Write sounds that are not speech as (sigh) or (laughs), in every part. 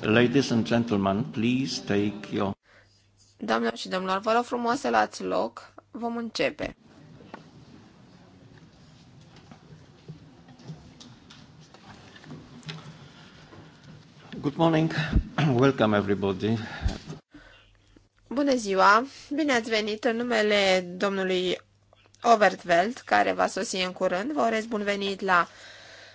Ladies and gentlemen, please take your... Doamnelor și domnilor, vă rog frumos să luați loc. Vom începe. Good morning. Welcome everybody. Bună ziua! Bine ați venit în numele domnului Overtveld, care va sosi în curând. Vă urez bun venit la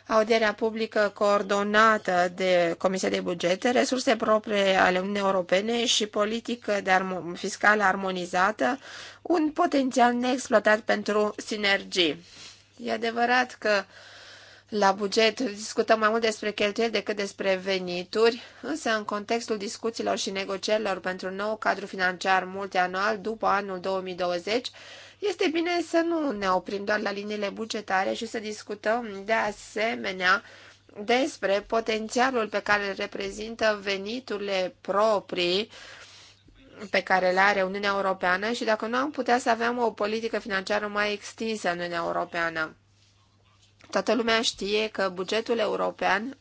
audierea publică coordonată de Comisia de Bugete, resurse proprie ale Uniunii Europene și politică de armo- fiscală armonizată, un potențial neexploatat pentru sinergii. E adevărat că la buget discutăm mai mult despre cheltuieli decât despre venituri, însă în contextul discuțiilor și negocierilor pentru nou cadru financiar multianual după anul 2020, este bine să nu ne oprim doar la liniile bugetare și să discutăm de asemenea despre potențialul pe care îl reprezintă veniturile proprii pe care le are Uniunea Europeană și dacă nu am putea să avem o politică financiară mai extinsă în Uniunea Europeană. Toată lumea știe că bugetul european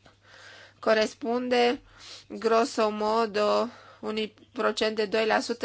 corespunde grosomodo unui procent de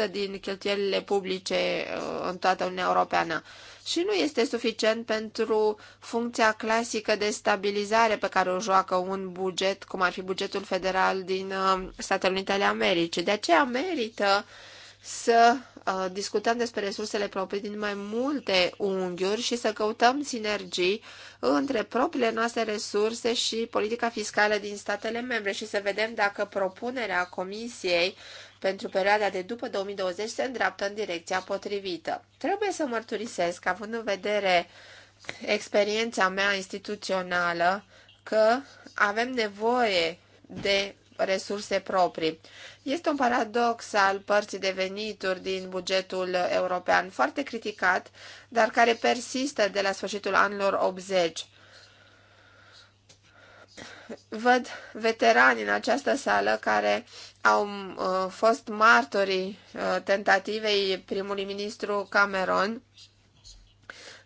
2% din cheltuielile publice uh, în toată Uniunea Europeană. Și nu este suficient pentru funcția clasică de stabilizare pe care o joacă un buget, cum ar fi bugetul federal din uh, Statele Unite ale Americii. De aceea merită uh, să uh, discutăm despre resursele proprii din mai multe unghiuri și să căutăm sinergii între propriile noastre resurse și politica fiscală din statele membre și să vedem dacă propunerea Comisiei pentru perioada de după 2020 se îndreaptă în direcția potrivită. Trebuie să mărturisesc, având în vedere experiența mea instituțională, că avem nevoie de resurse proprii este un paradox al părții de venituri din bugetul european, foarte criticat, dar care persistă de la sfârșitul anilor 80. Văd veterani în această sală care au uh, fost martorii uh, tentativei primului ministru Cameron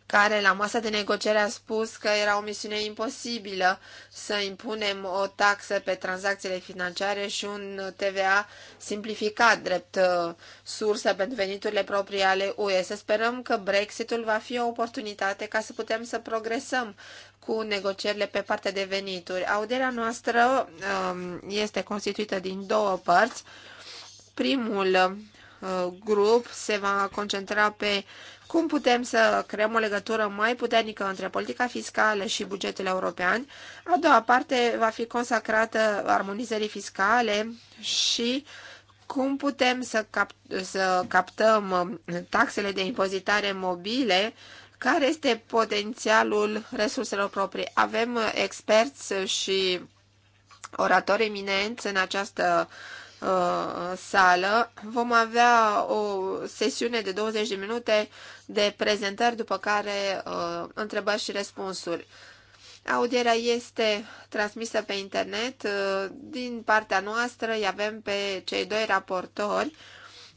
care la masa de negociere a spus că era o misiune imposibilă să impunem o taxă pe tranzacțiile financiare și un TVA simplificat drept uh, sursă pentru veniturile proprii ale UE. Să sperăm că Brexitul va fi o oportunitate ca să putem să progresăm cu negocierile pe partea de venituri. Auderea noastră um, este constituită din două părți. Primul Uh, grup se va concentra pe cum putem să creăm o legătură mai puternică între politica fiscală și bugetul european. A doua parte va fi consacrată armonizării fiscale și cum putem să, cap- să captăm um, taxele de impozitare mobile care este potențialul resurselor proprii. Avem uh, experți și oratori eminenți în această uh, Uh, sală. Vom avea o sesiune de 20 de minute de prezentări, după care uh, întrebări și răspunsuri. Audierea este transmisă pe internet. Uh, din partea noastră îi avem pe cei doi raportori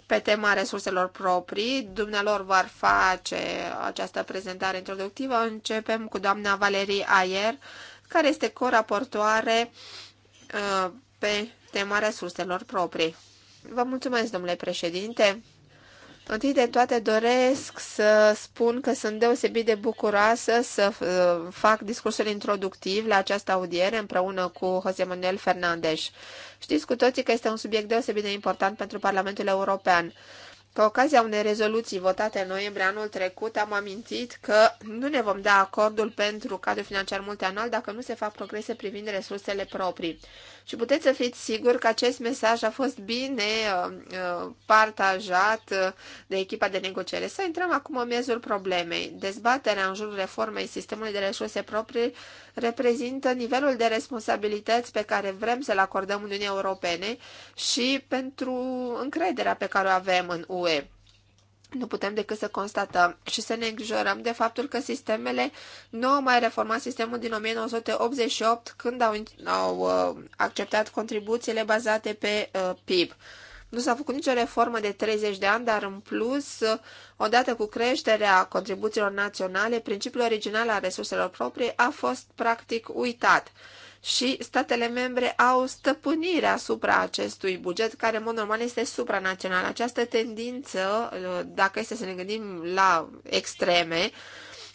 pe tema resurselor proprii. Dumnealor vor face această prezentare introductivă. Începem cu doamna Valerie Ayer, care este coraportoare pe tema resurselor proprii. Vă mulțumesc, domnule președinte. Întâi de toate doresc să spun că sunt deosebit de bucuroasă să uh, fac discursul introductiv la această audiere împreună cu José Manuel Fernandez. Știți cu toții că este un subiect deosebit de important pentru Parlamentul European. Pe ocazia unei rezoluții votate în noiembrie anul trecut, am amintit că nu ne vom da acordul pentru cadrul financiar multianual dacă nu se fac progrese privind resursele proprii. Și puteți să fiți siguri că acest mesaj a fost bine uh, uh, partajat uh, de echipa de negociere. Să intrăm acum în miezul problemei. Dezbaterea în jurul reformei sistemului de resurse proprii reprezintă nivelul de responsabilități pe care vrem să-l acordăm Uniunii Europene și pentru încrederea pe care o avem în UE. Nu putem decât să constatăm și să ne îngrijorăm de faptul că sistemele nu au mai reformat sistemul din 1988 când au, au uh, acceptat contribuțiile bazate pe uh, PIB. Nu s-a făcut nicio reformă de 30 de ani, dar în plus, uh, odată cu creșterea contribuțiilor naționale, principiul original al resurselor proprii a fost practic uitat și statele membre au stăpânirea asupra acestui buget, care, în mod normal, este supranațional. Această tendință, dacă este să ne gândim la extreme,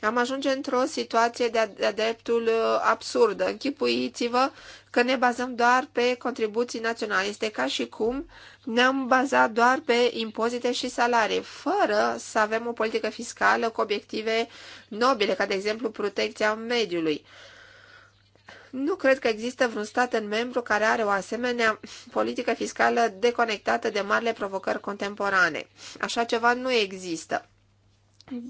am ajunge într-o situație de-a dreptul uh, absurdă. Închipuiți-vă că ne bazăm doar pe contribuții naționale. Este ca și cum ne-am bazat doar pe impozite și salarii, fără să avem o politică fiscală cu obiective nobile, ca de exemplu protecția mediului. Nu cred că există vreun stat în membru care are o asemenea politică fiscală deconectată de marile provocări contemporane. Așa ceva nu există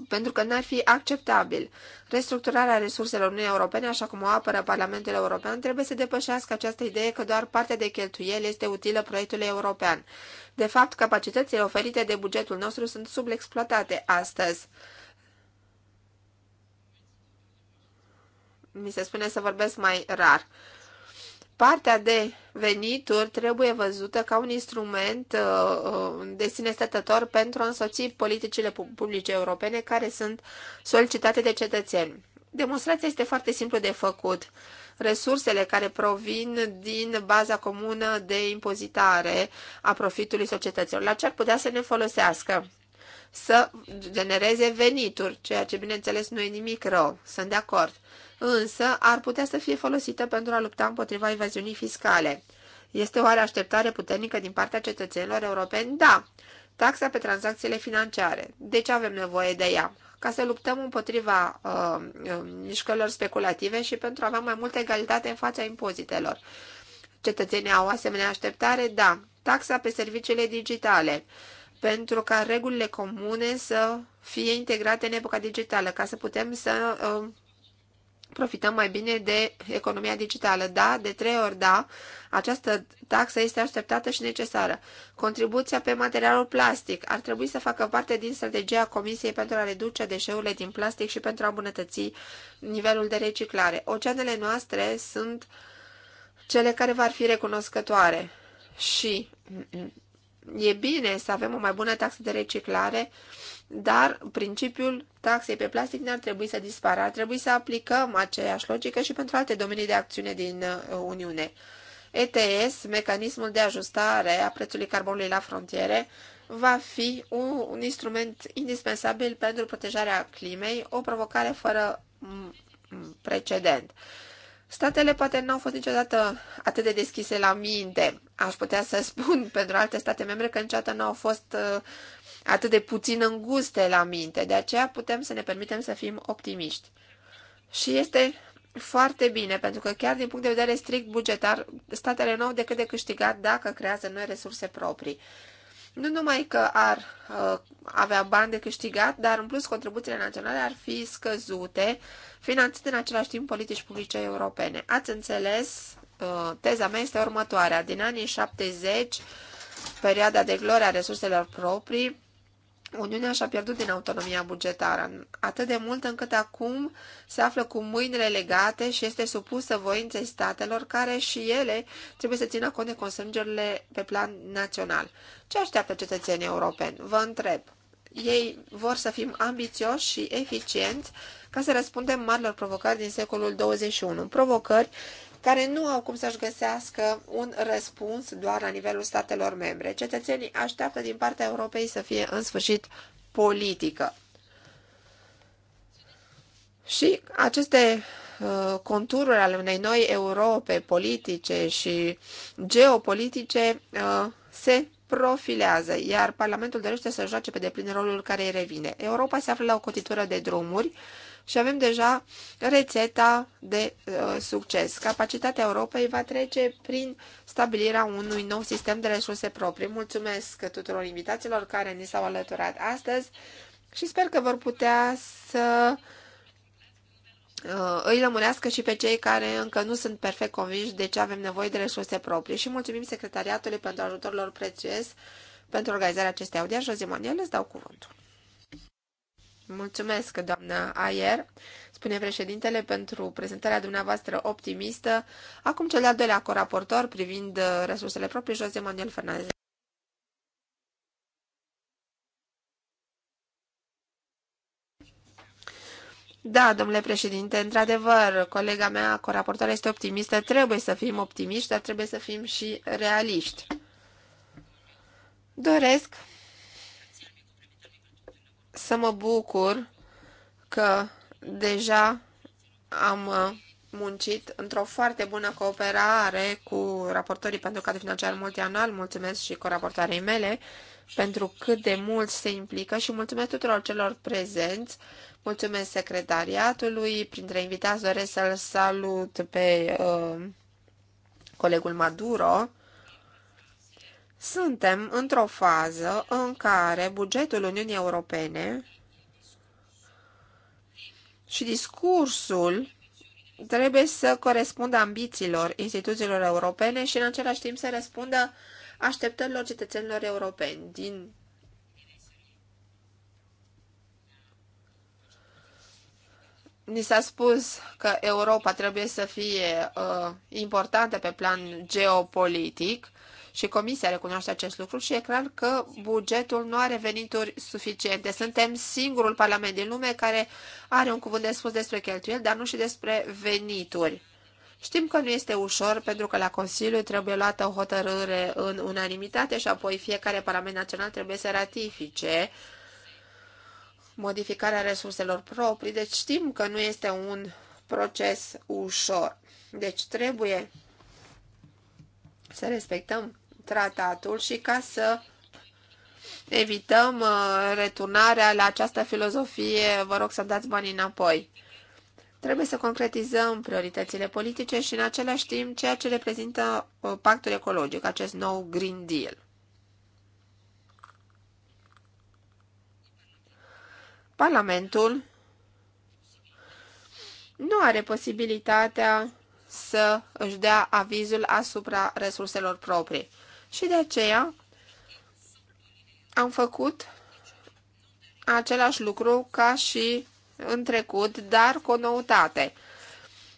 pentru că n-ar fi acceptabil. Restructurarea resurselor Uniunii Europene, așa cum o apără Parlamentul European, trebuie să depășească această idee că doar partea de cheltuieli este utilă proiectului european. De fapt, capacitățile oferite de bugetul nostru sunt subexploatate astăzi. mi se spune să vorbesc mai rar. Partea de venituri trebuie văzută ca un instrument uh, uh, de sine stătător pentru a însoți politicile publice europene care sunt solicitate de cetățeni. Demonstrația este foarte simplu de făcut. Resursele care provin din baza comună de impozitare a profitului societăților, la ce ar putea să ne folosească? Să genereze venituri, ceea ce bineînțeles nu e nimic rău, sunt de acord însă ar putea să fie folosită pentru a lupta împotriva evaziunii fiscale. Este oare așteptare puternică din partea cetățenilor europeni? Da! Taxa pe tranzacțiile financiare. De ce avem nevoie de ea? Ca să luptăm împotriva uh, uh, mișcărilor speculative și pentru a avea mai multă egalitate în fața impozitelor. Cetățenii au asemenea așteptare? Da. Taxa pe serviciile digitale pentru ca regulile comune să fie integrate în epoca digitală, ca să putem să uh, profităm mai bine de economia digitală. Da, de trei ori da, această taxă este așteptată și necesară. Contribuția pe materialul plastic ar trebui să facă parte din strategia Comisiei pentru a reduce deșeurile din plastic și pentru a îmbunătăți nivelul de reciclare. Oceanele noastre sunt cele care vor fi recunoscătoare și e bine să avem o mai bună taxă de reciclare dar principiul taxei pe plastic n-ar trebui să dispară. Ar trebui să aplicăm aceeași logică și pentru alte domenii de acțiune din uh, Uniune. ETS, mecanismul de ajustare a prețului carbonului la frontiere, va fi un, un instrument indispensabil pentru protejarea climei, o provocare fără precedent. Statele poate nu au fost niciodată atât de deschise la minte. Aș putea să (laughs) spun pentru alte state membre că niciodată nu au fost uh, atât de puțin înguste la minte, de aceea putem să ne permitem să fim optimiști. Și este foarte bine, pentru că chiar din punct de vedere strict bugetar, statele nou decât de câștigat dacă creează noi resurse proprii. Nu numai că ar uh, avea bani de câștigat, dar în plus contribuțiile naționale ar fi scăzute, finanțate în același timp politici publice europene. Ați înțeles, uh, teza mea este următoarea. Din anii 70, perioada de gloria resurselor proprii, Uniunea și-a pierdut din autonomia bugetară, atât de mult încât acum se află cu mâinile legate și este supusă voinței statelor care și ele trebuie să țină cont de constrângerile pe plan național. Ce așteaptă cetățenii europeni? Vă întreb. Ei vor să fim ambițioși și eficienți ca să răspundem marilor provocări din secolul 21, provocări care nu au cum să-și găsească un răspuns doar la nivelul statelor membre. Cetățenii așteaptă din partea Europei să fie în sfârșit politică. Și aceste uh, contururi ale unei noi Europe politice și geopolitice uh, se profilează, iar Parlamentul dorește să joace pe deplin rolul care îi revine. Europa se află la o cotitură de drumuri și avem deja rețeta de uh, succes. Capacitatea Europei va trece prin stabilirea unui nou sistem de resurse proprii. Mulțumesc tuturor invitațiilor care ni s-au alăturat astăzi și sper că vor putea să uh, îi lămurească și pe cei care încă nu sunt perfect convinși de ce avem nevoie de resurse proprii. Și mulțumim secretariatului pentru ajutorul lor prețios pentru organizarea acestei audiențe. Jose Manuel, îți dau cuvântul. Mulțumesc, doamnă Ayer, spune președintele, pentru prezentarea dumneavoastră optimistă. Acum cel de-al doilea coraportor privind uh, resursele proprii, José Manuel Fernandez. Da, domnule președinte, într-adevăr, colega mea, coraportor este optimistă. Trebuie să fim optimiști, dar trebuie să fim și realiști. Doresc să mă bucur că deja am uh, muncit într-o foarte bună cooperare cu raportorii pentru cadrul financiar multianual. Mulțumesc și coraportoarei mele pentru cât de mult se implică și mulțumesc tuturor celor prezenți. Mulțumesc secretariatului. Printre invitați doresc să-l salut pe uh, colegul Maduro, suntem într-o fază în care bugetul Uniunii Europene și discursul trebuie să corespundă ambițiilor instituțiilor europene și în același timp să răspundă așteptărilor cetățenilor europeni din Ni s-a spus că Europa trebuie să fie uh, importantă pe plan geopolitic, și Comisia recunoaște acest lucru și e clar că bugetul nu are venituri suficiente. Suntem singurul parlament din lume care are un cuvânt de spus despre cheltuieli, dar nu și despre venituri. Știm că nu este ușor pentru că la Consiliu trebuie luată o hotărâre în unanimitate și apoi fiecare Parlament Național trebuie să ratifice modificarea resurselor proprii, deci știm că nu este un proces ușor. Deci trebuie să respectăm tratatul și ca să evităm uh, returnarea la această filozofie, vă rog să dați banii înapoi. Trebuie să concretizăm prioritățile politice și în același timp ceea ce reprezintă uh, pactul ecologic, acest nou Green Deal. Parlamentul nu are posibilitatea să își dea avizul asupra resurselor proprii. Și de aceea am făcut același lucru ca și în trecut, dar cu o noutate.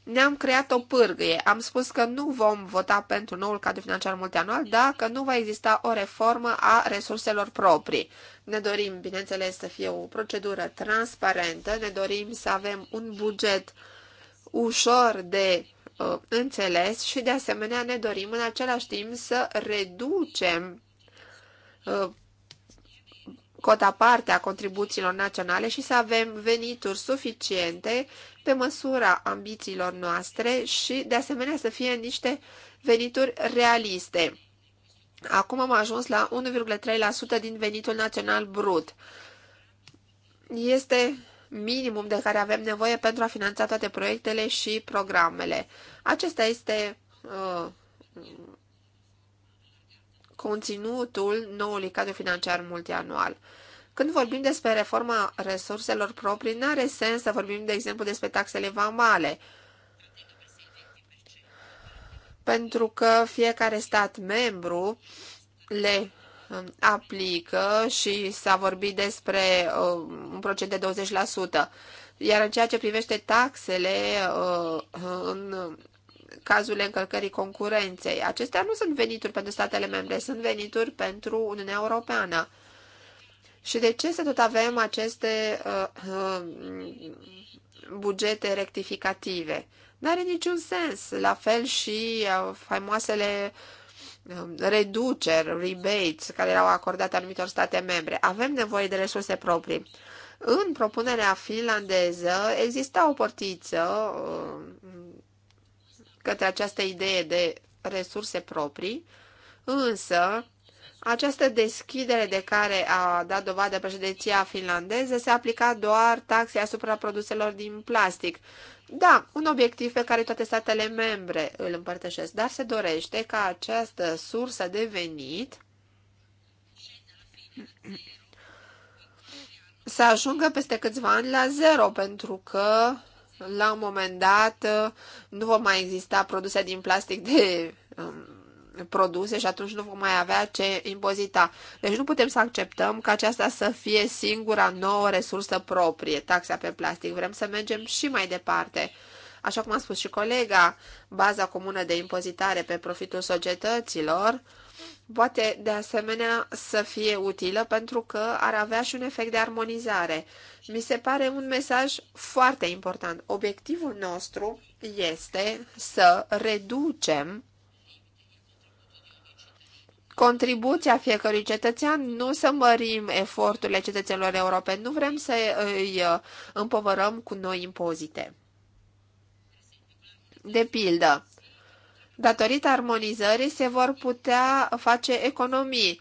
Ne-am creat o pârgâie. Am spus că nu vom vota pentru noul cadru financiar multianual dacă nu va exista o reformă a resurselor proprii. Ne dorim, bineînțeles, să fie o procedură transparentă, ne dorim să avem un buget ușor de Uh, înțeles și de asemenea ne dorim în același timp să reducem uh, cota parte a contribuțiilor naționale și să avem venituri suficiente pe măsura ambițiilor noastre și de asemenea să fie niște venituri realiste. Acum am ajuns la 1,3% din venitul național brut. Este minimum de care avem nevoie pentru a finanța toate proiectele și programele. Acesta este uh, conținutul noului cadru financiar multianual. Când vorbim despre reforma resurselor proprii, nu are sens să vorbim, de exemplu, despre taxele vamale, pentru că fiecare stat membru le aplică și s-a vorbit despre uh, un procent de 20%. Iar în ceea ce privește taxele uh, în cazul încălcării concurenței, acestea nu sunt venituri pentru statele membre, sunt venituri pentru Uniunea Europeană. Și de ce să tot avem aceste uh, bugete rectificative? N-are niciun sens. La fel și faimoasele uh, Um, reduceri, rebates care erau acordate anumitor state membre. Avem nevoie de resurse proprii. În propunerea finlandeză exista o portiță um, către această idee de resurse proprii, însă această deschidere de care a dat dovadă președinția finlandeză se aplica doar taxe asupra produselor din plastic, da, un obiectiv pe care toate statele membre îl împărtășesc, dar se dorește ca această sursă de venit să ajungă peste câțiva ani la zero, pentru că la un moment dat nu vor mai exista produse din plastic de um, produse și atunci nu vom mai avea ce impozita. Deci nu putem să acceptăm că aceasta să fie singura nouă resursă proprie, taxa pe plastic. Vrem să mergem și mai departe. Așa cum a spus și colega, baza comună de impozitare pe profitul societăților poate de asemenea să fie utilă pentru că ar avea și un efect de armonizare. Mi se pare un mesaj foarte important. Obiectivul nostru este să reducem contribuția fiecărui cetățean, nu să mărim eforturile cetățenilor europeni, nu vrem să îi uh, împovărăm cu noi impozite. De pildă, datorită armonizării se vor putea face economii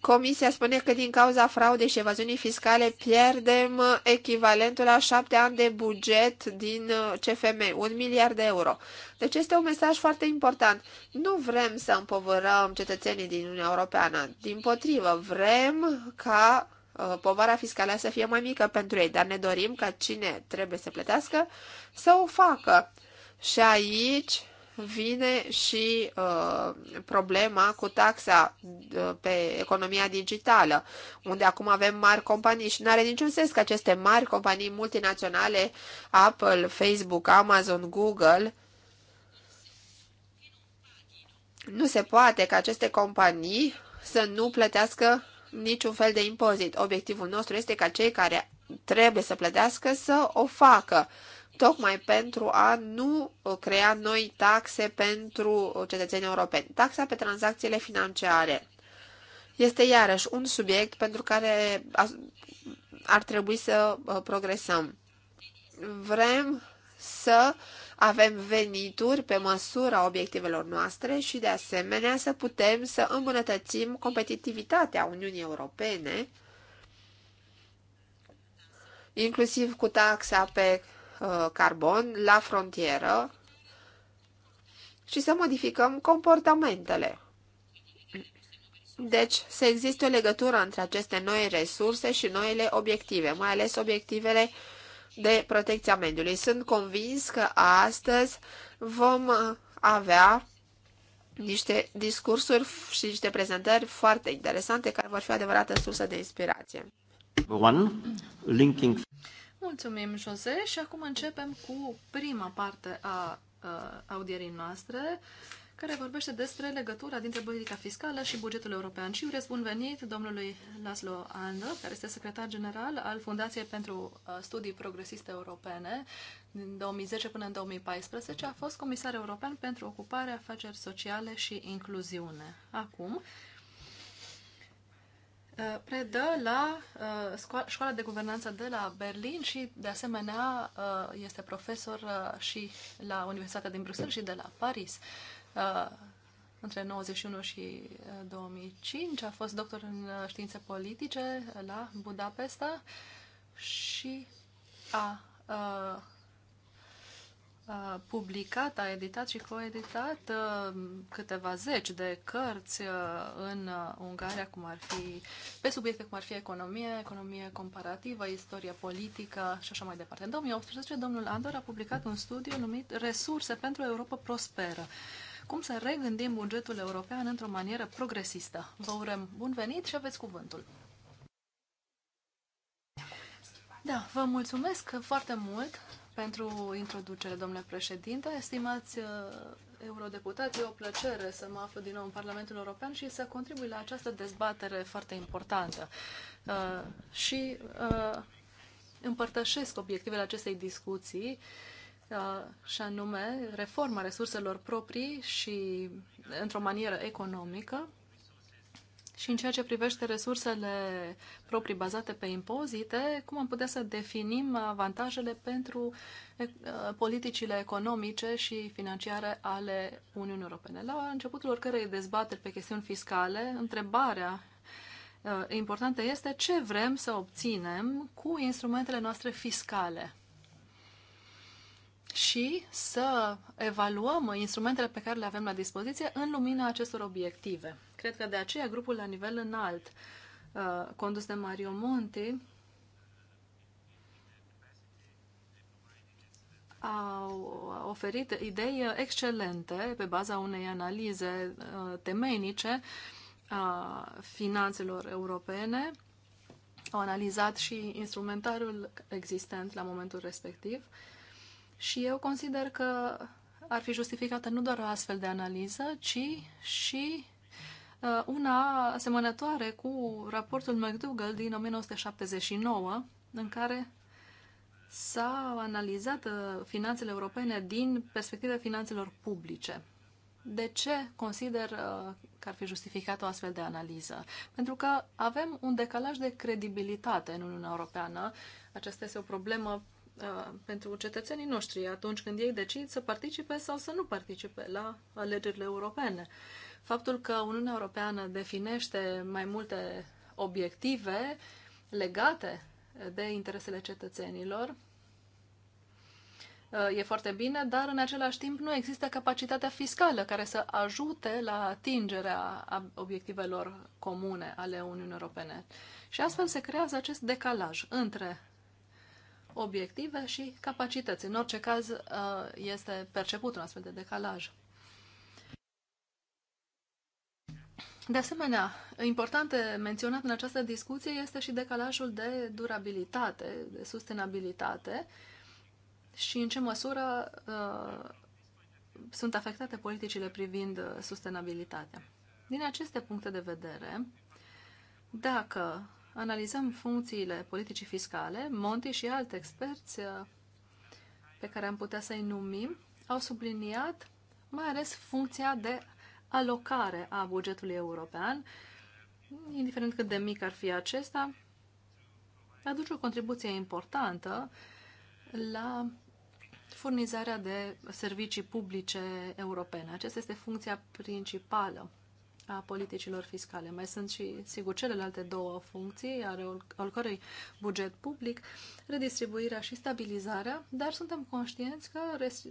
Comisia spune că din cauza fraudei și evaziunii fiscale pierdem uh, echivalentul la șapte ani de buget din uh, CFM, un miliard de euro. Deci este un mesaj foarte important. Nu vrem să împovărăm cetățenii din Uniunea Europeană. Din potrivă, vrem ca uh, povara fiscală să fie mai mică pentru ei, dar ne dorim ca cine trebuie să plătească să o facă. Și aici vine și uh, problema cu taxa uh, pe economia digitală, unde acum avem mari companii și nu are niciun sens că aceste mari companii multinaționale, Apple, Facebook, Amazon, Google, nu se poate ca aceste companii să nu plătească niciun fel de impozit. Obiectivul nostru este ca cei care trebuie să plătească să o facă tocmai pentru a nu uh, crea noi taxe pentru uh, cetățenii europeni. Taxa pe tranzacțiile financiare este iarăși un subiect pentru care ar trebui să uh, progresăm. Vrem să avem venituri pe măsura obiectivelor noastre și, de asemenea, să putem să îmbunătățim competitivitatea Uniunii Europene, inclusiv cu taxa pe Uh, carbon la frontieră și să modificăm comportamentele. Deci, să existe o legătură între aceste noi resurse și noile obiective, mai ales obiectivele de protecția mediului. Sunt convins că astăzi vom avea niște discursuri și niște prezentări foarte interesante care vor fi adevărată sursă de inspirație. One, linking. Mulțumim, Jose, și acum începem cu prima parte a uh, audierii noastre, care vorbește despre legătura dintre politica fiscală și bugetul european. Și urez bun venit domnului Laszlo Andă, care este secretar general al Fundației pentru Studii Progresiste Europene din 2010 până în 2014. A fost comisar european pentru ocupare, afaceri sociale și incluziune. Acum, Eh, predă la eh, școala de guvernanță de la Berlin și, de asemenea, eh, este profesor și la Universitatea din Bruxelles și de la Paris. Între 91 și 2005 a fost doctor în științe politice la Budapesta și a publicat, a editat și coeditat uh, câteva zeci de cărți uh, în uh, Ungaria, cum ar fi, pe subiecte cum ar fi economie, economie comparativă, istoria politică și așa mai departe. În 2018, domnul Andor a publicat un studiu numit Resurse pentru Europa Prosperă. Cum să regândim bugetul european într-o manieră progresistă. Vă urăm bun venit și aveți cuvântul. Da, vă mulțumesc foarte mult pentru introducere, domnule președinte. uh, eurodeputați, e o plăcere să mă aflu din nou în Parlamentul European și să contribui la această dezbatere foarte importantă. Uh, și uh, împărtășesc obiectivele acestei discuții uh, și anume reforma resurselor proprii și într-o manieră economică și în ceea ce privește resursele proprii bazate pe impozite, cum am putea să definim avantajele pentru eh, politicile economice și financiare ale Uniunii Europene? La începutul oricărei dezbateri pe chestiuni fiscale, întrebarea eh, importantă este ce vrem să obținem cu instrumentele noastre fiscale și să evaluăm instrumentele pe care le avem la dispoziție în lumina acestor obiective. Cred că de aceea grupul la nivel înalt, uh, condus de Mario Monti, au oferit idei excelente pe baza unei analize uh, temeinice a finanțelor europene. Au analizat și instrumentarul existent la momentul respectiv și eu consider că ar fi justificată nu doar o astfel de analiză, ci și Uh, una asemănătoare cu raportul McDougall din 1979, în care s-a analizat uh, finanțele europene din perspectiva finanțelor publice. De ce consider uh, că ar fi justificat o astfel de analiză? Pentru că avem un decalaj de credibilitate în Uniunea Europeană. Aceasta este o problemă pentru cetățenii noștri atunci când ei decid să participe sau să nu participe la alegerile europene. Uh, faptul că Uniunea Europeană definește mai multe obiective legate de interesele cetățenilor uh, e foarte bine, dar în același timp nu există capacitatea fiscală care să ajute la atingerea obiectivelor comune ale Uniunii Europene. Și astfel se creează acest decalaj între obiective și capacități. În orice caz uh, este perceput un astfel de decalaj. De asemenea, important menționat în această discuție este și decalajul de durabilitate, de sustenabilitate și în ce măsură uh, sunt afectate politicile privind uh, sustenabilitatea. Din aceste puncte de vedere, dacă analizăm funcțiile politicii fiscale, Monti și alți experți uh, pe care am putea să-i numim au subliniat mai ales funcția de alocare a bugetului european, indiferent cât de mic ar fi acesta, aduce o contribuție importantă la furnizarea de servicii publice europene. Aceasta este funcția principală a politicilor fiscale. Mai sunt și, sigur, celelalte două funcții, are al cărei buget public, redistribuirea și stabilizarea, dar suntem conștienți că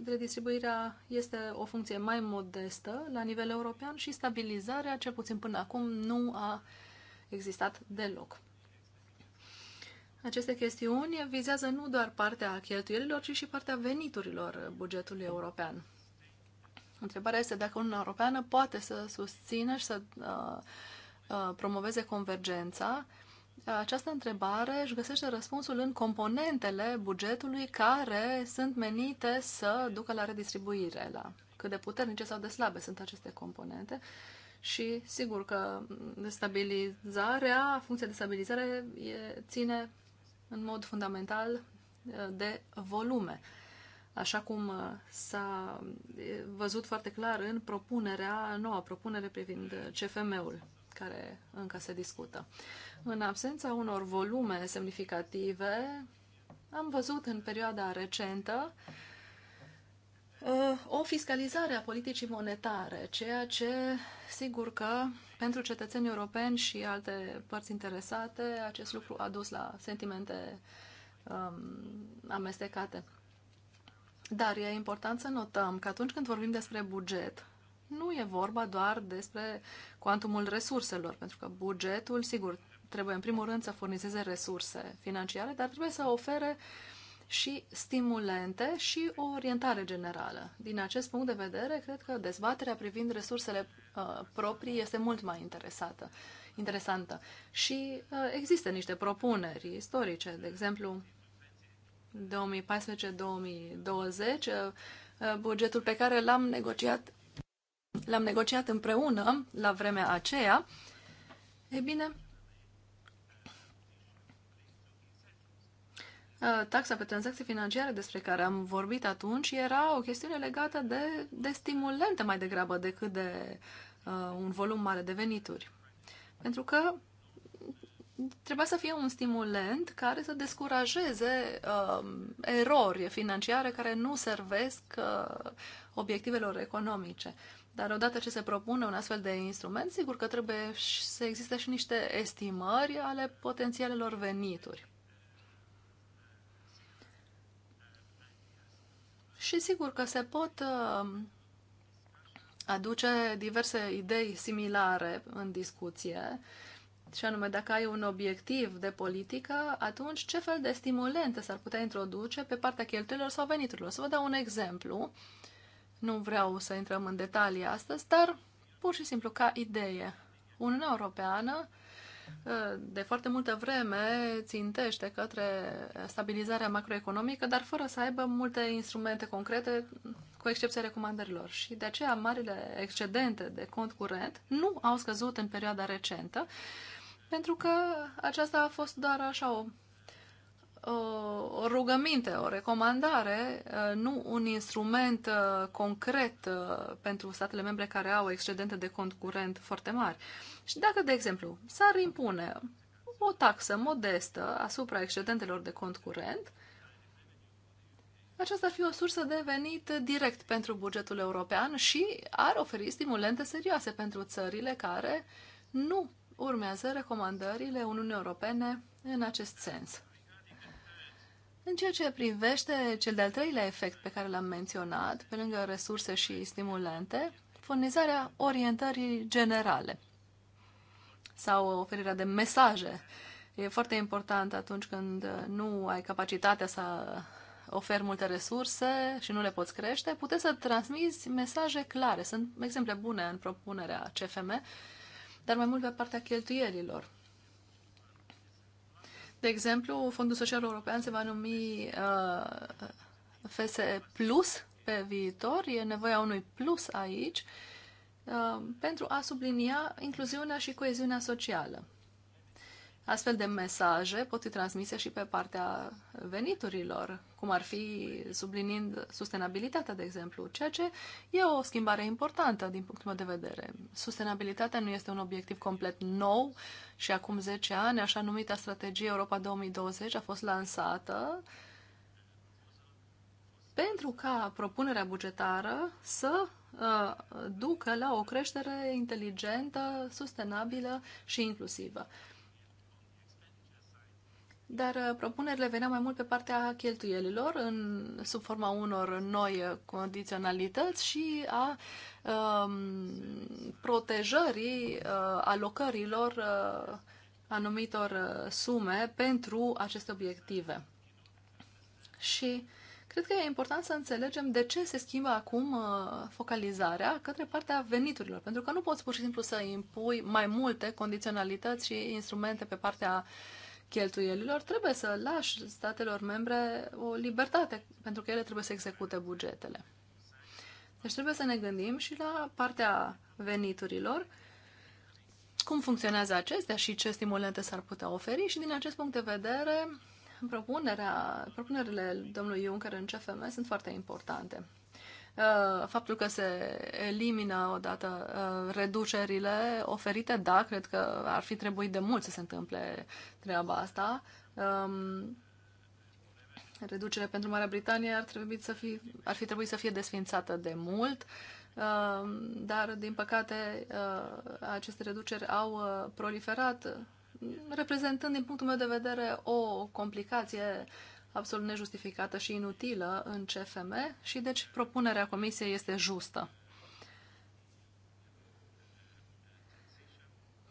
redistribuirea este o funcție mai modestă la nivel european și stabilizarea, cel puțin până acum, nu a existat deloc. Aceste chestiuni vizează nu doar partea cheltuielilor, ci și partea veniturilor bugetului european. Întrebarea este dacă Uniunea Europeană poate să susțină și să uh, uh, promoveze convergența. Această întrebare își găsește răspunsul în componentele bugetului care sunt menite să ducă la redistribuire, la cât de puternice sau de slabe sunt aceste componente. Și sigur că stabilizarea, funcția de stabilizare e, ține în mod fundamental uh, de volume așa cum uh, s-a văzut foarte clar în propunerea, noua propunere privind uh, CFM-ul, care încă se discută. În absența unor volume semnificative, am văzut în perioada recentă uh, o fiscalizare a politicii monetare, ceea ce, sigur că, pentru cetățenii europeni și alte părți interesate, acest lucru a dus la sentimente um, amestecate. Dar e important să notăm că atunci când vorbim despre buget, nu e vorba doar despre cuantumul resurselor, pentru că bugetul, sigur, trebuie în primul rând să furnizeze resurse financiare, dar trebuie să ofere și stimulente și o orientare generală. Din acest punct de vedere, cred că dezbaterea privind resursele uh, proprii este mult mai interesată, interesantă. Și uh, există niște propuneri istorice, de exemplu, 2014-2020, uh, uh, bugetul pe care l-am negociat, l-am negociat împreună la vremea aceea, e bine, uh, Taxa pe tranzacții financiare despre care am vorbit atunci era o chestiune legată de, de stimulente mai degrabă decât de uh, un volum mare de venituri. Pentru că Trebuia să fie un stimulent care să descurajeze uh, erori financiare care nu servesc uh, obiectivelor economice. Dar odată ce se propune un astfel de instrument, sigur că trebuie să existe și niște estimări ale potențialelor venituri. Și sigur că se pot uh, aduce diverse idei similare în discuție și anume dacă ai un obiectiv de politică, atunci ce fel de stimulente s-ar putea introduce pe partea cheltuielor sau veniturilor? Să vă dau un exemplu. Nu vreau să intrăm în detalii astăzi, dar pur și simplu ca idee. Uniunea Europeană ă, de foarte multă vreme țintește către stabilizarea macroeconomică, dar fără să aibă multe instrumente concrete, cu excepția recomandărilor. Și de aceea marile excedente de cont curent nu au scăzut în perioada recentă, pentru că aceasta a fost doar așa o, o rugăminte, o recomandare, uh, nu un instrument uh, concret uh, pentru statele membre care au excedente de cont curent foarte mari. Și dacă, de exemplu, s-ar impune o taxă modestă asupra excedentelor de cont curent, aceasta ar fi o sursă de venit direct pentru bugetul european și ar oferi stimulente serioase pentru țările care nu urmează recomandările Uniunii Europene în acest sens. În ceea ce privește cel de-al treilea efect pe care l-am menționat, pe lângă resurse și stimulente, furnizarea orientării generale sau oferirea de mesaje. E foarte important atunci când nu ai capacitatea să oferi multe resurse și nu le poți crește, puteți să transmiți mesaje clare. Sunt exemple bune în propunerea CFM dar mai mult pe partea cheltuielilor. De exemplu, Fondul Social European se va numi uh, FSE Plus pe viitor. E nevoia unui plus aici uh, pentru a sublinia incluziunea și coeziunea socială. Astfel de mesaje pot fi transmise și pe partea veniturilor, cum ar fi sublinind sustenabilitatea, de exemplu, ceea ce e o schimbare importantă din punctul meu de vedere. Sustenabilitatea nu este un obiectiv complet nou și acum 10 ani, așa numita strategie Europa 2020 a fost lansată pentru ca propunerea bugetară să uh, ducă la o creștere inteligentă, sustenabilă și inclusivă dar uh, propunerile veneau mai mult pe partea cheltuielilor, în, sub forma unor noi condiționalități și a um, protejării uh, alocărilor uh, anumitor uh, sume pentru aceste obiective. Și cred că e important să înțelegem de ce se schimbă acum uh, focalizarea către partea veniturilor, pentru că nu poți pur și simplu să impui mai multe condiționalități și instrumente pe partea uh, cheltuielilor, trebuie să lași statelor membre o libertate, pentru că ele trebuie să execute bugetele. Deci trebuie să ne gândim și la partea veniturilor, cum funcționează acestea și ce stimulente s-ar putea oferi și din acest punct de vedere, propunerea, propunerile domnului Juncker în CFM sunt foarte importante. Uh, faptul că se elimină odată uh, reducerile oferite, da, cred că ar fi trebuit de mult să se întâmple treaba asta. Um, Reducere pentru Marea Britanie ar, trebui să fi, ar fi trebuit să fie desfințată de mult, um, dar, din păcate, uh, aceste reduceri au proliferat reprezentând, din punctul meu de vedere, o complicație absolut nejustificată și inutilă în CFM și deci propunerea comisiei este justă.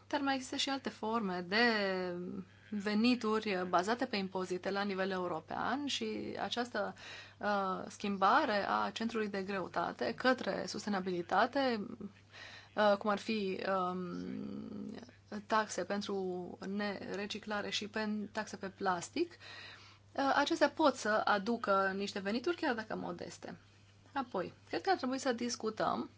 Dar mai există și alte forme de venituri bazate pe impozite la nivel european și această uh, schimbare a centrului de greutate către sustenabilitate, uh, cum ar fi um, taxe pentru nereciclare și pen, taxe pe plastic, uh, Uh, acestea pot să aducă niște venituri, chiar dacă modeste. Apoi, cred că ar trebui să discutăm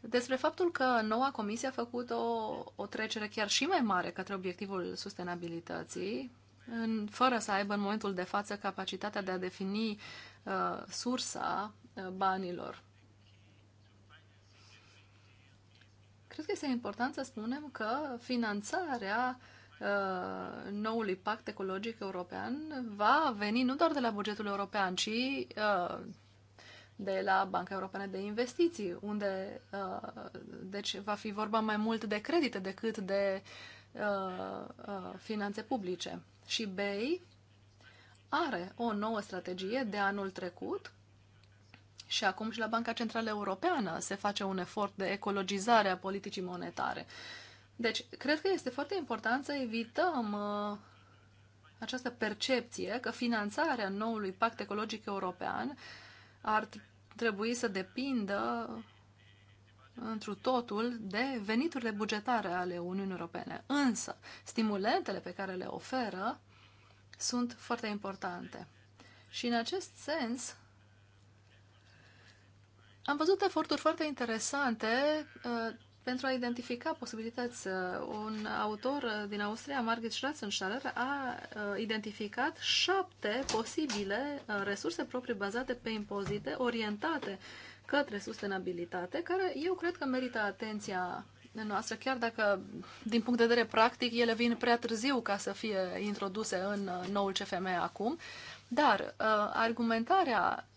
despre faptul că noua comisie a făcut o, o trecere chiar și mai mare către obiectivul sustenabilității, în, fără să aibă în momentul de față capacitatea de a defini uh, sursa uh, banilor. Cred că este important să spunem că finanțarea uh, Uh, noului pact ecologic european va veni nu doar de la bugetul european, ci uh, de la Banca Europeană de Investiții, unde uh, deci va fi vorba mai mult de credite decât de finanțe publice. Și BEI are o nouă strategie de anul trecut și acum și la Banca Centrală Europeană se face un efort de ecologizare a politicii monetare. Uh, deci, cred că este foarte important să evităm uh, această percepție că finanțarea noului pact ecologic european ar trebui să depindă întru totul de veniturile bugetare ale Uniunii Europene. Însă, stimulentele pe care le oferă sunt foarte importante. Și în acest sens, am văzut eforturi foarte interesante uh, pentru a identifica posibilități. Uh, un autor uh, din Austria, Margit Schratzenstaller, a uh, identificat șapte posibile resurse proprii bazate pe impozite, orientate către sustenabilitate, care eu cred că merită atenția noastră, chiar dacă, din punct de vedere practic, ele vin prea târziu ca să fie introduse în noul CFM acum. Dar argumentarea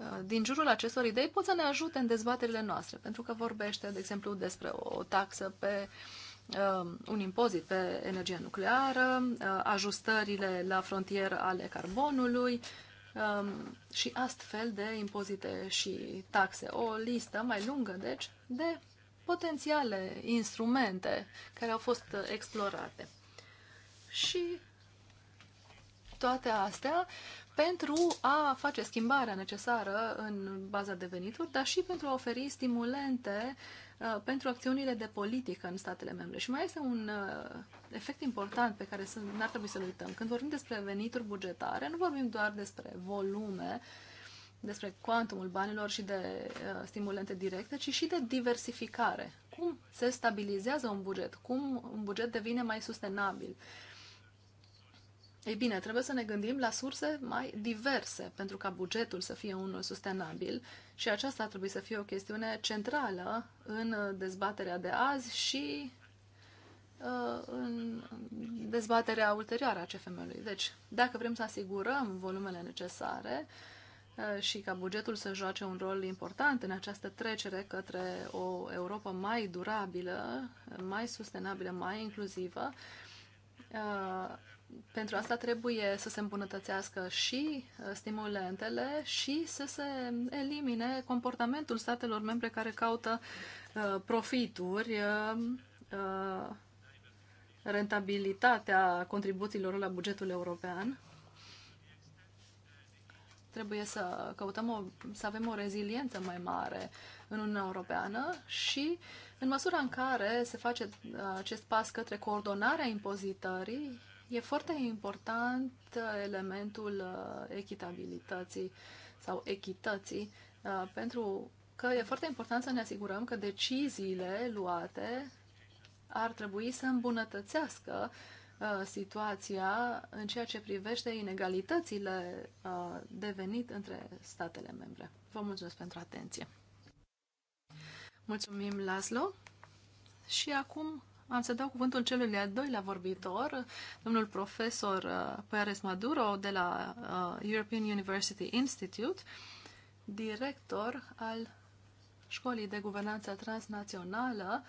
Uh, din jurul acestor idei pot să ne ajute în dezbaterile noastre, pentru că vorbește, de exemplu, despre o taxă pe um, un impozit pe energia nucleară, uh, ajustările la frontieră ale carbonului um, și astfel de impozite și taxe. O listă mai lungă, deci, de potențiale instrumente care au fost uh, explorate. Și toate astea pentru a face schimbarea necesară în baza de venituri, dar și pentru a oferi stimulente uh, pentru acțiunile de politică în statele membre. Și mai este un uh, efect important pe care n-ar trebui să-l uităm. Când vorbim despre venituri bugetare, nu vorbim doar despre volume, despre cuantumul banilor și de uh, stimulente directe, ci și de diversificare. Cum se stabilizează un buget? Cum un buget devine mai sustenabil? Uh, ei bine, trebuie să ne gândim la surse mai diverse pentru ca bugetul să fie unul sustenabil și aceasta trebuie să fie o chestiune centrală în dezbaterea de azi și uh, în dezbaterea ulterioară a CFM-ului. Deci, dacă vrem să asigurăm volumele necesare uh, și ca bugetul să joace un rol important în această trecere către o Europa mai durabilă, mai sustenabilă, mai inclusivă, uh, pentru asta trebuie să se îmbunătățească și uh, stimulentele și să se elimine comportamentul statelor membre care caută uh, profituri, uh, rentabilitatea contribuțiilor la bugetul european. Trebuie să căutăm o, să avem o reziliență mai mare în Uniunea Europeană și în măsura în care se face acest pas către coordonarea impozitării, E foarte important uh, elementul uh, echitabilității sau echității, uh, pentru că e foarte important să ne asigurăm că deciziile luate ar trebui să îmbunătățească situația în ceea ce privește inegalitățile de venit între statele membre. Vă mulțumesc pentru atenție. Mulțumim, Laszlo. Și acum am să dau cuvântul celui de-al doilea vorbitor, domnul profesor uh, Perez Maduro de la uh, European University Institute, director al Școlii de Guvernanță Transnațională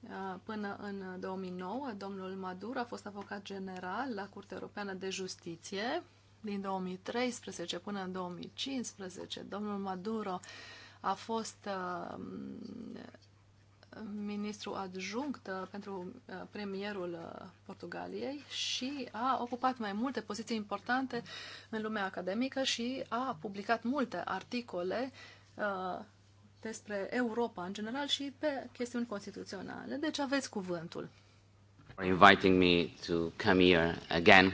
uh, Până în 2009, domnul Maduro a fost avocat general la Curtea Europeană de Justiție. Din 2013 până în 2015, domnul Maduro a fost ministru adjunct uh, pentru uh, premierul uh, Portugaliei și a ocupat mai multe poziții importante în lumea academică și a publicat multe articole despre Europa în general și pe chestiuni constituționale. Deci aveți cuvântul. Inviting me to come here again.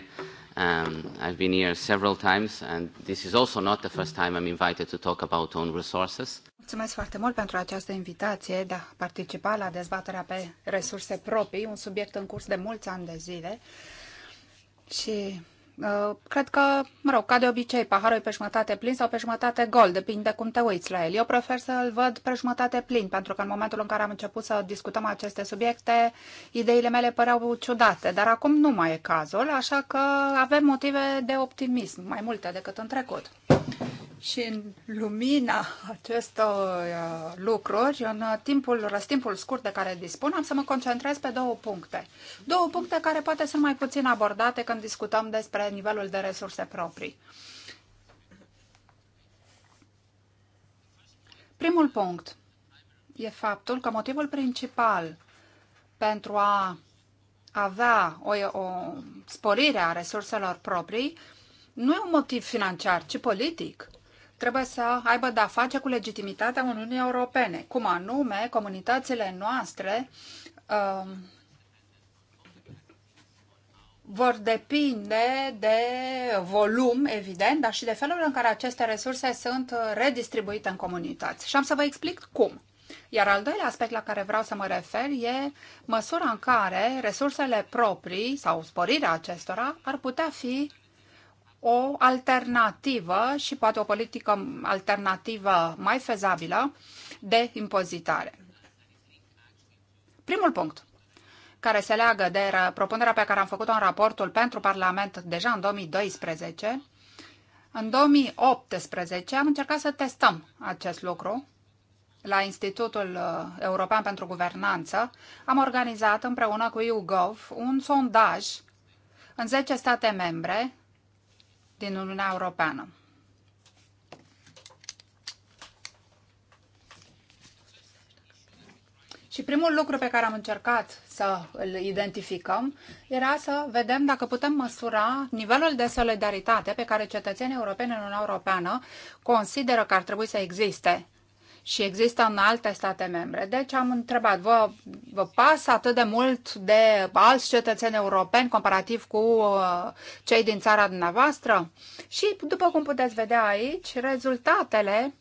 Um, I've been here several times and this is also not the first time I'm invited to talk about own resources. Mulțumesc foarte mult pentru această invitație de a participa la dezbaterea pe resurse proprii, un subiect în curs de mulți ani de zile. Și Uh, cred că, mă rog, ca de obicei, paharul e pe jumătate plin sau pe jumătate gol, depinde cum te uiți la el. Eu prefer să-l văd pe jumătate plin, pentru că în momentul în care am început să discutăm aceste subiecte, ideile mele păreau ciudate, dar acum nu mai e cazul, așa că avem motive de optimism, mai multe decât în trecut. Și în lumina acestor uh, lucruri, în uh, timpul, răstimpul scurt de care dispun, am să mă concentrez pe două puncte. Două puncte care poate sunt mai puțin abordate când discutăm despre nivelul de resurse proprii. Primul punct e faptul că motivul principal pentru a avea o, o sporire a resurselor proprii nu e un motiv financiar, ci politic trebuie să aibă de-a face cu legitimitatea Uniunii Europene, cum anume comunitățile noastre um, vor depinde de volum, evident, dar și de felul în care aceste resurse sunt redistribuite în comunități. Și am să vă explic cum. Iar al doilea aspect la care vreau să mă refer e măsura în care resursele proprii sau sporirea acestora ar putea fi o alternativă și poate o politică alternativă mai fezabilă de impozitare. Primul punct care se leagă de propunerea pe care am făcut-o în raportul pentru Parlament deja în 2012. În 2018 am încercat să testăm acest lucru la Institutul uh, European pentru Guvernanță. Am organizat împreună cu YouGov un sondaj în 10 state membre din Uniunea Europeană. Și primul lucru pe care am încercat să îl identificăm era să vedem dacă putem măsura nivelul de solidaritate pe care cetățenii europeni în Uniunea Europeană consideră că ar trebui să existe și există în alte state membre. Deci am întrebat, vă, vă pasă atât de mult de alți cetățeni europeni comparativ cu uh, cei din țara dumneavoastră? Și după cum puteți vedea aici, rezultatele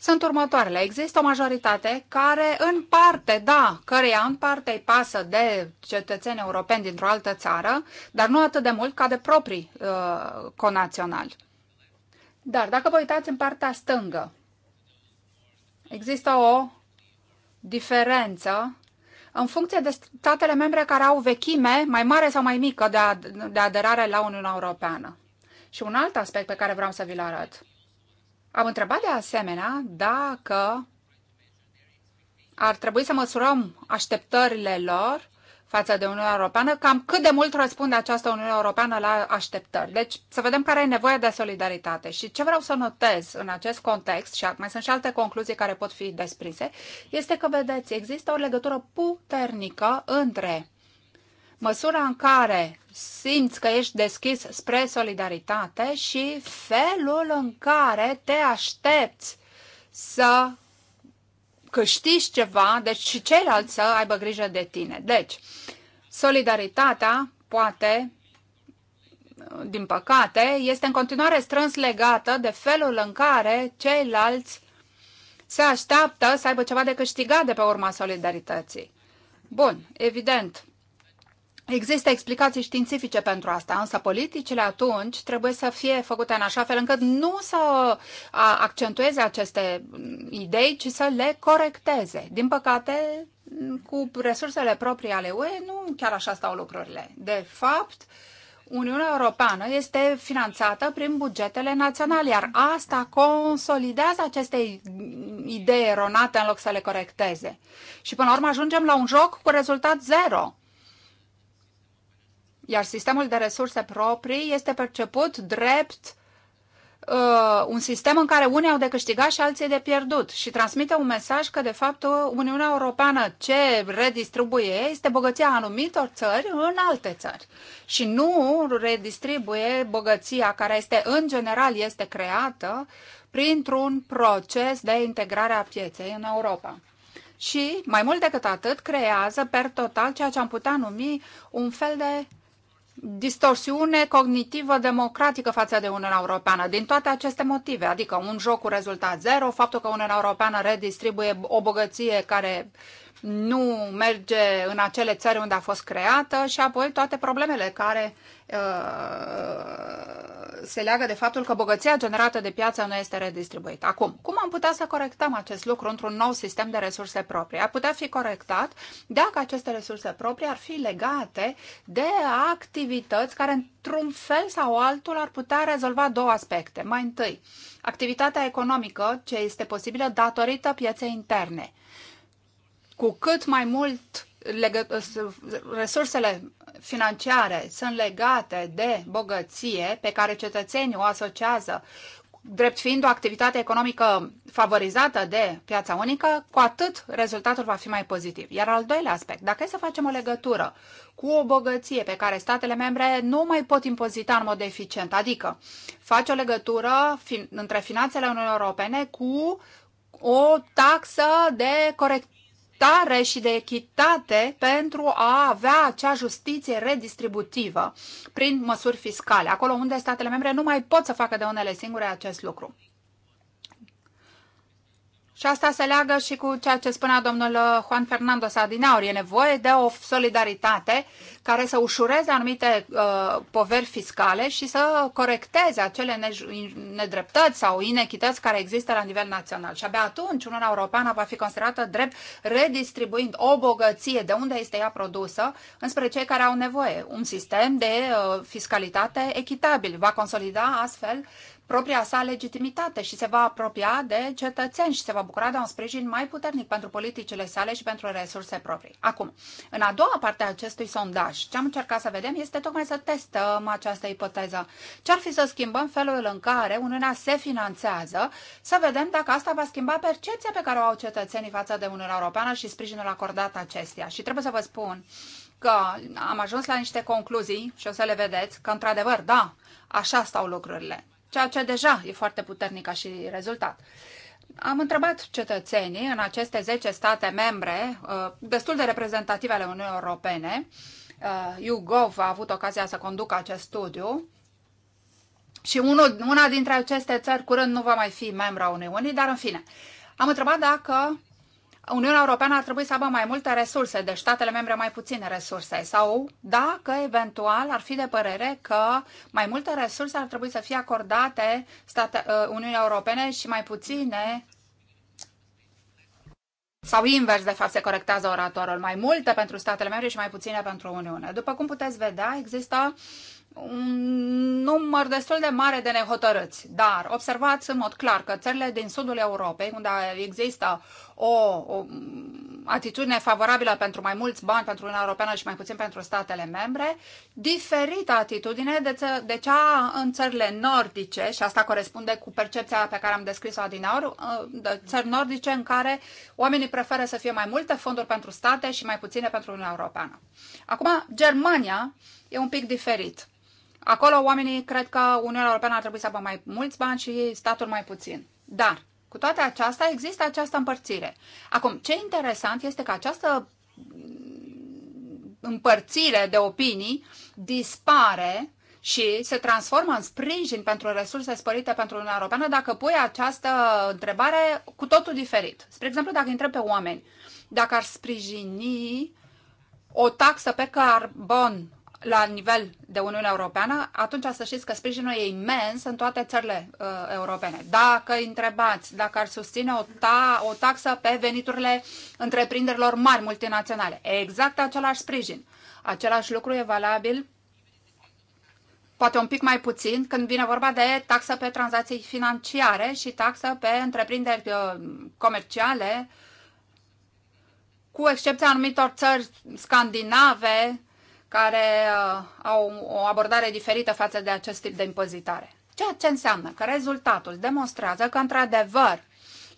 sunt următoarele. Există o majoritate care în parte, da, căreia în parte îi pasă de cetățeni europeni dintr-o altă țară, dar nu atât de mult ca de proprii uh, conaționali. Dar dacă vă uitați în partea stângă, există o diferență în funcție de statele membre care au vechime mai mare sau mai mică de, ad- de aderare la Uniunea Europeană. Și un alt aspect pe care vreau să vi-l arăt. Am întrebat de asemenea dacă ar trebui să măsurăm așteptările lor față de Uniunea Europeană, cam cât de mult răspunde această Uniune Europeană la așteptări. Deci să vedem care e nevoia de solidaritate. Și ce vreau să notez în acest context, și mai sunt și alte concluzii care pot fi desprinse, este că, vedeți, există o legătură puternică între măsura în care simți că ești deschis spre solidaritate și felul în care te aștepți să câștigi ceva, deci și ceilalți să aibă grijă de tine. Deci, solidaritatea poate din păcate, este în continuare strâns legată de felul în care ceilalți se așteaptă să aibă ceva de câștigat de pe urma solidarității. Bun, evident, Există explicații științifice pentru asta, însă politicile atunci trebuie să fie făcute în așa fel încât nu să accentueze aceste idei, ci să le corecteze. Din păcate, cu resursele proprii ale UE, nu chiar așa stau lucrurile. De fapt, Uniunea Europeană este finanțată prin bugetele naționale, iar asta consolidează aceste idei eronate în loc să le corecteze. Și până la urmă ajungem la un joc cu rezultat zero. Iar sistemul de resurse proprii este perceput drept uh, un sistem în care unii au de câștigat și alții de pierdut și transmite un mesaj că, de fapt, Uniunea Europeană ce redistribuie este bogăția anumitor țări în alte țări și nu redistribuie bogăția care este, în general, este creată printr-un proces de integrare a pieței în Europa și, mai mult decât atât, creează per total ceea ce am putea numi un fel de distorsiune cognitivă democratică față de Uniunea Europeană, din toate aceste motive, adică un joc cu rezultat zero, faptul că Uniunea Europeană redistribuie o bogăție care nu merge în acele țări unde a fost creată și apoi toate problemele care uh, se leagă de faptul că bogăția generată de piață nu este redistribuită. Acum, cum am putea să corectăm acest lucru într-un nou sistem de resurse proprii? Ar putea fi corectat dacă aceste resurse proprii ar fi legate de activități care, într-un fel sau altul, ar putea rezolva două aspecte. Mai întâi, activitatea economică, ce este posibilă datorită pieței interne cu cât mai mult resursele financiare sunt legate de bogăție pe care cetățenii o asociază drept fiind o activitate economică favorizată de piața unică, cu atât rezultatul va fi mai pozitiv. Iar al doilea aspect, dacă e să facem o legătură cu o bogăție pe care statele membre nu mai pot impozita în mod eficient, adică face o legătură fin- între finanțele Uniunii Europene cu o taxă de corect dreptare și de echitate pentru a avea acea justiție redistributivă prin măsuri fiscale, acolo unde statele membre nu mai pot să facă de unele singure acest lucru. Și asta se leagă și cu ceea ce spunea domnul uh, Juan Fernando Sadinaur. E nevoie de o solidaritate care să ușureze anumite uh, poveri fiscale și să corecteze acele nedreptăți sau inechități care există la nivel național. Și abia atunci Uniunea Europeană va fi considerată drept redistribuind o bogăție de unde este ea produsă înspre cei care au nevoie. Un sistem de uh, fiscalitate echitabil va consolida astfel propria sa legitimitate și se va apropia de cetățeni și se va bucura de un sprijin mai puternic pentru politicile sale și pentru resurse proprii. Acum, în a doua parte a acestui sondaj, ce am încercat să vedem este tocmai să testăm această ipoteză. Ce ar fi să schimbăm felul în care Uniunea se finanțează, să vedem dacă asta va schimba percepția pe care o au cetățenii față de Uniunea Europeană și sprijinul acordat acestia. Și trebuie să vă spun că am ajuns la niște concluzii și o să le vedeți că, într-adevăr, da, așa stau lucrurile ceea ce deja e foarte puternic ca și rezultat. Am întrebat cetățenii în aceste 10 state membre, uh, destul de reprezentative ale Uniunii Europene, uh, YouGov a avut ocazia să conducă acest studiu, și unul, una dintre aceste țări curând nu va mai fi membra Uniunii, dar în fine. Am întrebat dacă Uniunea Europeană ar trebui să aibă mai multe resurse, deci statele membre mai puține resurse, sau dacă eventual ar fi de părere că mai multe resurse ar trebui să fie acordate state, uh, Uniunii Europene și mai puține sau invers, de fapt, se corectează oratorul, mai multe pentru statele membre și mai puține pentru Uniune. După cum puteți vedea, există un număr destul de mare de nehotărâți, dar observați în mod clar că țările din sudul Europei, unde există o, o atitudine favorabilă pentru mai mulți bani pentru Uniunea Europeană și mai puțin pentru statele membre, diferită atitudine de, ță, de cea în țările nordice, și asta corespunde cu percepția pe care am descris-o adinaur, uh, de țări nordice în care oamenii preferă să fie mai multe fonduri pentru state și mai puține pentru Uniunea Europeană. Acum, Germania e un pic diferit. Acolo oamenii cred că Uniunea Europeană ar trebui să aibă mai mulți bani și statul mai puțin. Dar cu toate acestea, există această împărțire. Acum, ce interesant este că această împărțire de opinii dispare și se transformă în sprijin pentru resurse spărite pentru Uniunea Europeană dacă pui această întrebare cu totul diferit. Spre exemplu, dacă întreb pe oameni dacă ar sprijini o taxă pe carbon la nivel de Uniunea Europeană, atunci să știți că sprijinul e imens în toate țările uh, europene. Dacă întrebați dacă ar susține o, ta, o taxă pe veniturile întreprinderilor mari multinaționale, exact același sprijin. Același lucru e valabil, poate un pic mai puțin, când vine vorba de taxă pe tranzacții financiare și taxă pe întreprinderi uh, comerciale, cu excepția anumitor țări scandinave, care uh, au o abordare diferită față de acest tip de impozitare. Ceea ce înseamnă că rezultatul demonstrează că, într-adevăr,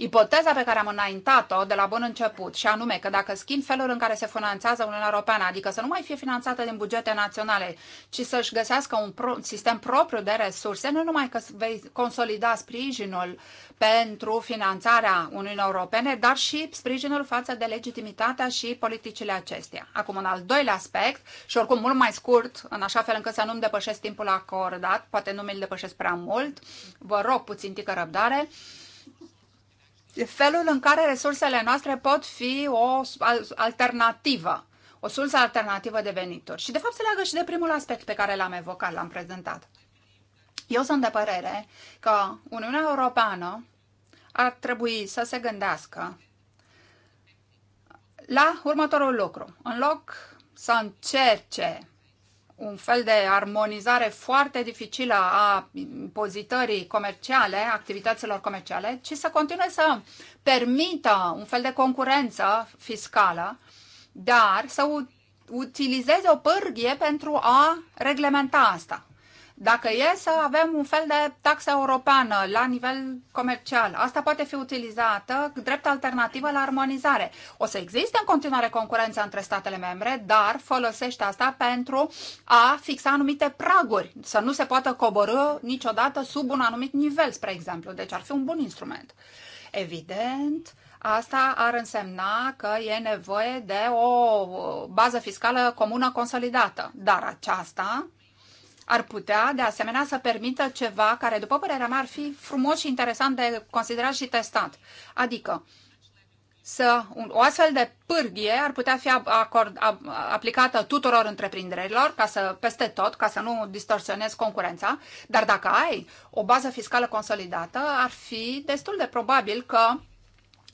ipoteza pe care am înaintat-o de la bun început, și anume că dacă schimb felul în care se finanțează Uniunea Europeană, adică să nu mai fie finanțată din bugete naționale, ci să-și găsească un pro- sistem propriu de resurse, nu numai că vei consolida sprijinul pentru finanțarea Uniunii Europene, dar și sprijinul față de legitimitatea și politicile acestea. Acum, un al doilea aspect, și oricum mult mai scurt, în așa fel încât să nu-mi depășesc timpul acordat, poate nu mi-l depășesc prea mult, vă rog puțin tică răbdare, uh, felul în care resursele noastre pot fi o alternativă, o sursă alternativă de venituri. Și de fapt se leagă și de primul aspect pe care l-am evocat, l-am prezentat. Eu sunt de părere că Uniunea Europeană ar trebui să se gândească la următorul lucru. În loc să încerce un fel de armonizare foarte dificilă a impozitării comerciale, activităților comerciale, ci să continue să permită un fel de concurență fiscală, dar să utilizeze o pârghie pentru a reglementa asta. Dacă e să avem un fel de taxă europeană la nivel comercial, asta poate fi utilizată drept alternativă la armonizare. O să existe în continuare concurență între statele membre, dar folosește asta pentru a fixa anumite praguri, să nu se poată coborâ niciodată sub un anumit nivel, spre exemplu. Deci ar fi un bun instrument. Evident, Asta ar însemna că e nevoie de o bază fiscală comună consolidată. Dar aceasta ar putea, de asemenea, să permită ceva care, după părerea mea, ar fi frumos și interesant de considerat și testat. Adică, să, un, o astfel de pârghie ar putea fi acord, a, aplicată tuturor întreprinderilor, ca să, peste tot, ca să nu distorsionezi concurența, dar dacă ai o bază fiscală consolidată, ar fi destul de probabil că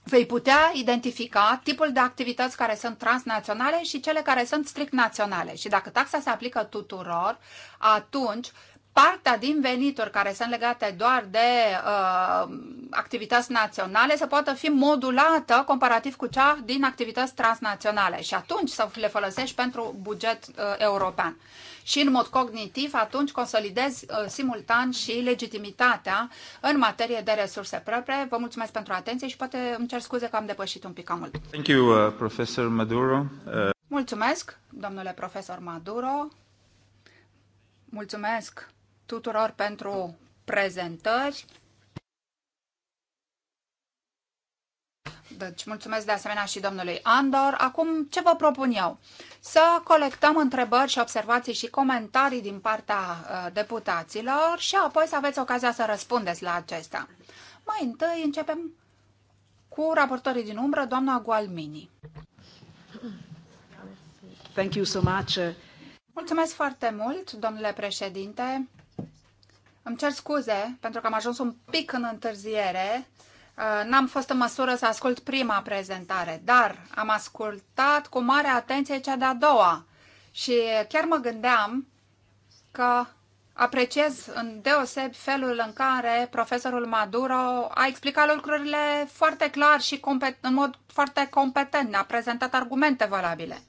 vei putea identifica tipul de activități care sunt transnaționale și cele care sunt strict naționale. Și dacă taxa se aplică tuturor, atunci partea din venituri care sunt legate doar de uh, activități naționale să poată fi modulată comparativ cu cea din activități transnaționale și atunci să le folosești pentru buget uh, european și în mod cognitiv, atunci consolidezi uh, simultan și legitimitatea în materie de resurse proprie. Vă mulțumesc pentru atenție și poate îmi cer scuze că am depășit un pic cam mult. Thank you, uh, Professor Maduro. Uh... Mulțumesc, domnule profesor Maduro. Mulțumesc tuturor pentru prezentări. Deci mulțumesc de asemenea și domnului Andor. Acum, ce vă propun eu? Să colectăm întrebări și observații și comentarii din partea uh, deputaților și apoi să aveți ocazia să răspundeți la acestea. Mai întâi începem cu raportorii din umbră, doamna Gualmini. Thank you so much. Mulțumesc foarte mult, domnule președinte. Îmi cer scuze pentru că am ajuns un pic în întârziere. Uh, n-am fost în măsură să ascult prima prezentare, dar am ascultat cu mare atenție cea de-a doua și chiar mă gândeam că apreciez în deoseb felul în care profesorul Maduro a explicat lucrurile foarte clar și în mod foarte competent, a prezentat argumente valabile.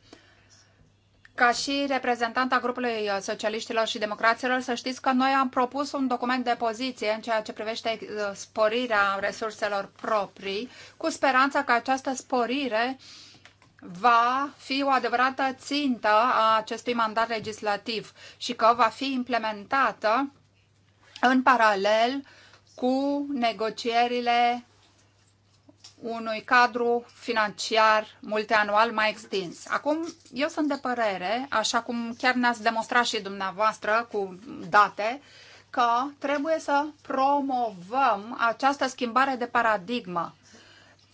Ca și reprezentanta grupului uh, socialiștilor și democraților, să știți că noi am propus un document de poziție în ceea ce privește uh, sporirea resurselor proprii, cu speranța că această sporire va fi o adevărată țintă a acestui mandat legislativ și că va fi implementată în paralel cu negocierile unui cadru financiar multianual mai extins. Acum, eu sunt de părere, așa cum chiar ne-ați demonstrat și dumneavoastră cu date, că trebuie să promovăm această schimbare de paradigmă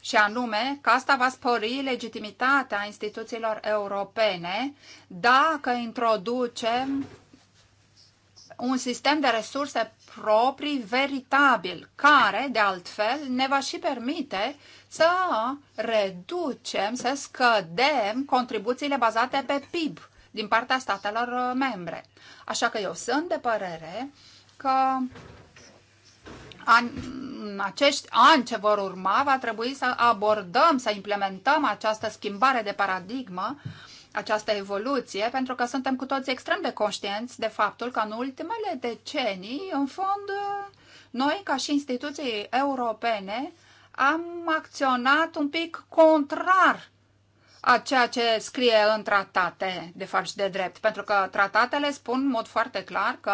și anume că asta va spori legitimitatea instituțiilor europene dacă introducem un sistem de resurse proprii veritabil, care, de altfel, ne va și permite să reducem, să scădem contribuțiile bazate pe PIB din partea statelor uh, membre. Așa că eu sunt de părere că în acești ani ce vor urma va trebui să abordăm, să implementăm această schimbare de paradigmă, această evoluție, pentru că suntem cu toți extrem de conștienți de faptul că în ultimele decenii, în fond, uh, noi, ca și instituții europene, am acționat un pic contrar a ceea ce scrie în tratate, de fapt și de drept, pentru că tratatele spun în mod foarte clar că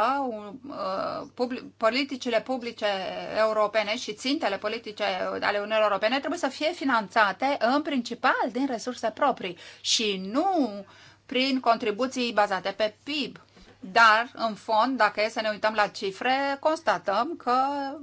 uh, public, politicile publice europene și țintele politice ale Uniunii Europene trebuie să fie finanțate în principal din resurse proprii și nu prin contribuții bazate pe PIB. Dar, în fond, dacă e să ne uităm la cifre, constatăm că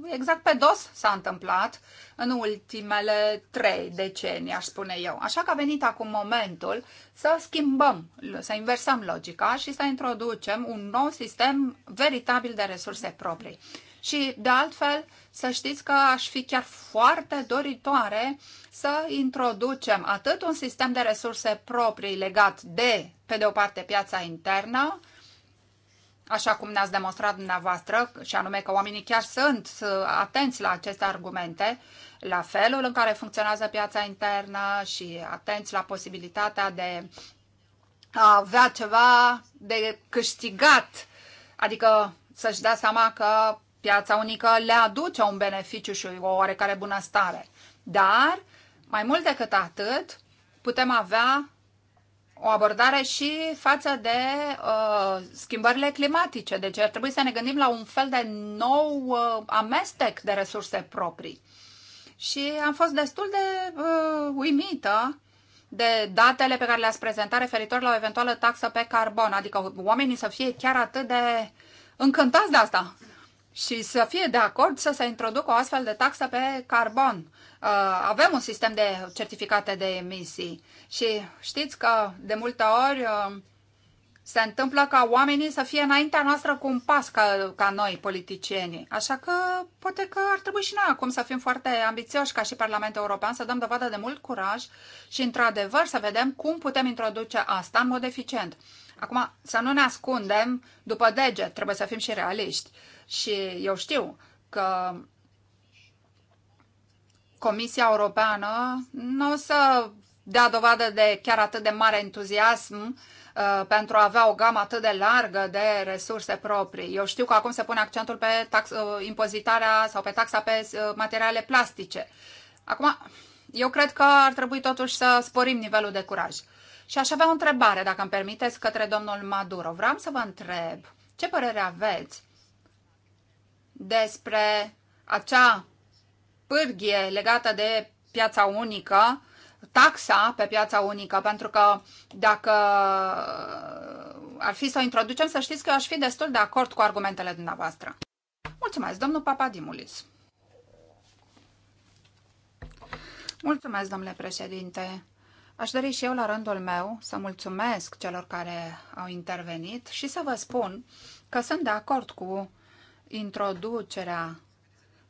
exact pe dos s-a întâmplat în ultimele trei decenii, aș spune eu. Așa că a venit acum momentul să schimbăm, să inversăm logica și să introducem un nou sistem veritabil de resurse proprii. Și, de altfel, să știți că aș fi chiar foarte doritoare să introducem atât un sistem de resurse proprii legat de, pe de o parte, piața internă, așa cum ne-ați demonstrat dumneavoastră, și anume că oamenii chiar sunt uh, atenți la aceste argumente, la felul în care funcționează piața internă și atenți la posibilitatea de a avea ceva de câștigat, adică să-și dea seama că piața unică le aduce un beneficiu și o oarecare bunăstare. Dar, mai mult decât atât, putem avea o abordare și față de uh, schimbările climatice. Deci ar trebui să ne gândim la un fel de nou uh, amestec de resurse proprii. Și am fost destul de uh, uimită de datele pe care le-ați prezentat referitor la o eventuală taxă pe carbon. Adică oamenii să fie chiar atât de încântați de asta și să fie de acord să se introducă o astfel de taxă pe carbon. Uh, avem un sistem de certificate de emisii și știți că de multe ori uh, se întâmplă ca oamenii să fie înaintea noastră cu un pas ca, ca noi, politicienii. Așa că poate că ar trebui și noi acum să fim foarte ambițioși ca și Parlamentul European, să dăm dovadă de mult curaj și, într-adevăr, să vedem cum putem introduce asta în mod eficient. Acum, să nu ne ascundem după deget, trebuie să fim și realiști. Uh, și eu știu că Comisia Europeană nu o să dea dovadă de chiar atât de mare entuziasm uh, pentru a avea o gamă atât de largă de resurse proprii. Eu știu că acum se pune accentul pe tax, uh, impozitarea sau pe taxa pe uh, materiale plastice. Acum, eu cred că ar trebui totuși să sporim nivelul de curaj. Și aș avea o întrebare, dacă îmi permiteți, către domnul Maduro. Vreau să vă întreb ce părere aveți despre acea pârghie legată de piața unică, taxa pe piața unică, pentru că dacă ar fi să o introducem, să știți că eu aș fi destul de acord cu argumentele dumneavoastră. Mulțumesc, domnul Papadimulis. Mulțumesc, domnule președinte. Aș dori și eu, la rândul meu, să mulțumesc celor care au intervenit și să vă spun că sunt de acord cu introducerea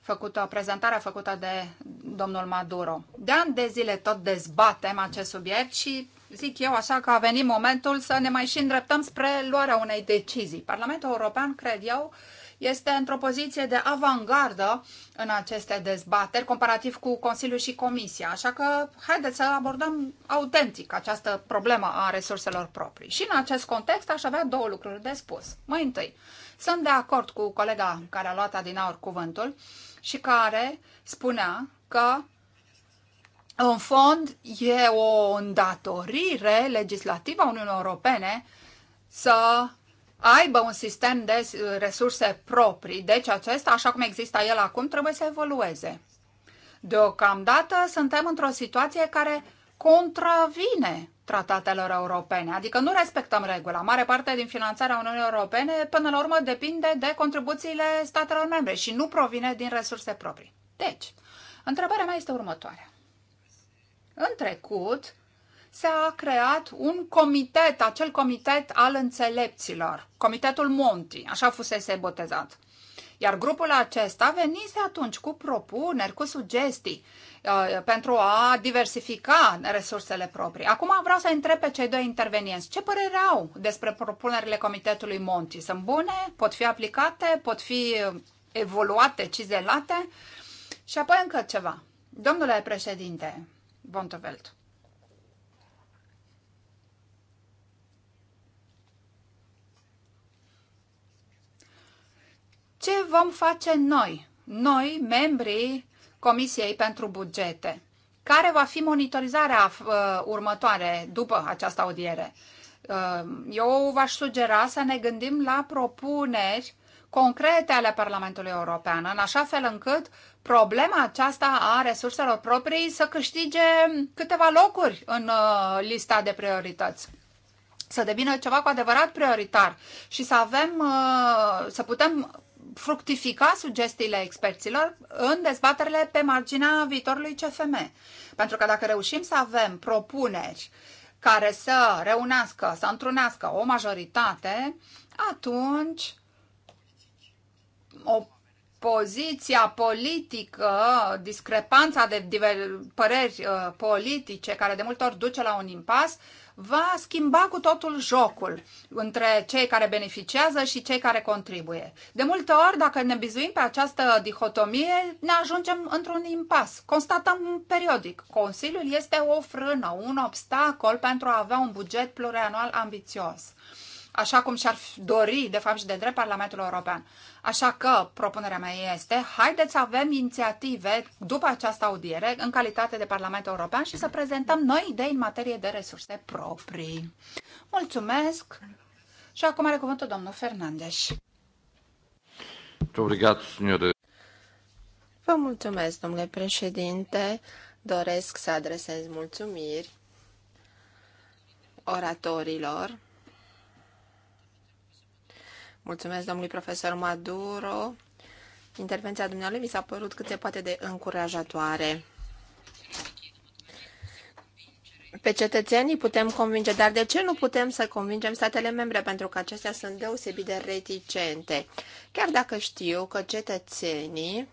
făcută, prezentarea făcută de domnul Maduro. De ani de zile tot dezbatem acest subiect și zic eu așa că a venit momentul să ne mai și îndreptăm spre luarea unei decizii. Parlamentul European, cred eu, este într-o poziție de avangardă în aceste dezbateri, comparativ cu Consiliul și Comisia. Așa că haideți să abordăm autentic această problemă a resurselor proprii. Și în acest context aș avea două lucruri de spus. Mai întâi, sunt de acord cu colega care a luat adinaur cuvântul și care spunea că în fond e o îndatorire legislativă a Uniunii Europene să aibă un sistem de resurse proprii. Deci acesta, așa cum există el acum, trebuie să evolueze. Deocamdată suntem într-o situație care contravine tratatelor europene. Adică nu respectăm regula. Mare parte din finanțarea Uniunii Europene, până la urmă, depinde de contribuțiile statelor membre și nu provine din resurse proprii. Deci, întrebarea mea este următoarea. În trecut, s-a creat un comitet, acel comitet al înțelepților, Comitetul Monti, așa fusese botezat. Iar grupul acesta venise atunci cu propuneri, cu sugestii Uh, pentru a diversifica resursele proprii. Acum vreau să întreb pe cei doi intervenienți. Ce părere au despre propunerile Comitetului Monti? Sunt bune? Pot fi aplicate? Pot fi uh, evoluate, cizelate? Și apoi încă ceva. Domnule președinte Bontovelt, ce vom face noi? Noi, membrii Comisiei pentru Bugete. Care va fi monitorizarea uh, următoare după această audiere? Uh, eu v-aș sugera să ne gândim la propuneri concrete ale Parlamentului European, în așa fel încât problema aceasta a resurselor proprii să câștige câteva locuri în uh, lista de priorități să devină ceva cu adevărat prioritar și să avem, să putem fructifica sugestiile experților în dezbaterile pe marginea viitorului CFM. Pentru că dacă reușim să avem propuneri care să reunească, să întrunească o majoritate, atunci o poziția politică, discrepanța de păreri uh, politice, care de multe ori duce la un impas, va schimba cu totul jocul între cei care beneficiază și cei care contribuie. De multe ori, dacă ne bizuim pe această dihotomie, ne ajungem într-un impas. Constatăm periodic. Consiliul este o frână, un obstacol pentru a avea un buget plurianual ambițios așa cum și-ar dori, de fapt și de drept, Parlamentul European. Așa că propunerea mea este, haideți să avem inițiative după această audiere în calitate de Parlament European și să prezentăm noi idei în materie de resurse proprii. Mulțumesc! Și acum are cuvântul domnul Fernandes. Vă mulțumesc, domnule președinte. Doresc să adresez mulțumiri oratorilor Mulțumesc domnului profesor Maduro. Intervenția dumneavoastră mi s-a părut cât se poate de încurajatoare. Pe cetățenii putem convinge, dar de ce nu putem să convingem statele membre? Pentru că acestea sunt deosebit de reticente. Chiar dacă știu că cetățenii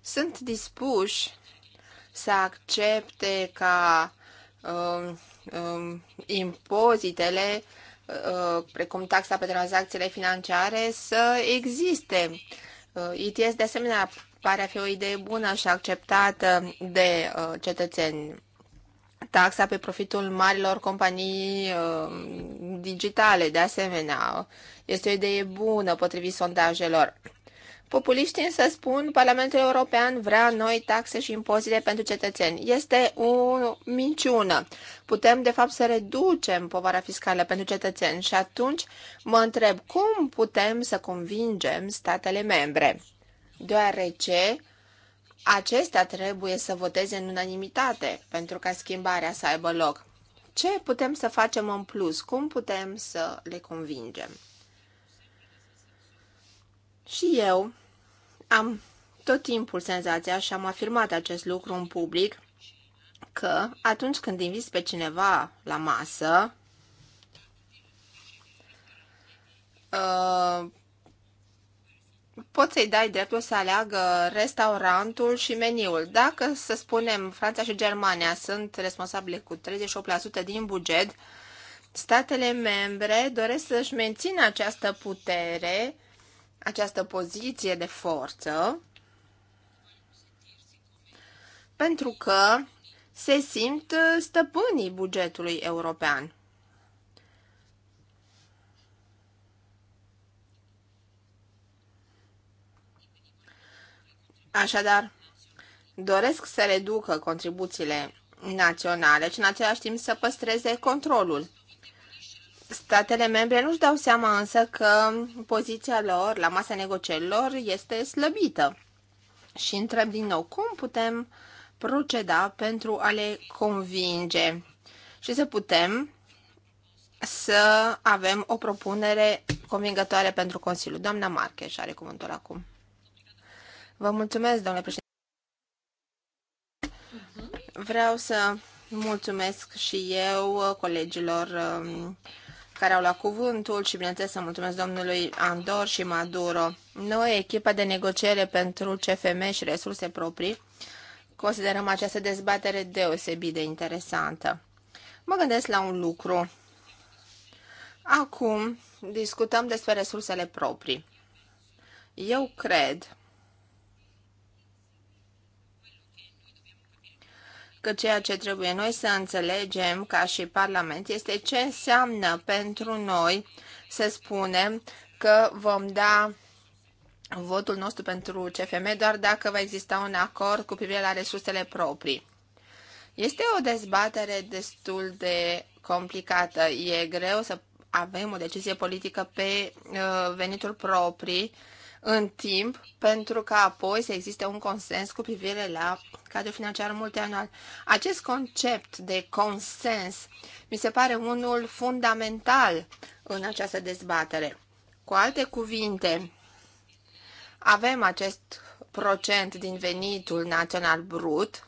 sunt dispuși să accepte ca um, um, impozitele Uh, precum taxa pe tranzacțiile financiare, să existe. ETS, uh, de asemenea, pare a fi o idee bună și acceptată de uh, cetățeni. Taxa pe profitul marilor companii digitale, de asemenea, este o idee bună potrivit sondajelor. Populiștii însă spun Parlamentul European vrea noi taxe și impozite pentru cetățeni. Este o minciună. Putem, de fapt, să reducem povara fiscală pentru cetățeni și atunci mă întreb cum putem să convingem statele membre, deoarece acestea trebuie să voteze în unanimitate pentru ca schimbarea să aibă loc. Ce putem să facem în plus? Cum putem să le convingem? Și eu am tot timpul senzația și am afirmat acest lucru în public că atunci când inviți pe cineva la masă, uh, poți să-i dai dreptul să aleagă restaurantul și meniul. Dacă, să spunem, Franța și Germania sunt responsabile cu 38% din buget, statele membre doresc să-și mențină această putere această poziție de forță pentru că se simt stăpânii bugetului european. Așadar, doresc să reducă contribuțiile naționale și în același timp să păstreze controlul. Statele membre nu-și dau seama însă că poziția lor la masa negocierilor este slăbită. Și întreb din nou, cum putem proceda pentru a le convinge și să putem să avem o propunere convingătoare pentru Consiliu. Doamna Marcheș are cuvântul acum. Vă mulțumesc, domnule președinte. Vreau să mulțumesc și eu colegilor um, care au luat cuvântul și, bineînțeles, să mulțumesc domnului Andor și Maduro. Noi, echipa de negociere pentru CFM și resurse proprii, considerăm această dezbatere deosebit de interesantă. Mă gândesc la un lucru. Acum discutăm despre resursele proprii. Eu cred că ceea ce trebuie noi să înțelegem ca și Parlament este ce înseamnă pentru noi să spunem că vom da votul nostru pentru CFM doar dacă va exista un acord cu privire la resursele proprii. Este o dezbatere destul de complicată. E greu să avem o decizie politică pe uh, venituri proprii în timp pentru ca apoi să existe un consens cu privire la cadrul financiar multianual. Acest concept de consens mi se pare unul fundamental în această dezbatere. Cu alte cuvinte, avem acest procent din venitul național brut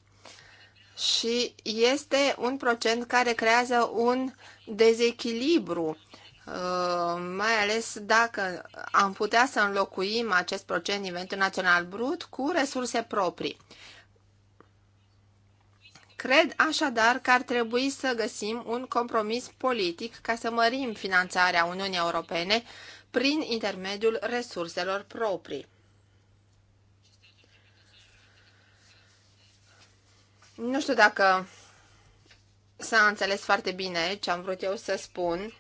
și este un procent care creează un dezechilibru Uh, mai ales dacă am putea să înlocuim acest procent din venitul național brut cu resurse proprii. Cred așadar că ar trebui să găsim un compromis politic ca să mărim finanțarea Uniunii Europene prin intermediul resurselor proprii. Nu știu dacă s-a înțeles foarte bine ce am vrut eu să spun.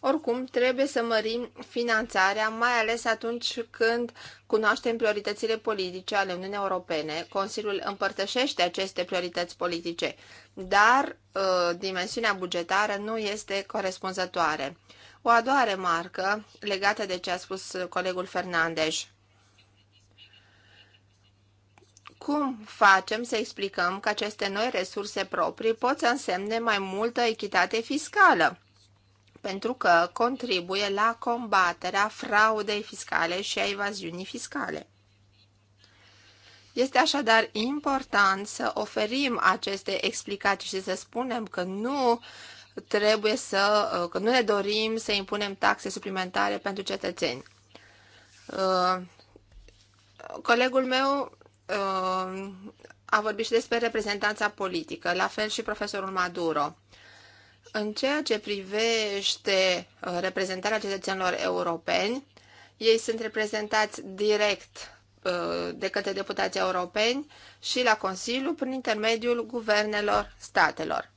Oricum, trebuie să mărim finanțarea, mai ales atunci când cunoaștem prioritățile politice ale Uniunii Europene. Consiliul împărtășește aceste priorități politice, dar uh, dimensiunea bugetară nu este corespunzătoare. O a doua remarcă legată de ce a spus colegul Fernandez. Cum facem să explicăm că aceste noi resurse proprii pot să însemne mai multă echitate fiscală? pentru că contribuie la combaterea fraudei fiscale și a evaziunii fiscale. Este așadar important să oferim aceste explicații și să spunem că nu trebuie să, că nu ne dorim să impunem taxe suplimentare pentru cetățeni. Uh, colegul meu uh, a vorbit și despre reprezentanța politică, la fel și profesorul Maduro. În ceea ce privește uh, reprezentarea cetățenilor europeni, ei sunt reprezentați direct uh, de către deputații europeni și la Consiliu prin intermediul guvernelor statelor.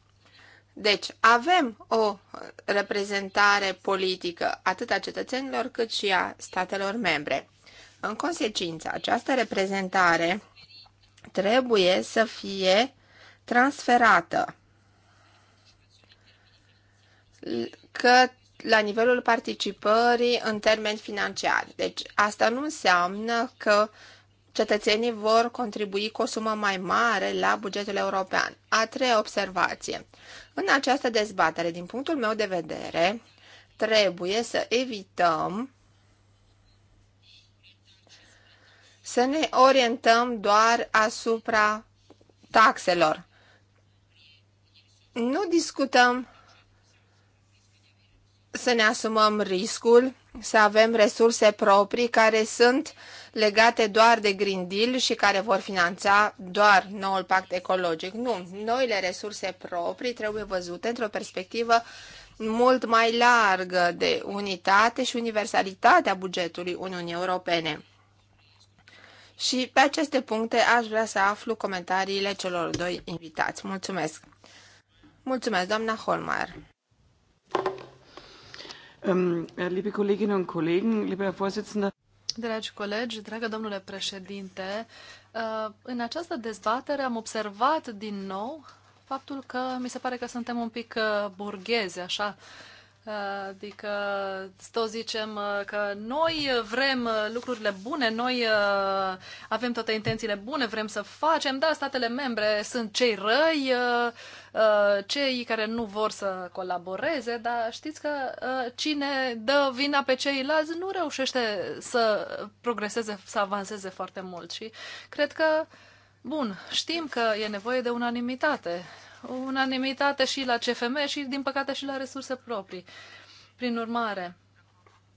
Deci, avem o reprezentare politică atât a cetățenilor cât și a statelor membre. În consecință, această reprezentare trebuie să fie transferată că la nivelul participării în termeni financiari. Deci asta nu înseamnă că cetățenii vor contribui cu o sumă mai mare la bugetul european. A treia observație. În această dezbatere, din punctul meu de vedere, trebuie să evităm să ne orientăm doar asupra taxelor. Nu discutăm să ne asumăm riscul, să avem resurse proprii care sunt legate doar de Green Deal și care vor finanța doar noul pact ecologic. Nu, noile resurse proprii trebuie văzute într-o perspectivă mult mai largă de unitate și universalitatea bugetului Uniunii Europene. Și pe aceste puncte aș vrea să aflu comentariile celor doi invitați. Mulțumesc! Mulțumesc, doamna Holmar! Ähm, äh, liebe Kolleginnen und Kollegen, Herr Vorsitzender. Dragi colegi, dragă domnule președinte, uh, în această dezbatere am observat din nou faptul că mi se pare că suntem un pic uh, burghezi, așa, Adică tot zicem uh, că noi uh, vrem uh, lucrurile bune, noi avem toate intențiile bune, vrem să facem, dar statele membre sunt cei răi, cei care nu vor să colaboreze, dar știți că cine dă vina pe ceilalți nu reușește să progreseze, să avanseze foarte mult și cred că Bun, știm că e nevoie de unanimitate unanimitate și la CFM și, din păcate, și la resurse proprii. Prin urmare,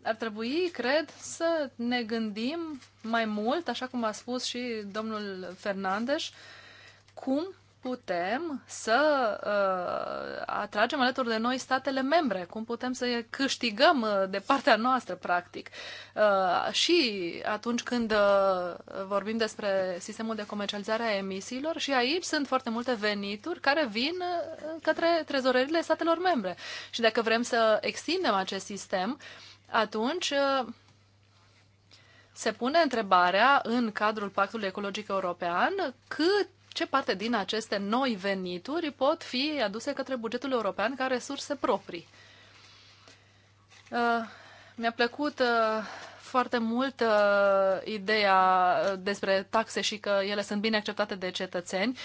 ar trebui, cred, să ne gândim mai mult, așa cum a spus și domnul Fernandes, cum putem să uh, atragem alături de noi statele membre, cum putem să câștigăm uh, de partea noastră, practic. Uh, și atunci când uh, vorbim despre sistemul de comercializare a emisiilor, și aici sunt foarte multe venituri care vin uh, către trezorerile statelor membre. Și dacă vrem să extindem acest sistem, atunci. Uh, se pune întrebarea în cadrul Pactului Ecologic European cât ce parte din aceste noi venituri pot fi aduse către bugetul european ca resurse proprii. Uh, mi-a plăcut uh, foarte mult uh, ideea despre taxe și că ele sunt bine acceptate de cetățeni,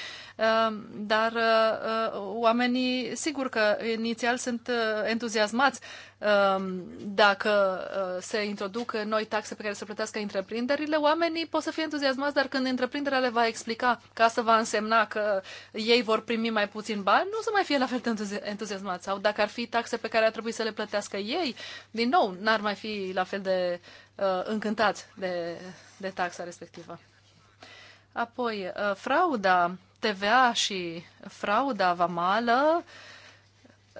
dar oamenii, sigur că inițial sunt entuziasmați Um, dacă uh, se introduc noi taxe pe care să plătească întreprinderile, oamenii pot să fie entuziasmați, dar când întreprinderea le va explica că asta va însemna că ei vor primi mai puțin bani, nu o să mai fie la fel de entuziasmați. Sau dacă ar fi taxe pe care ar trebui să le plătească ei, din nou, n-ar mai fi la fel de uh, încântați de, de taxa respectivă. Apoi, uh, frauda TVA și frauda vamală uh,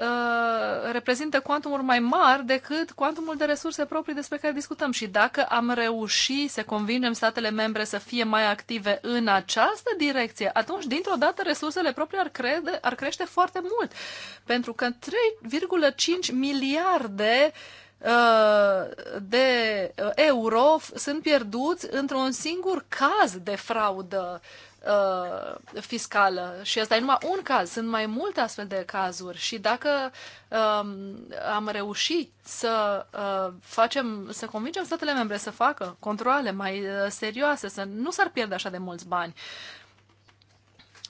Uh, reprezintă cuantumuri mai mari decât cuantumul de resurse proprii despre care discutăm. Și dacă am reușit să convingem statele membre să fie mai active în această direcție, atunci, dintr-o dată, resursele proprii ar, crede, ar crește foarte mult. Pentru că 3,5 miliarde uh, de uh, euro sunt pierduți într-un singur caz de fraudă uh, fiscală. Și asta e numai un caz. Sunt mai multe astfel de cazuri. Și dacă uh, am reușit să uh, facem, să convingem statele membre să facă controle mai uh, serioase, să nu s-ar pierde așa de mulți bani. Uh,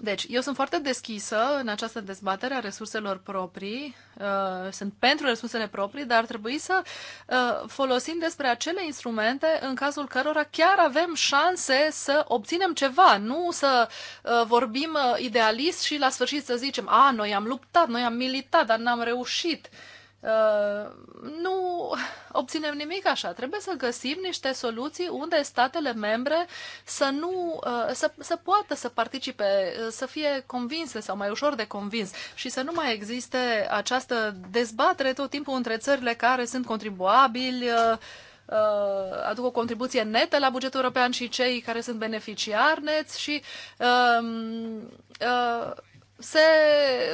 deci, eu sunt foarte deschisă în această dezbatere a resurselor proprii, uh, sunt pentru resursele proprii, dar ar trebui să uh, folosim despre acele instrumente în cazul cărora chiar avem șanse să obținem ceva, nu să uh, vorbim idealist și la sfârșit să zicem, a, noi am luptat, noi am militat, dar n-am reușit. Uh, Uh, nu obținem nimic așa. Trebuie să găsim niște soluții unde statele membre să nu uh, să, să poată să participe, uh, să fie convinse sau mai ușor de convins și să nu mai existe această dezbatere tot timpul între țările care sunt contribuabili aduc o contribuție netă la bugetul european și cei care sunt beneficiari neți și um, uh, uh, se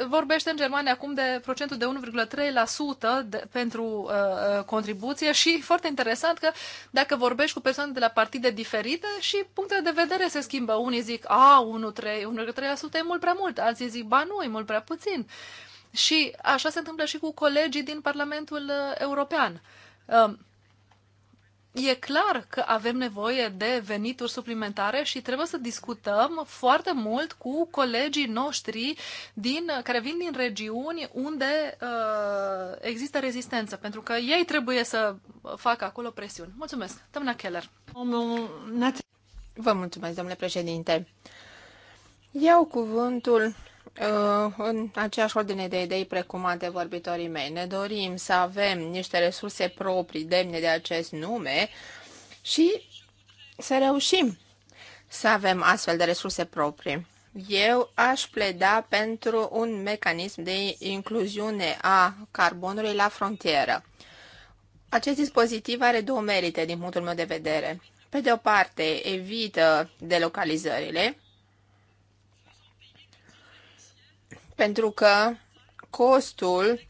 vorbește în Germania acum de procentul de 1,3% de, pentru uh, uh, contribuție și foarte interesant că dacă vorbești cu persoane de la partide diferite și punctele de vedere se schimbă. Unii zic, a, 1,3% e mult prea mult, alții zic, ba nu, e mult prea puțin. Și așa se întâmplă și cu colegii din Parlamentul uh, European. Uh, E clar că avem nevoie de venituri suplimentare și trebuie să discutăm foarte mult cu colegii noștri din, care vin din regiuni unde uh, există rezistență, pentru că ei trebuie să facă acolo presiuni. Mulțumesc. Doamna Keller. Vă mulțumesc, domnule președinte. Iau cuvântul Uh, în aceeași ordine de idei precum antevorbitorii mei. Ne dorim să avem niște resurse proprii demne de acest nume și să reușim să avem astfel de resurse proprii. Eu aș pleda pentru un mecanism de incluziune a carbonului la frontieră. Acest dispozitiv are două merite din punctul meu de vedere. Pe de o parte, evită delocalizările, pentru că costul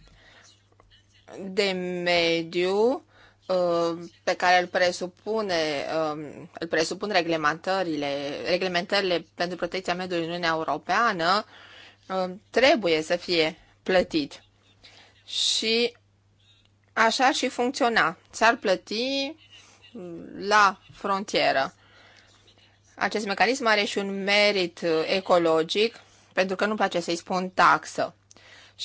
de mediu uh, pe care îl presupune, um, îl presupun reglementările, reglementările pentru protecția mediului în Uniunea Europeană um, trebuie să fie plătit. Și așa ar și funcționa. S-ar plăti la frontieră. Acest mecanism are și un merit uh, ecologic pentru că nu place să-i spun taxă.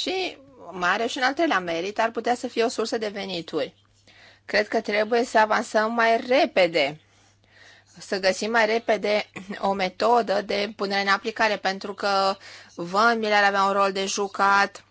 Și mai are și un al treilea merit, ar putea să fie o sursă de venituri. Cred că trebuie să avansăm mai repede, să găsim mai repede o metodă de punere în aplicare, pentru că vămile ar avea un rol de jucat,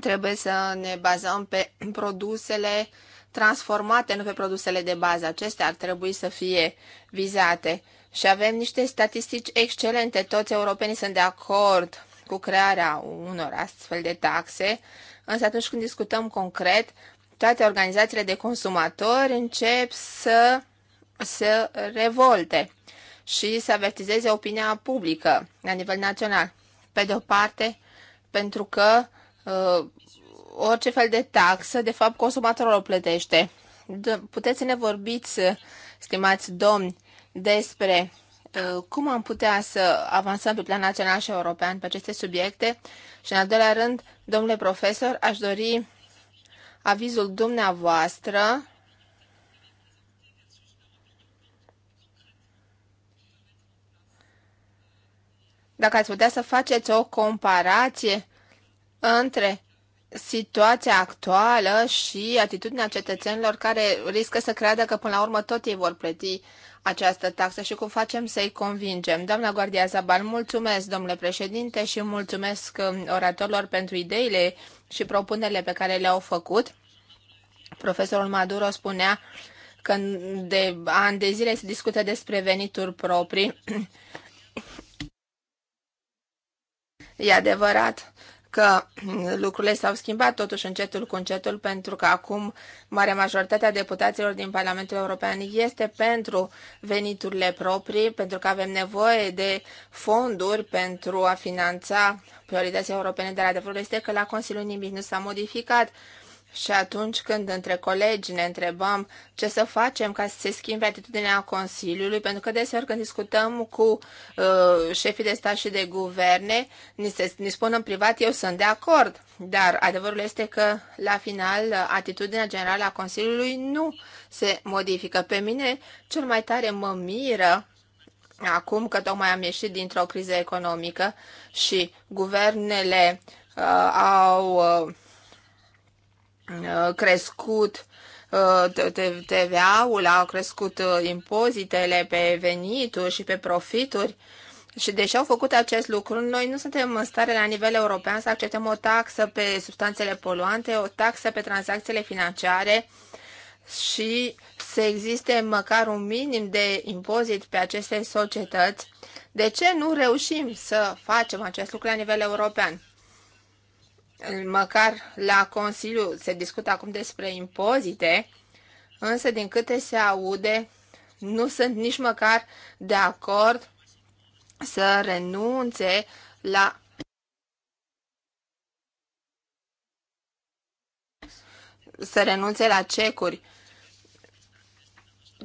Trebuie să ne bazăm pe (clears throat) produsele transformate, nu pe produsele de bază. Acestea ar trebui să fie vizate. Și avem niște statistici excelente. Toți europenii sunt de acord cu crearea unor astfel de taxe, însă atunci când discutăm concret, toate organizațiile de consumatori încep să se revolte și să avertizeze opinia publică la nivel național. Pe de o parte, pentru că uh, orice fel de taxă, de fapt consumatorul o plătește. Puteți să ne vorbiți, uh, stimați domni, despre uh, cum am putea să avansăm pe plan național și european pe aceste subiecte și, în al doilea rând, domnule profesor, aș dori avizul dumneavoastră dacă ați putea să faceți o comparație între situația actuală și atitudinea cetățenilor care riscă să creadă că până la urmă tot ei vor plăti această taxă și cum facem să-i convingem. Doamna Guardia Zabal, mulțumesc, domnule președinte, și mulțumesc um, oratorilor pentru ideile și propunerile pe care le-au făcut. Profesorul Maduro spunea că de ani de zile se discută despre venituri proprii. (coughs) E adevărat că mm, lucrurile s-au schimbat totuși încetul cu încetul, pentru că acum marea majoritate a deputaților din Parlamentul European este pentru veniturile proprii, pentru că avem nevoie de fonduri pentru a finanța prioritățile europene, dar adevărul este că la Consiliu nimic nu s-a modificat. Și atunci când între colegi ne întrebăm ce să facem ca să se schimbe atitudinea Consiliului, pentru că deseori când discutăm cu uh, șefii de stat și de guverne, ni, se, ni spun în privat, eu sunt de acord, dar adevărul este că la final atitudinea generală a Consiliului nu se modifică. Pe mine cel mai tare mă miră acum că tocmai am ieșit dintr-o criză economică și guvernele uh, au... Uh, Uh, crescut uh, TVA-ul, au crescut uh, impozitele pe venituri și pe profituri. Și deși au făcut acest lucru, noi nu suntem în stare la nivel european să acceptăm o taxă pe substanțele poluante, o taxă pe tranzacțiile financiare și să existe măcar un minim de impozit pe aceste societăți. De ce nu reușim să facem acest lucru la nivel european? măcar la Consiliu se discută acum despre impozite, însă din câte se aude, nu sunt nici măcar de acord să renunțe la să renunțe la cecuri.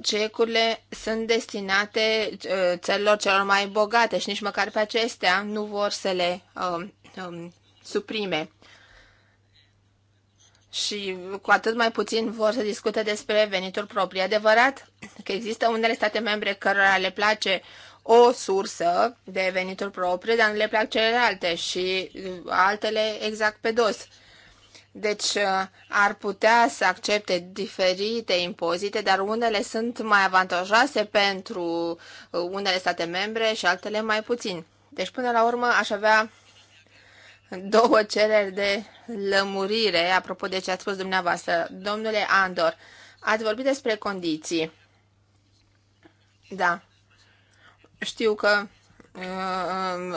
Cecurile sunt destinate uh, țărilor celor mai bogate și nici măcar pe acestea nu vor să le uh, um, um suprime. Și cu atât mai puțin vor să discute despre venitul propriu. adevărat că există unele state membre cărora le place o sursă de venituri proprii, dar nu le plac celelalte și uh, altele exact pe dos. Deci uh, ar putea să accepte diferite impozite, dar unele sunt mai avantajoase pentru uh, unele state membre și altele mai puțin. Deci până la urmă aș avea două cereri de lămurire, apropo de ce ați spus dumneavoastră. Domnule Andor, ați vorbit despre condiții. Da. Știu că uh,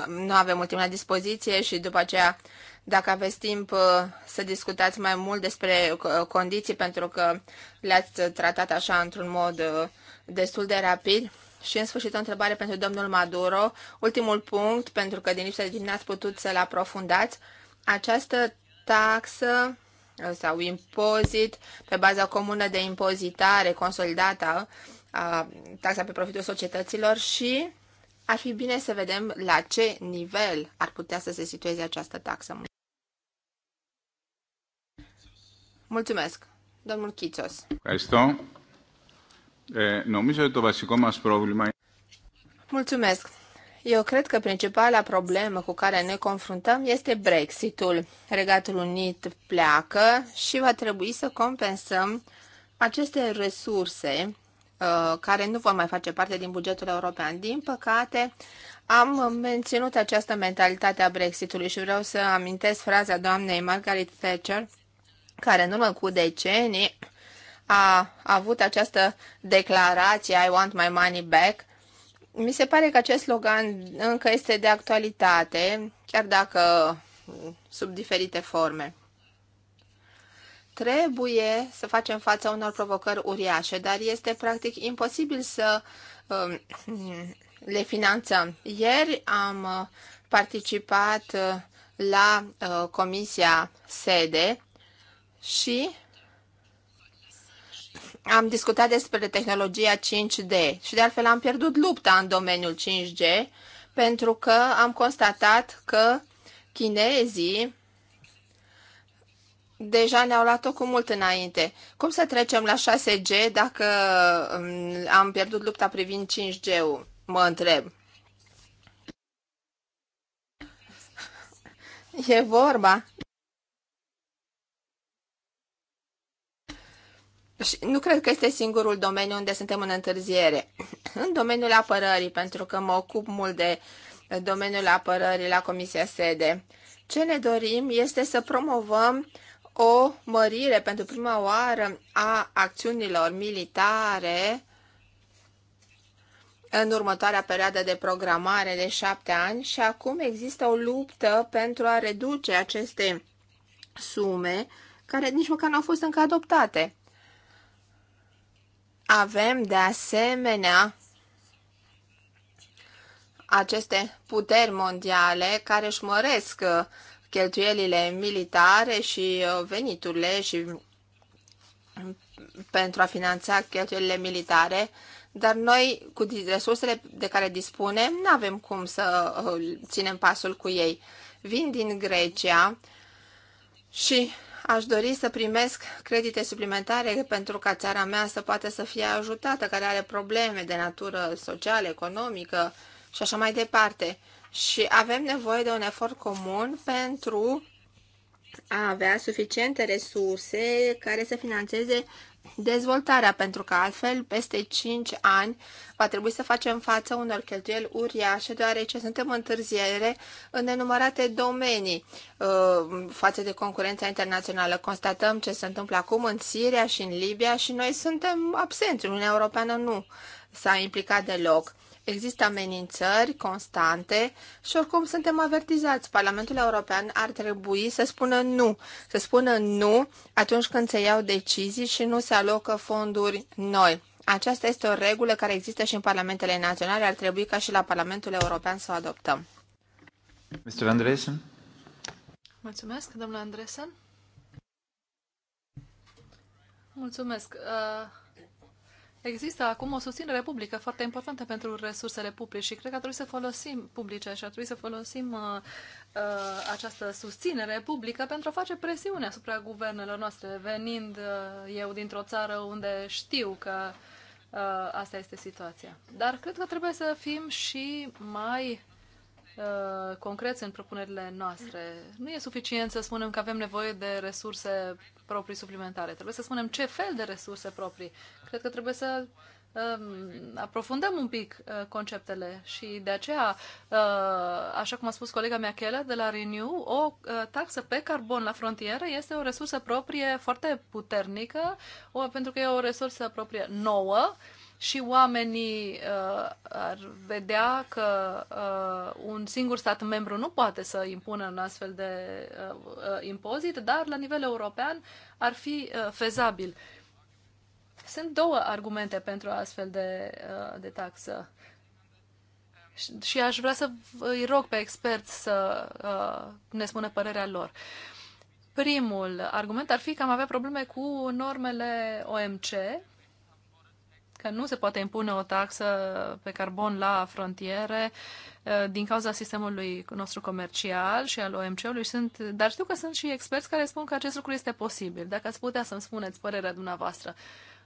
um, nu avem mult timp la dispoziție și după aceea, dacă aveți timp uh, să discutați mai mult despre uh, condiții, pentru că le-ați tratat așa într-un mod uh, destul de rapid, și în sfârșit o întrebare pentru domnul Maduro. Ultimul punct, pentru că din lipsa de n-ați putut să-l aprofundați. Această taxă uh, sau impozit pe baza comună de impozitare consolidată a uh, taxa pe profitul societăților și ar fi bine să vedem la ce nivel ar putea să se situeze această taxă. Mulțumesc, domnul Chițos. Aristo. Eh, Mulțumesc! Eu cred că principala problemă cu care ne confruntăm este Brexitul. Regatul Unit pleacă și va trebui să compensăm aceste resurse uh, care nu vor mai face parte din bugetul european. Din păcate, am menținut această mentalitate a Brexitului și vreau să amintesc fraza doamnei Margaret Thatcher, care în urmă cu decenii a avut această declarație I want my money back, mi se pare că acest slogan încă este de actualitate, chiar dacă sub diferite forme. Trebuie să facem față unor provocări uriașe, dar este practic imposibil să um, le finanțăm. Ieri am participat uh, la uh, comisia sede și am discutat despre tehnologia 5 d și de altfel am pierdut lupta în domeniul 5G pentru că am constatat că chinezii deja ne-au luat-o cu mult înainte. Cum să trecem la 6G dacă mm, am pierdut lupta privind 5G-ul? Mă întreb. E vorba Și nu cred că este singurul domeniu unde suntem în întârziere. (clears throat) În domeniul apărării, pentru că mă ocup mult de domeniul apărării la Comisia Sede, ce ne dorim este să promovăm o mărire pentru prima oară a acțiunilor militare în următoarea perioadă de programare de șapte ani și acum există o luptă pentru a reduce aceste sume care nici măcar nu au fost încă adoptate. Avem de asemenea aceste puteri mondiale care își măresc uh, cheltuielile militare și uh, veniturile și mm, pentru a finanța cheltuielile militare, dar noi, cu resursele de care dispunem, nu avem cum să uh, ținem pasul cu ei. Vin din Grecia și aș dori să primesc credite suplimentare pentru ca țara mea să poată să fie ajutată, care are probleme de natură socială, economică și așa mai departe. Și avem nevoie de un efort comun pentru a avea suficiente resurse care să financeze dezvoltarea, pentru că altfel, peste 5 ani, va trebui să facem față unor cheltuieli uriașe, deoarece suntem întârziere în nenumărate domenii uh, față de concurența internațională. Constatăm ce se întâmplă acum în Siria și în Libia și noi suntem absenți, Uniunea Europeană nu s-a implicat deloc. Există amenințări constante și oricum suntem avertizați. Parlamentul European ar trebui să spună nu. Să spună nu atunci când se iau decizii și nu se alocă fonduri noi. Aceasta este o regulă care există și în parlamentele naționale. Ar trebui ca și la Parlamentul European să o adoptăm. Mr. Andresen. Mulțumesc, domnule Andresen. Mulțumesc. Uh... Există acum o susținere publică foarte importantă pentru resursele publice și cred că ar trebui să folosim publice și ar trebui să folosim uh, uh, această susținere publică pentru a face presiune asupra guvernelor noastre, venind uh, eu dintr-o țară unde știu că uh, asta este situația. Dar cred că trebuie să fim și mai uh, concreți în propunerile noastre. Nu e suficient să spunem că avem nevoie de resurse proprii suplimentare. Trebuie să spunem ce fel de resurse proprii. Cred că trebuie să um, aprofundăm un pic uh, conceptele și de aceea, uh, așa cum a spus colega mea Chele de la Renew, o uh, taxă pe carbon la frontieră este o resursă proprie foarte puternică, pentru că e o resursă proprie nouă și oamenii uh, ar vedea că uh, un singur stat membru nu poate să impună un astfel de uh, uh, impozit, dar la nivel european ar fi uh, fezabil. Sunt două argumente pentru astfel de, uh, de taxă. Și, aș vrea să îi rog pe experți să uh, ne spună părerea lor. Primul argument ar fi că am avea probleme cu normele OMC, că nu se poate impune o taxă pe carbon la frontiere uh, din cauza sistemului nostru comercial și al OMC-ului, sunt, dar știu că sunt și experți care spun că acest lucru este posibil. Dacă ați putea să-mi spuneți părerea dumneavoastră,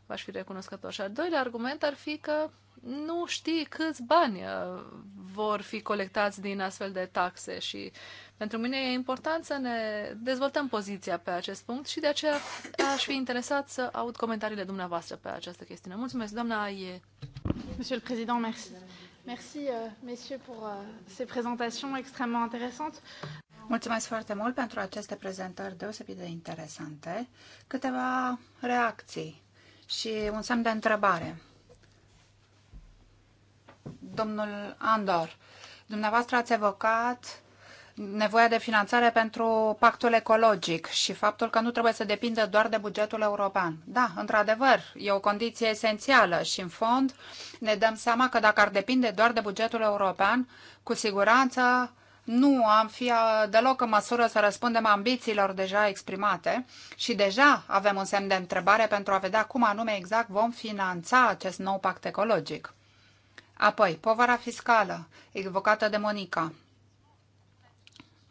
v-aș fi recunoscător. Și al doilea argument ar fi că nu știi câți bani uh, vor fi colectați din astfel de taxe și pentru mine e important să ne dezvoltăm poziția pe acest punct și de aceea aș fi interesat să aud comentariile dumneavoastră pe această chestiune. Mulțumesc, doamna Aie. Monsieur le Président, merci. Merci, euh, messieurs, pour euh, ces présentations extrêmement intéressantes. Mulțumesc foarte mult pentru aceste prezentări deosebit de interesante. Câteva reacții și un semn de întrebare. Domnul Andor, dumneavoastră ați evocat nevoia de finanțare pentru pactul ecologic și faptul că nu trebuie să depindă doar de bugetul european. Da, într-adevăr, e o condiție esențială și, în fond, ne dăm seama că dacă ar depinde doar de bugetul european, cu siguranță nu am fi deloc în măsură să răspundem ambițiilor deja exprimate și deja avem un semn de întrebare pentru a vedea cum anume exact vom finanța acest nou pact ecologic. Apoi, povara fiscală, evocată de Monica.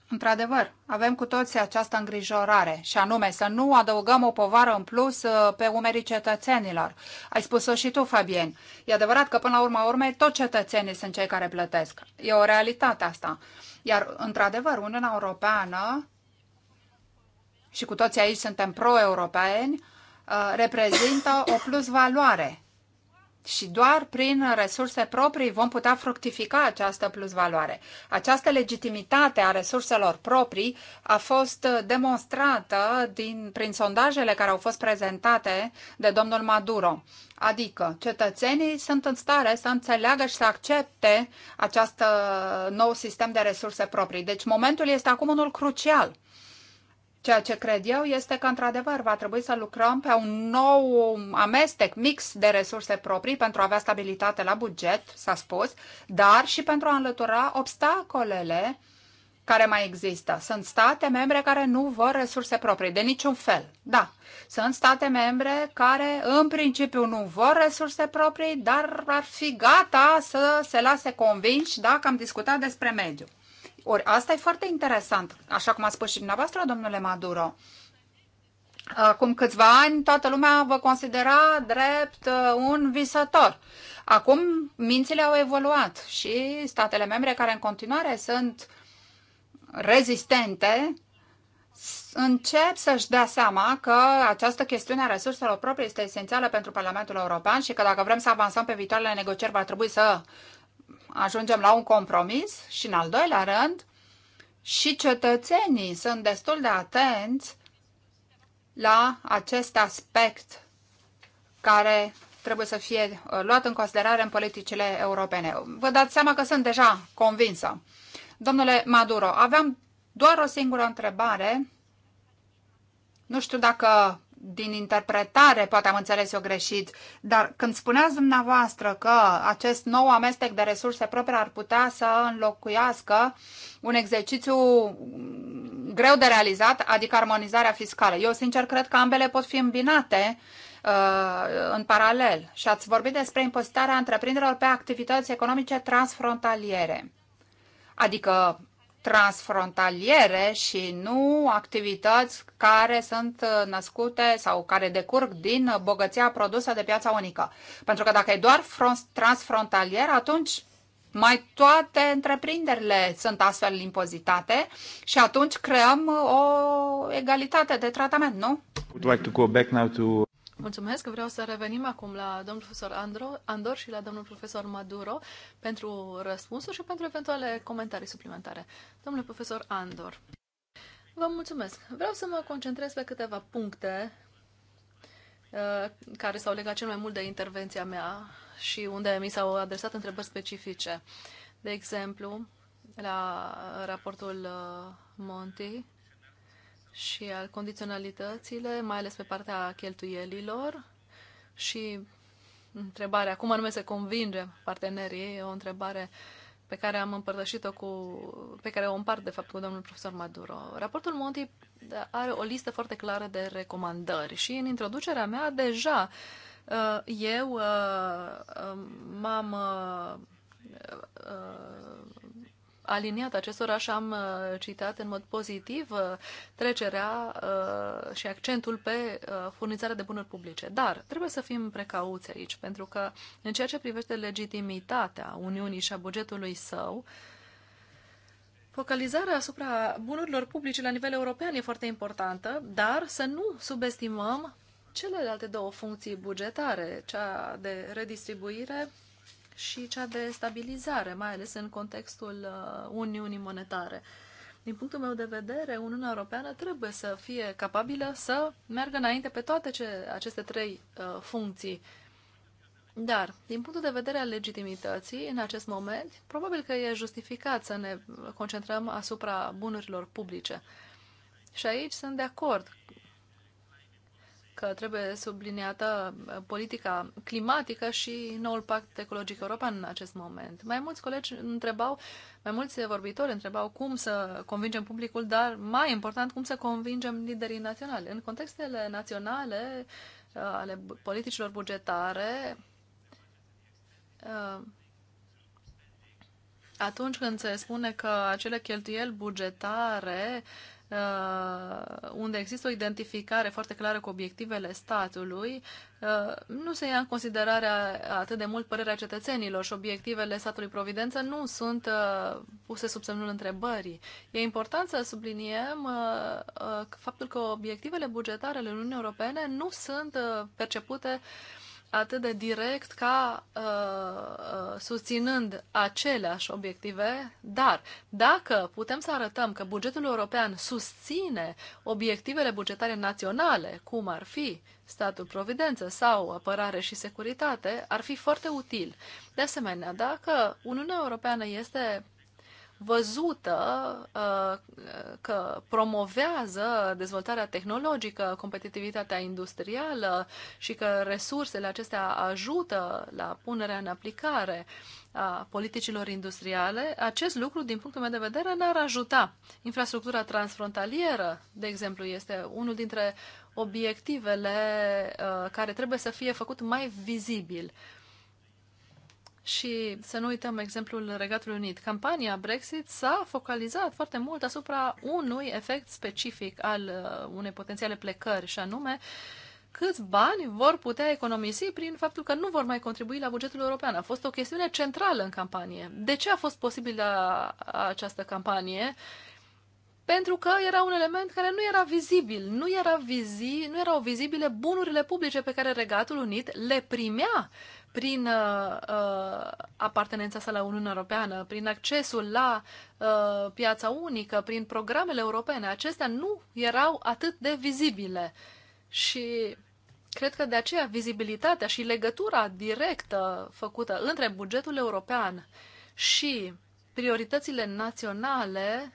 Într-adevăr, avem cu toții această îngrijorare, și anume să nu adăugăm o povară în plus uh, pe umerii cetățenilor. Ai spus-o și tu, Fabien. E adevărat că, până la urma urmei, tot cetățenii sunt cei care plătesc. E o realitate asta. Iar, într-adevăr, Uniunea Europeană, și cu toții aici suntem pro-europeni, uh, reprezintă o plus valoare și doar prin resurse proprii vom putea fructifica această plusvaloare. Această legitimitate a resurselor proprii a fost uh, demonstrată din, prin sondajele care au fost prezentate de domnul Maduro. Adică cetățenii sunt în stare să înțeleagă și să accepte acest uh, nou sistem de resurse proprii. Deci momentul este acum unul crucial. Ceea ce cred eu este că, într-adevăr, va trebui să lucrăm pe un nou amestec, mix de resurse proprii pentru a avea stabilitate la buget, s-a spus, dar și pentru a înlătura obstacolele care mai există. Sunt state membre care nu vor resurse proprii, de niciun fel. Da, sunt state membre care în principiu nu vor resurse proprii, dar ar fi gata să se lase convinși dacă am discutat despre mediu. Ori asta e foarte interesant, așa cum a spus și dumneavoastră, domnule Maduro. Acum câțiva ani toată lumea vă considera drept uh, un visător. Acum mințile au evoluat și statele membre care în continuare sunt rezistente încep să-și dea seama că această chestiune a resurselor proprii este esențială pentru Parlamentul European și că dacă vrem să avansăm pe viitoarele negocieri va trebui să ajungem la un compromis și, în al doilea rând, și cetățenii sunt destul de atenți la acest aspect care trebuie să fie uh, luat în considerare în politicile europene. Vă dați seama că sunt deja convinsă. Domnule Maduro, aveam doar o singură întrebare. Nu știu dacă din interpretare poate am înțeles eu greșit, dar când spuneați dumneavoastră că acest nou amestec de resurse proprii ar putea să înlocuiască un exercițiu greu de realizat, adică armonizarea fiscală. Eu, sincer, cred că ambele pot fi îmbinate uh, în paralel și ați vorbit despre impozitarea întreprinderilor pe activități economice transfrontaliere, adică transfrontaliere și nu activități care sunt uh, născute sau care decurg din uh, bogăția produsă de piața unică. Pentru că dacă e doar transfrontalier, atunci mai toate întreprinderile sunt astfel impozitate și atunci creăm uh, o egalitate de tratament, nu? Would like to go back now to... Mulțumesc. Vreau să revenim acum la domnul profesor Andro, Andor și la domnul profesor Maduro pentru răspunsuri și pentru eventuale comentarii suplimentare. Domnule profesor Andor, vă mulțumesc. Vreau să mă concentrez pe câteva puncte uh, care s-au legat cel mai mult de intervenția mea și unde mi s-au adresat întrebări specifice. De exemplu, la raportul uh, Monti, și al condiționalitățile, mai ales pe partea cheltuielilor și întrebarea, cum anume să convinge partenerii, e o întrebare pe care am împărtășit-o cu, pe care o împart, de fapt, cu domnul profesor Maduro. Raportul Monti are o listă foarte clară de recomandări și în introducerea mea deja uh, eu uh, uh, m-am aliniat acestora și am uh, citat în mod pozitiv uh, trecerea uh, și accentul pe furnizarea de bunuri publice. Dar trebuie să fim precauți aici, pentru că în ceea ce privește legitimitatea Uniunii și a bugetului său, Focalizarea asupra bunurilor publice la nivel european e foarte importantă, dar să nu subestimăm celelalte două funcții bugetare, cea de redistribuire și cea de stabilizare, mai ales în contextul uh, Uniunii Monetare. Din punctul meu de vedere, Uniunea Europeană trebuie să fie capabilă să meargă înainte pe toate ce, aceste trei uh, funcții. Dar, din punctul de vedere al legitimității, în acest moment, probabil că e justificat să ne concentrăm asupra bunurilor publice. Și aici sunt de acord că trebuie subliniată uh, politica climatică și noul pact ecologic european în acest moment. Mai mulți colegi întrebau, mai mulți vorbitori întrebau cum să convingem publicul, dar mai important, cum să convingem liderii naționali. În contextele naționale uh, ale politicilor bugetare, uh, atunci când se spune că acele cheltuieli bugetare uh, Uh, unde există o identificare foarte clară cu obiectivele statului, uh, nu se ia în considerare atât de mult părerea cetățenilor și obiectivele statului providență nu sunt uh, puse sub semnul întrebării. E important să subliniem faptul că obiectivele bugetare ale Uniunii Europene nu sunt percepute atât de direct ca uh, uh, susținând aceleași obiective, dar dacă putem să arătăm că bugetul european susține obiectivele bugetare naționale, cum ar fi statul providență sau apărare și securitate, ar fi foarte util. De asemenea, dacă Uniunea Europeană este văzută uh, că promovează dezvoltarea tehnologică, competitivitatea industrială și că resursele acestea ajută la punerea în aplicare a politicilor industriale, acest lucru, din punctul meu de vedere, n-ar ajuta. Infrastructura transfrontalieră, de exemplu, este unul dintre obiectivele uh, care trebuie să fie făcut mai vizibil. Și să nu uităm exemplul Regatului Unit. Campania Brexit s-a focalizat foarte mult asupra unui efect specific al uh, unei potențiale plecări, și anume câți bani vor putea economisi prin faptul că nu vor mai contribui la bugetul european. A fost o chestiune centrală în campanie. De ce a fost posibilă uh, această campanie? pentru că era un element care nu era vizibil. Nu, era vizi, nu erau vizibile bunurile publice pe care Regatul Unit le primea prin uh, uh, apartenența sa la Uniunea Europeană, prin accesul la uh, piața unică, prin programele europene, acestea nu erau atât de vizibile. Și cred că de aceea vizibilitatea și legătura directă făcută între bugetul european și prioritățile naționale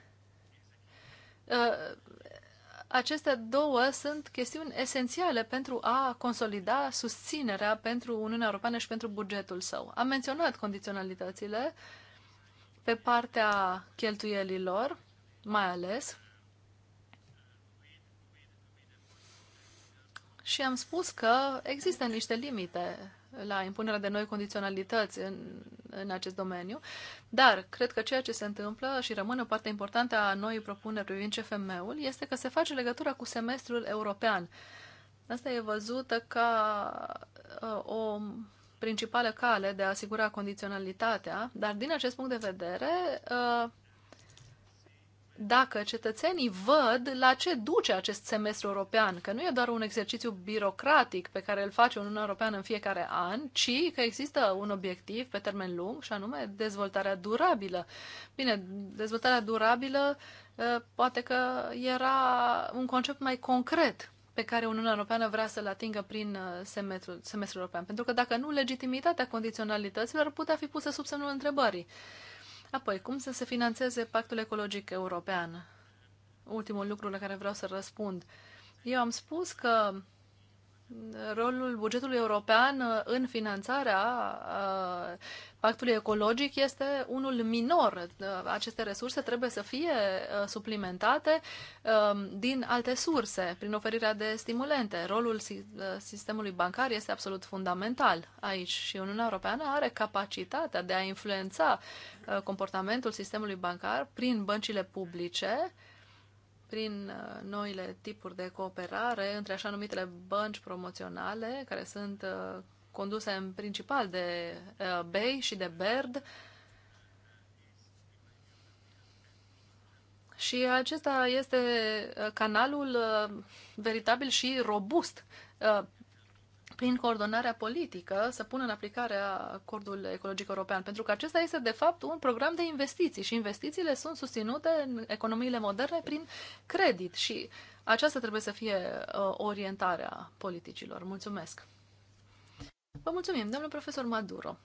uh, aceste două sunt chestiuni esențiale pentru a consolida susținerea pentru Uniunea Europeană și pentru bugetul său. Am menționat condiționalitățile pe partea cheltuielilor, mai ales, și am spus că există niște limite la impunerea de noi condiționalități în, în acest domeniu, dar cred că ceea ce se întâmplă și rămâne o parte importantă a noii propuneri privind CFM-ul este că se face legătura cu semestrul european. Asta e văzută ca uh, o principală cale de a asigura condiționalitatea, dar din acest punct de vedere, uh, dacă cetățenii văd la ce duce acest semestru european, că nu e doar un exercițiu birocratic pe care îl face Uniunea Europeană în fiecare an, ci că există un obiectiv pe termen lung și anume dezvoltarea durabilă. Bine, dezvoltarea durabilă ă, poate că era un concept mai concret pe care Uniunea Europeană vrea să-l atingă prin ă, semestrul, semestrul european. Pentru că dacă nu, legitimitatea condiționalităților putea fi pusă sub semnul întrebării. Apoi, cum să se financeze Pactul Ecologic European? Ultimul lucru la care vreau să răspund. Eu am spus că rolul bugetului european uh, în finanțarea uh, pactului ecologic este unul minor. Uh, aceste resurse trebuie să fie suplimentate um, din alte surse, prin oferirea de stimulente. Rolul sistemului bancar este absolut fundamental aici și Uniunea Europeană are capacitatea de a influența comportamentul sistemului bancar prin băncile publice, prin uh, noile tipuri de cooperare între așa numitele bănci promoționale, care sunt uh, conduse în principal de uh, BEI și de BERD. Și acesta este canalul veritabil și robust prin coordonarea politică, să pună în aplicare acordul ecologic european, pentru că acesta este, de fapt, un program de investiții și investițiile sunt susținute în economiile moderne prin credit și aceasta trebuie să fie uh, orientarea politicilor. Mulțumesc! Vă mulțumim, domnul profesor Maduro.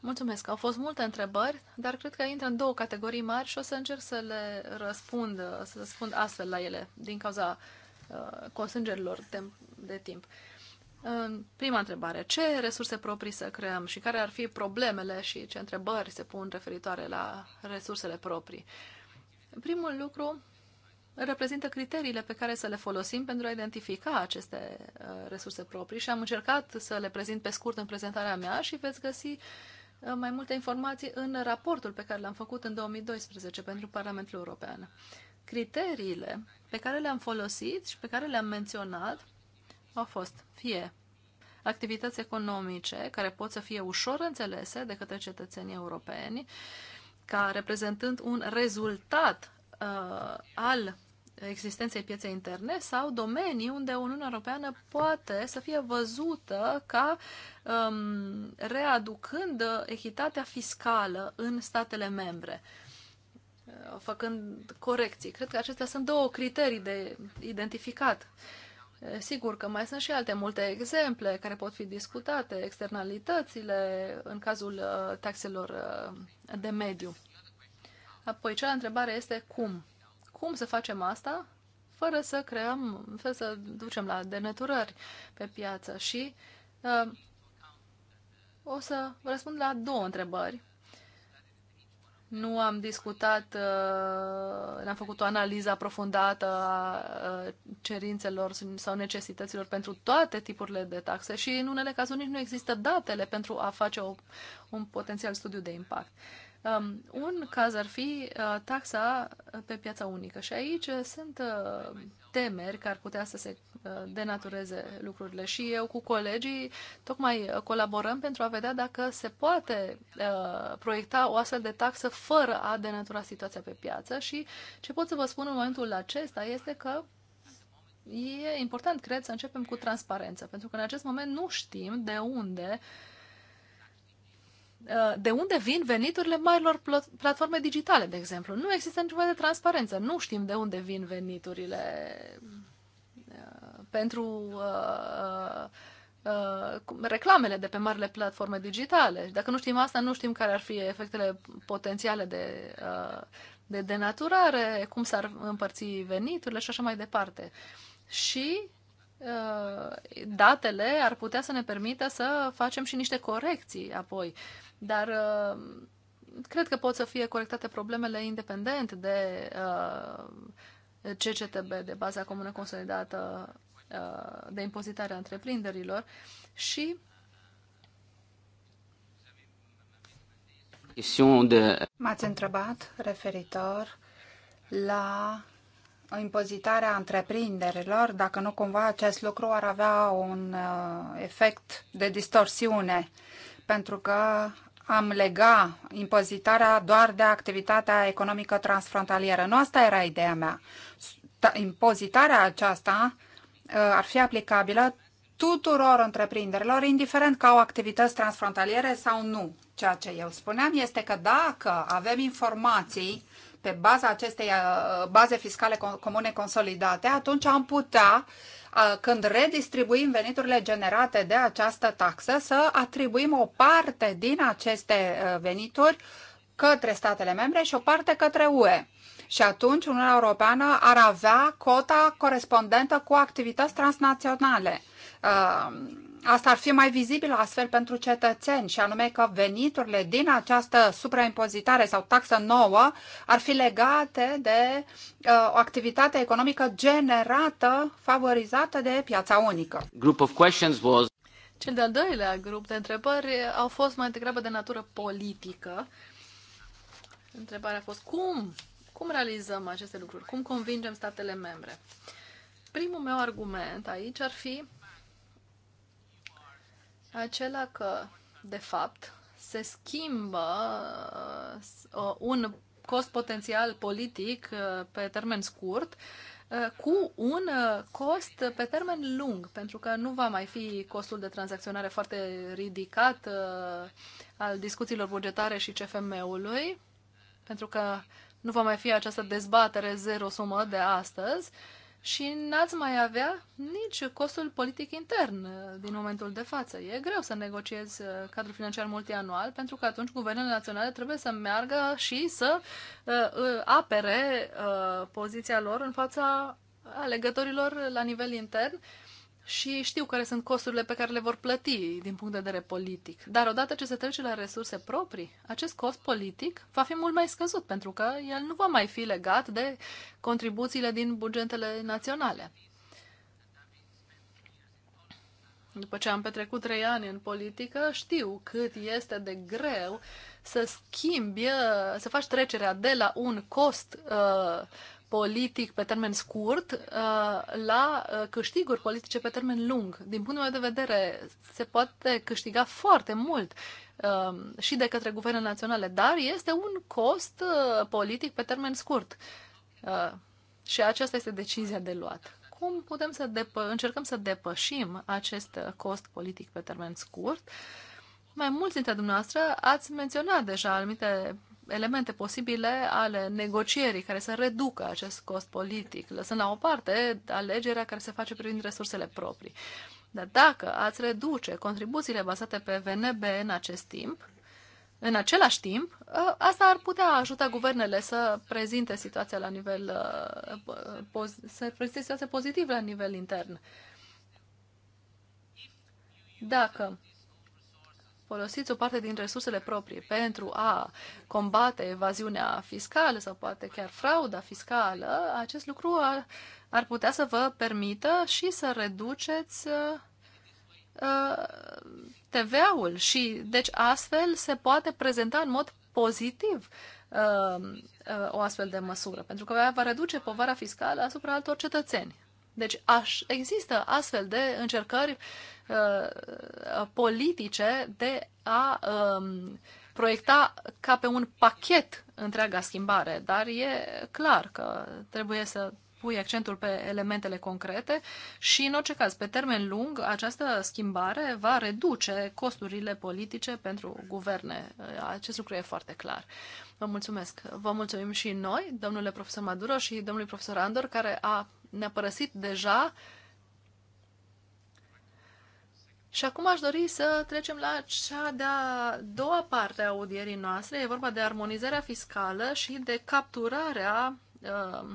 Mulțumesc. Au fost multe întrebări, dar cred că intră în două categorii mari și o să încerc să le răspund, să răspund astfel la ele, din cauza uh, Uh, consângerilor de, de timp. Uh, prima întrebare. Ce resurse proprii să creăm și care ar fi problemele și ce întrebări se pun referitoare la resursele proprii? Primul lucru reprezintă criteriile pe care să le folosim pentru a identifica aceste uh, resurse proprii și am încercat să le prezint pe scurt în prezentarea mea și veți găsi mai multe informații în raportul pe care l-am făcut în 2012 pentru Parlamentul European criteriile pe care le-am folosit și pe care le-am menționat au fost fie activități economice care pot să fie ușor înțelese de către cetățenii europeni, ca reprezentând un rezultat uh, al existenței pieței interne sau domenii unde Uniunea Europeană poate să fie văzută ca um, readucând echitatea fiscală în statele membre. Uh, Uh, făcând corecții. Cred că acestea sunt două criterii de identificat. Uh, sigur că mai sunt și alte multe exemple care pot fi discutate, externalitățile în cazul uh, taxelor de mediu. Apoi, cea întrebare este cum? Cum să facem asta fără să creăm, fără să ducem la denaturări pe piață? Și uh, o să răspund la două întrebări nu am discutat, uh, n-am făcut o analiză aprofundată a uh, cerințelor sau necesităților pentru toate tipurile de taxe și în unele cazuri nici nu există datele pentru a face o, un potențial studiu de impact. Um, un caz ar fi uh, taxa pe piața unică și aici uh, sunt uh, temeri care ar putea să se uh, denatureze lucrurile și eu cu colegii tocmai uh, colaborăm pentru a vedea dacă se poate uh, proiecta o astfel de taxă fără a denatura situația pe piață și ce pot să vă spun în momentul acesta este că e important, cred, să începem cu transparență, pentru că în acest moment nu știm de unde uh, Uh, de unde vin veniturile marilor platforme digitale, de exemplu. Nu există niciun fel de transparență. Nu știm de unde vin veniturile uh, pentru uh, uh, uh reclamele de pe marile platforme digitale. Dacă nu știm asta, nu știm care ar fi efectele potențiale de, uh, de denaturare, cum s-ar împărți veniturile și așa mai departe. Și datele ar putea să ne permită să facem și niște corecții apoi. Dar uh, cred că pot să fie corectate problemele independent de uh, CCTB, de baza comună consolidată uh, de impozitare a întreprinderilor și M-ați întrebat referitor la impozitarea întreprinderilor, dacă nu cumva acest lucru ar avea un efect de distorsiune pentru că am lega impozitarea doar de activitatea economică transfrontalieră. Nu asta era ideea mea. Impozitarea aceasta uh, ar fi aplicabilă tuturor întreprinderilor, indiferent că au activități transfrontaliere sau nu. Ceea ce eu spuneam este că dacă avem informații pe baza acestei uh, baze fiscale comune consolidate, atunci am putea, uh, când redistribuim veniturile generate de această taxă, să atribuim o parte din aceste uh, venituri către statele membre și o parte către UE. Și atunci Uniunea Europeană ar avea cota corespondentă cu activități transnaționale. Uh, Asta ar fi mai vizibil astfel pentru cetățeni și anume că veniturile din această supraimpozitare sau taxă nouă ar fi legate de uh, o activitate economică generată, favorizată de piața unică. Group of questions was... Cel de-al doilea grup de întrebări au fost mai degrabă de natură politică. Întrebarea a fost cum? Cum realizăm aceste lucruri? Cum convingem statele membre? Primul meu argument aici ar fi acela că, de fapt, se schimbă uh, un cost potențial politic uh, pe termen scurt uh, cu un cost pe termen lung, pentru că nu va mai fi costul de tranzacționare foarte ridicat al discuțiilor bugetare și CFM-ului, pentru că nu va mai fi această dezbatere zero sumă de astăzi, și n-ați mai avea nici costul politic intern uh, din momentul de față. E greu să negociezi uh, cadrul financiar multianual, pentru că atunci guvernele naționale trebuie să meargă și să uh, apere uh, poziția lor în fața alegătorilor la nivel intern și știu care sunt costurile pe care le vor plăti din punct de vedere politic. Dar odată ce se trece la resurse proprii, acest cost politic va fi mult mai scăzut, pentru că el nu va mai fi legat de contribuțiile din bugetele naționale. După ce am petrecut trei ani în politică, știu cât este de greu să schimbi, să faci trecerea de la un cost uh, politic pe termen scurt uh, la uh, câștiguri politice pe termen lung. Din punctul meu de vedere, se poate câștiga foarte mult uh, și de către guvernele naționale, dar este un cost politic pe termen scurt. Și aceasta este decizia de luat. Cum putem să depă- încercăm să depășim acest cost politic pe termen scurt? Mai mulți dintre dumneavoastră ați menționat deja anumite elemente posibile ale negocierii care să reducă acest cost politic, lăsând la o parte alegerea care se face prin resursele proprii. Dar dacă ați reduce contribuțiile bazate pe VNB în acest timp, în același timp, ă, asta ar putea ajuta guvernele să prezinte situația la nivel ă, să prezinte situația pozitivă la nivel intern. Dacă folosiți o parte din resursele proprii pentru a combate evaziunea fiscală sau poate chiar frauda fiscală, acest lucru ar, ar putea să vă permită și să reduceți uh, uh, TVA-ul și deci astfel se poate prezenta în mod pozitiv uh, o astfel de măsură, pentru că va reduce povara fiscală asupra altor cetățeni. Deci aș, există astfel de încercări uh, politice de a um, uh, proiecta ca pe un pachet întreaga schimbare, dar e clar că trebuie să pui accentul pe elementele concrete și, în orice caz, pe termen lung, această schimbare va reduce costurile politice pentru guverne. Acest lucru e foarte clar. Vă mulțumesc. Vă mulțumim și noi, domnule profesor Maduro și domnului profesor Andor, care a ne-a părăsit deja. Și acum aș dori să trecem la cea de-a doua parte a audierii noastre. E vorba de armonizarea fiscală și de capturarea uh, uh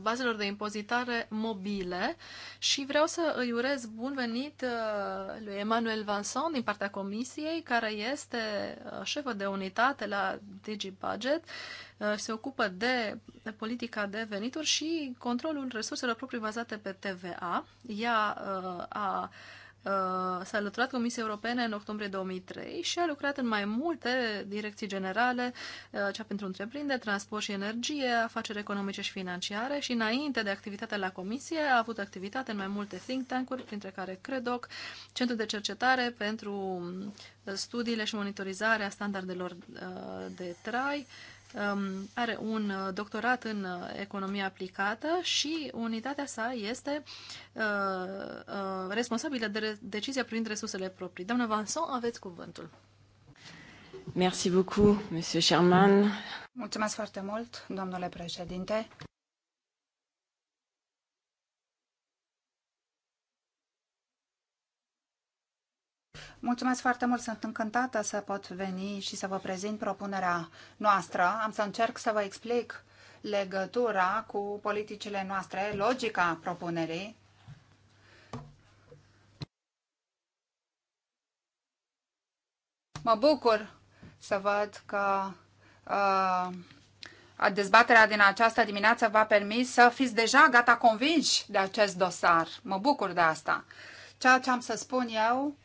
bazelor de impozitare mobile și vreau să îi urez bun venit uh, lui Emmanuel Vanson, din partea comisiei, care este uh, șefă de unitate la DigiBudget Uh, se ocupă de politica de venituri și controlul resurselor proprii bazate pe TVA. Ea uh, a uh, s-a alăturat Comisiei Europene în octombrie 2003 și a lucrat în mai multe direcții generale, cea pentru întreprinderi, transport și energie, afaceri economice și financiare și înainte de activitatea la Comisie a avut activitate în mai multe think tank-uri, printre care Credoc, centru de Cercetare pentru studiile și monitorizarea standardelor de trai, Um, are un uh, doctorat în uh, economie aplicată și unitatea sa este uh, responsabilă de decizia privind resursele proprii. Doamna Vanson, aveți cuvântul. Merci beaucoup, Monsieur Sherman. Mulțumesc foarte mult, domnule președinte. Mulțumesc foarte mult, sunt încântată să pot veni și să vă prezint propunerea noastră. Am să încerc să vă explic legătura cu politicile noastre, logica propunerii. Mă bucur să văd că uh, dezbaterea din această dimineață v-a permis să fiți deja gata convinși de acest dosar. Mă bucur de asta. Ceea ce am să spun eu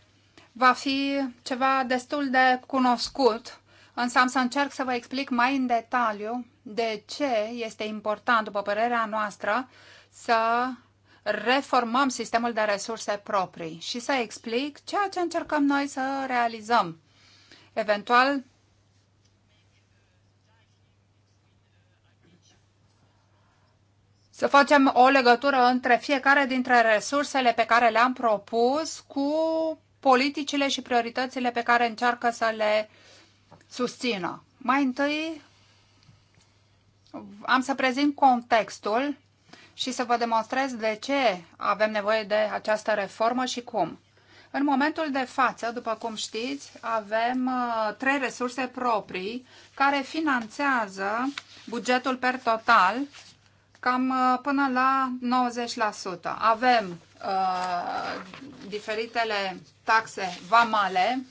va fi ceva destul de cunoscut, însă am să încerc să vă explic mai în detaliu de ce este important, după părerea noastră, să reformăm sistemul de resurse proprii și să explic ceea ce încercăm noi să realizăm. Eventual, să facem o legătură între fiecare dintre resursele pe care le-am propus cu politicile și prioritățile pe care încearcă să le susțină. Mai întâi am să prezint contextul și să vă demonstrez de ce avem nevoie de această reformă și cum. În momentul de față, după cum știți, avem uh, trei resurse proprii care finanțează bugetul per total cam uh, până la 90%. Avem uh, diferitele taxe vamale,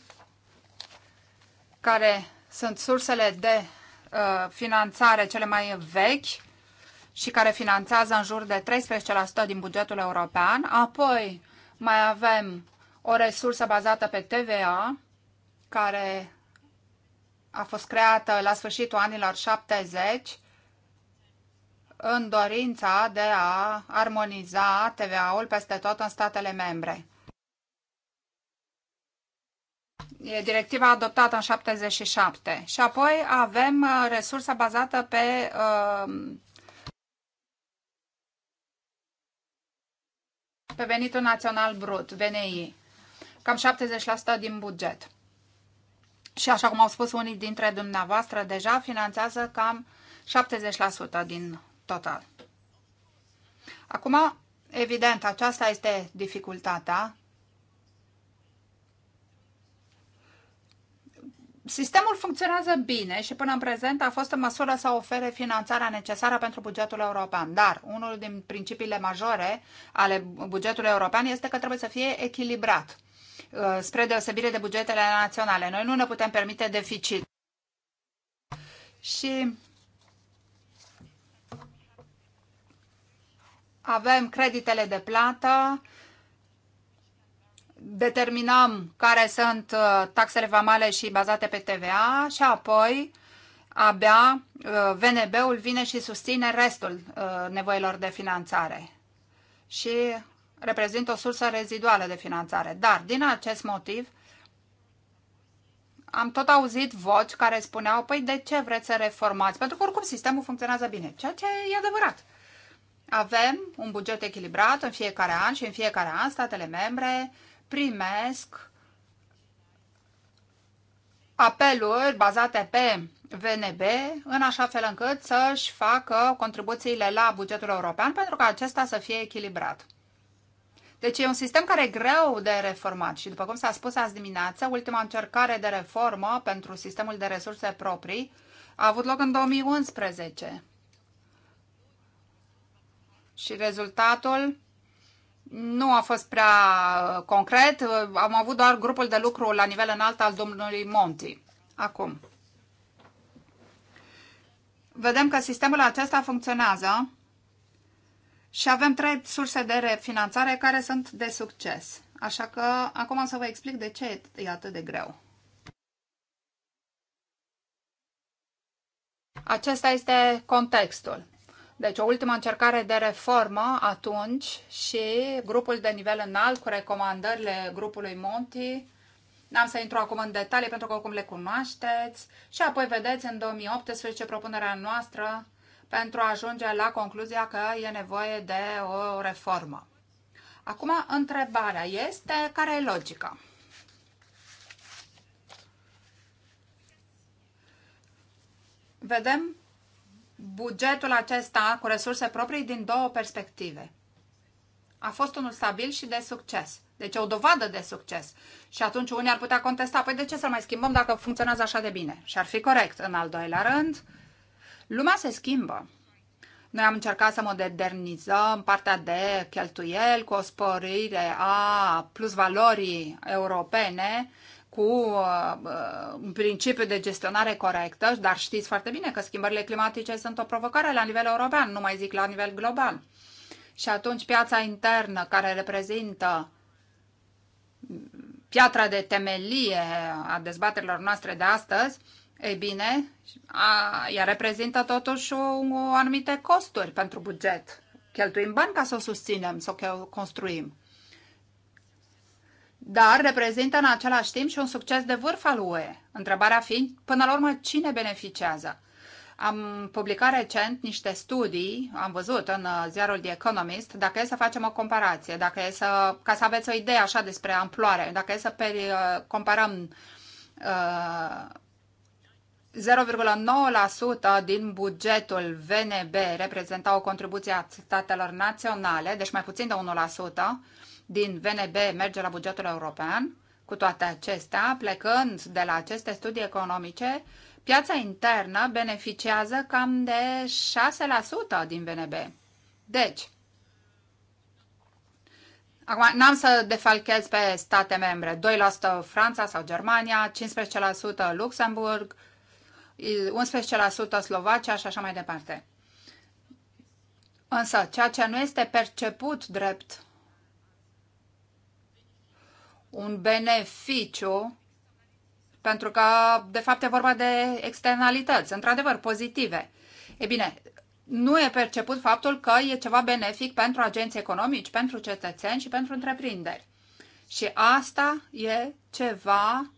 care sunt sursele de uh, finanțare cele mai vechi și care finanțează în jur de 13% din bugetul european. Apoi mai avem o resursă bazată pe TVA, care a fost creată la sfârșitul anilor 70 în dorința de a armoniza TVA-ul peste tot în statele membre. E directiva adoptată în 77. Și apoi avem uh, resursa bazată pe uh, pe venitul național brut, VNI, cam 70% din buget. Și așa cum au spus unii dintre dumneavoastră deja, finanțează cam 70% din total. Acum, evident, aceasta este dificultatea. Sistemul funcționează bine și până în prezent a fost în măsură să ofere finanțarea necesară pentru bugetul european. Dar unul din principiile majore ale bugetului european este că trebuie să fie echilibrat, uh, spre deosebire de bugetele naționale. Noi nu ne putem permite deficit. Și avem creditele de plată, determinăm care sunt uh, taxele vamale și bazate pe TVA și apoi abia uh, VNB-ul vine și susține restul uh, nevoilor de finanțare și reprezintă o sursă reziduală de finanțare. Dar din acest motiv am tot auzit voci care spuneau, păi de ce vreți să reformați? Pentru că oricum sistemul funcționează bine, ceea ce e adevărat. Avem un buget echilibrat în fiecare an și în fiecare an statele membre primesc apeluri bazate pe VNB în așa fel încât să-și facă contribuțiile la bugetul european pentru ca acesta să fie echilibrat. Deci e un sistem care e greu de reformat și după cum s-a spus azi dimineață, ultima încercare de reformă pentru sistemul de resurse proprii a avut loc în 2011 și rezultatul nu a fost prea uh, concret. Uh, am avut doar grupul de lucru la nivel înalt al domnului Monti. Acum. Vedem că sistemul acesta funcționează și avem trei surse de refinanțare care sunt de succes. Așa că acum o să vă explic de ce e atât de greu. Acesta este contextul. Deci o ultimă încercare de reformă atunci și grupul de nivel înalt cu recomandările grupului Monti. N-am să intru acum în detalii pentru că oricum le cunoașteți. Și apoi vedeți în 2018 propunerea noastră pentru a ajunge la concluzia că e nevoie de o reformă. Acum întrebarea este care e logica? Vedem bugetul acesta cu resurse proprii din două perspective. A fost unul stabil și de succes. Deci o dovadă de succes. Și atunci unii ar putea contesta, păi de ce să mai schimbăm dacă funcționează așa de bine? Și ar fi corect. În al doilea rând, lumea se schimbă. Noi am încercat să modernizăm partea de cheltuieli cu o sporire a plusvalorii europene, cu uh, un principiu de gestionare corectă, dar știți foarte bine că schimbările climatice sunt o provocare la nivel european, nu mai zic la nivel global. Și atunci piața internă care reprezintă piatra de temelie a dezbaterilor noastre de astăzi, ei bine, a, ea reprezintă totuși un o anumite costuri pentru buget. Cheltuim bani ca să o susținem, să o construim dar reprezintă în același timp și un succes de vârf al UE. Întrebarea fiind, până la urmă, cine beneficiază? Am publicat recent niște studii, am văzut în uh, ziarul The Economist, dacă e să facem o comparație, dacă e să, ca să aveți o idee așa despre amploare, dacă e să per, uh, comparăm uh, 0,9% din bugetul VNB reprezenta o contribuție a statelor naționale, deci mai puțin de din VNB merge la bugetul european, cu toate acestea, plecând de la aceste studii economice, piața internă beneficiază cam de 6% din VNB. Deci, Acum, n-am să defalchez pe state membre. 2% Franța sau Germania, 15% Luxemburg, 11% Slovacia și așa mai departe. Însă, ceea ce nu este perceput drept un beneficiu pentru că, de fapt, e vorba de externalități, într-adevăr, pozitive. E bine, nu e perceput faptul că e ceva benefic pentru agenții economici, pentru cetățeni și pentru întreprinderi. Și asta e ceva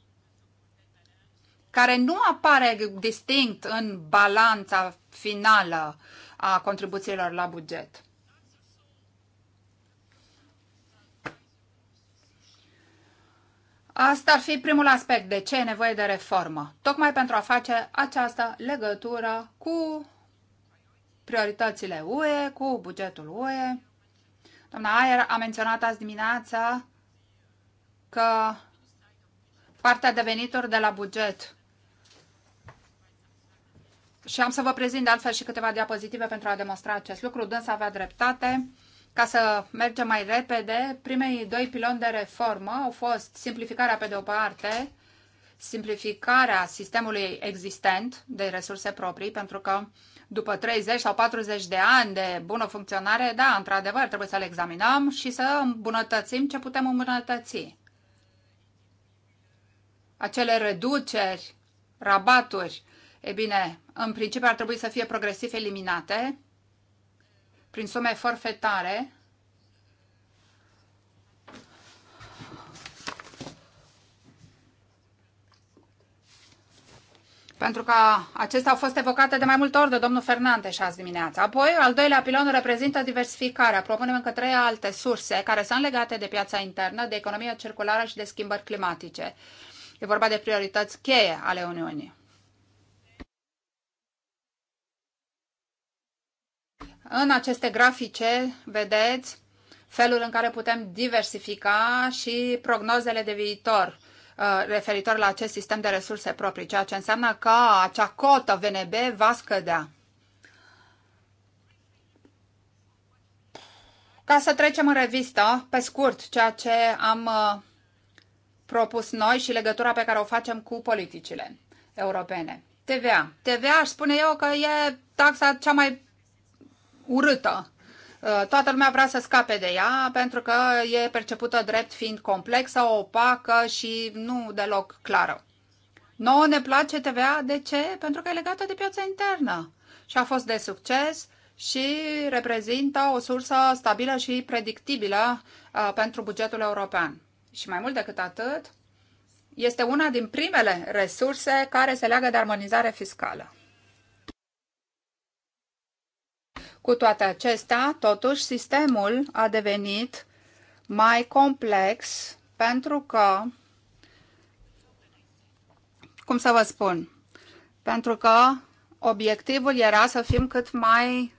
care nu apare distinct în balanța finală a contribuțiilor la buget. Asta ar fi primul aspect de ce e nevoie de reformă, tocmai pentru a face această legătură cu prioritățile UE, cu bugetul UE. Doamna Ayer a menționat azi dimineața că partea de venituri de la buget și am să vă prezint de altfel și câteva diapozitive pentru a demonstra acest lucru. Dânsa avea dreptate. Ca să mergem mai repede, primei doi piloni de reformă au fost simplificarea pe de o parte, simplificarea sistemului existent de resurse proprii, pentru că după 30 sau 40 de ani de bună funcționare, da, într-adevăr, trebuie să le examinăm și să îmbunătățim ce putem îmbunătăți. Acele reduceri, rabaturi, e bine, în principiu ar trebui să fie progresiv eliminate, prin sume forfetare pentru că acestea au fost evocate de mai multe ori de domnul și azi dimineața. Apoi, al doilea pilon reprezintă diversificarea. Propunem încă trei alte surse care sunt legate de piața internă, de economia circulară și de schimbări climatice. E vorba de priorități cheie ale Uniunii. În aceste grafice vedeți felul în care putem diversifica și prognozele de viitor uh, referitor la acest sistem de resurse proprii, ceea ce înseamnă că acea cotă VNB va scădea. Ca să trecem în revistă, pe scurt, ceea ce am uh, propus noi și legătura pe care o facem cu politicile europene. TVA. TVA, aș spune eu că e taxa cea mai urâtă. Uh, toată lumea vrea să scape de ea pentru că e percepută drept fiind complexă, opacă și nu deloc clară. Nouă ne place TVA, de ce? Pentru că e legată de piața internă și a fost de succes și reprezintă o sursă stabilă și predictibilă uh, pentru bugetul european. Și mai mult decât atât, este una din primele resurse care se leagă de armonizare fiscală. Cu toate acestea, totuși, sistemul a devenit mai complex pentru că, cum să vă spun, pentru că obiectivul era să fim cât mai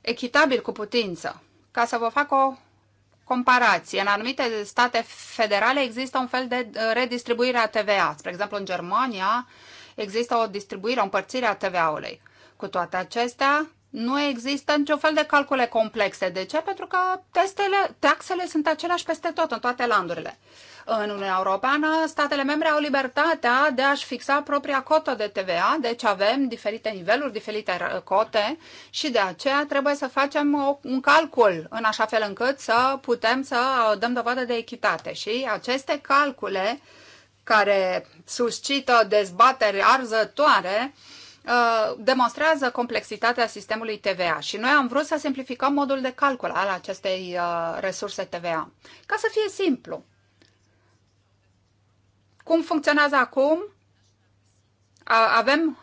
echitabil cu putință. Ca să vă fac o comparație, în anumite state federale există un fel de uh, redistribuire a TVA. Spre exemplu, în Germania există o distribuire, o împărțire a TVA-ului. Cu toate acestea, nu există niciun fel de calcule complexe. De ce? Pentru că testele, taxele sunt aceleași peste tot, în toate landurile. În Uniunea Europeană, statele membre au libertatea de a-și fixa propria cotă de TVA, deci avem diferite niveluri, diferite cote și de aceea trebuie să facem un calcul în așa fel încât să putem să dăm dovadă de echitate. Și aceste calcule care suscită dezbateri arzătoare, uh, Uh, demonstrează complexitatea sistemului TVA și noi am vrut să simplificăm modul de calcul al acestei uh, resurse TVA. Ca să fie simplu, cum funcționează acum? avem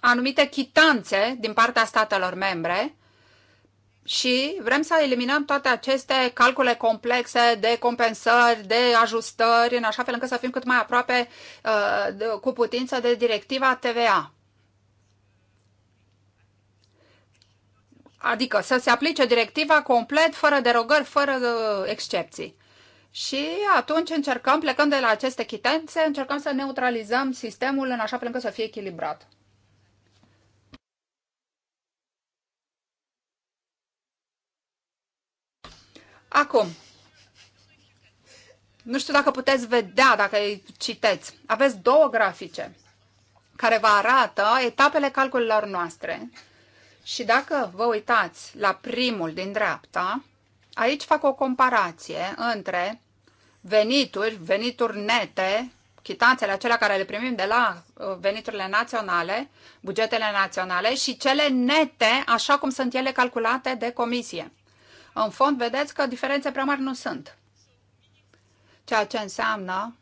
anumite chitanțe din partea statelor membre și vrem să eliminăm toate aceste calcule complexe de compensări, de ajustări, în așa fel încât să fim cât mai aproape uh, cu putință de directiva TVA. Adică să se aplice directiva complet, fără derogări, fără uh, excepții. Și atunci încercăm, plecând de la aceste chitențe, încercăm să neutralizăm sistemul în așa fel încât să fie echilibrat. Acum, nu știu dacă puteți vedea, dacă îi citeți, aveți două grafice care vă arată etapele calculelor noastre. Și dacă vă uitați la primul din dreapta, aici fac o comparație între venituri, venituri nete, chitanțele acelea care le primim de la uh, veniturile naționale, bugetele naționale și cele nete, așa cum sunt ele calculate de comisie. În fond, vedeți că diferențe prea mari nu sunt. Ceea ce înseamnă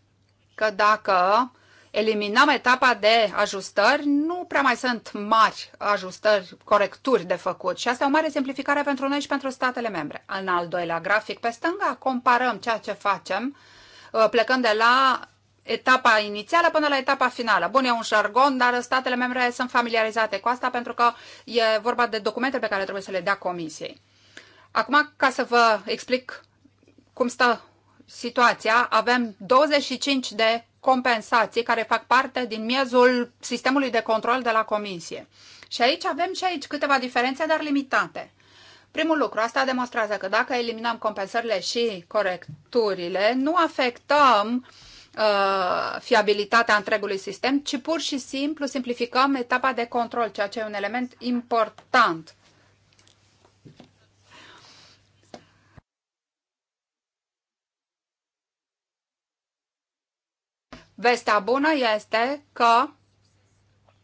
că dacă eliminăm etapa de ajustări, nu prea mai sunt mari ajustări, corecturi de făcut și asta e o mare simplificare pentru noi și pentru statele membre. În al doilea grafic pe stânga comparăm ceea ce facem uh, plecând de la etapa inițială până la etapa finală. Bun, e un jargon, dar statele membre sunt familiarizate cu asta pentru că e vorba de documente pe care trebuie să le dea comisiei. Acum, ca să vă explic cum stă situația, avem 25 de compensații care fac parte din miezul sistemului de control de la Comisie. Și aici avem și aici câteva diferențe, dar limitate. Primul lucru, asta demonstrează că dacă eliminăm compensările și corecturile, nu afectăm uh, fiabilitatea întregului sistem, ci pur și simplu simplificăm etapa de control, ceea ce e un element important. Vestea bună este că,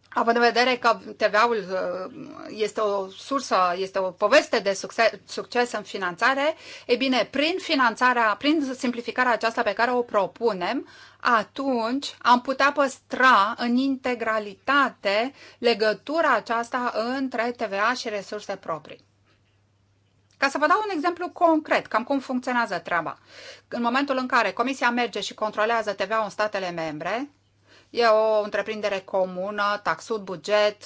având în vedere că TVA-ul uh, este o sursă, este o poveste de succes, succes în finanțare, e bine, prin finanțarea, prin simplificarea aceasta pe care o propunem, atunci am putea păstra în integralitate legătura aceasta între TVA și resurse proprii. Ca să vă dau un exemplu concret, cam cum funcționează treaba. În momentul în care Comisia merge și controlează TVA-ul în statele membre, e o întreprindere comună, taxut, buget,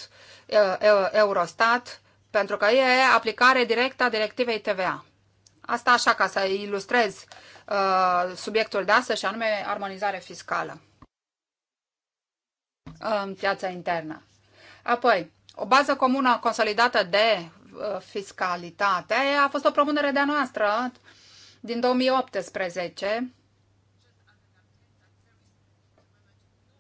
Eurostat, pentru că e aplicare directă a directivei TVA. Asta așa ca să ilustrez uh, subiectul de astăzi și anume armonizare fiscală în piața internă. Apoi, o bază comună consolidată de Uh, fiscalitate a fost o propunere de-a noastră din 2018.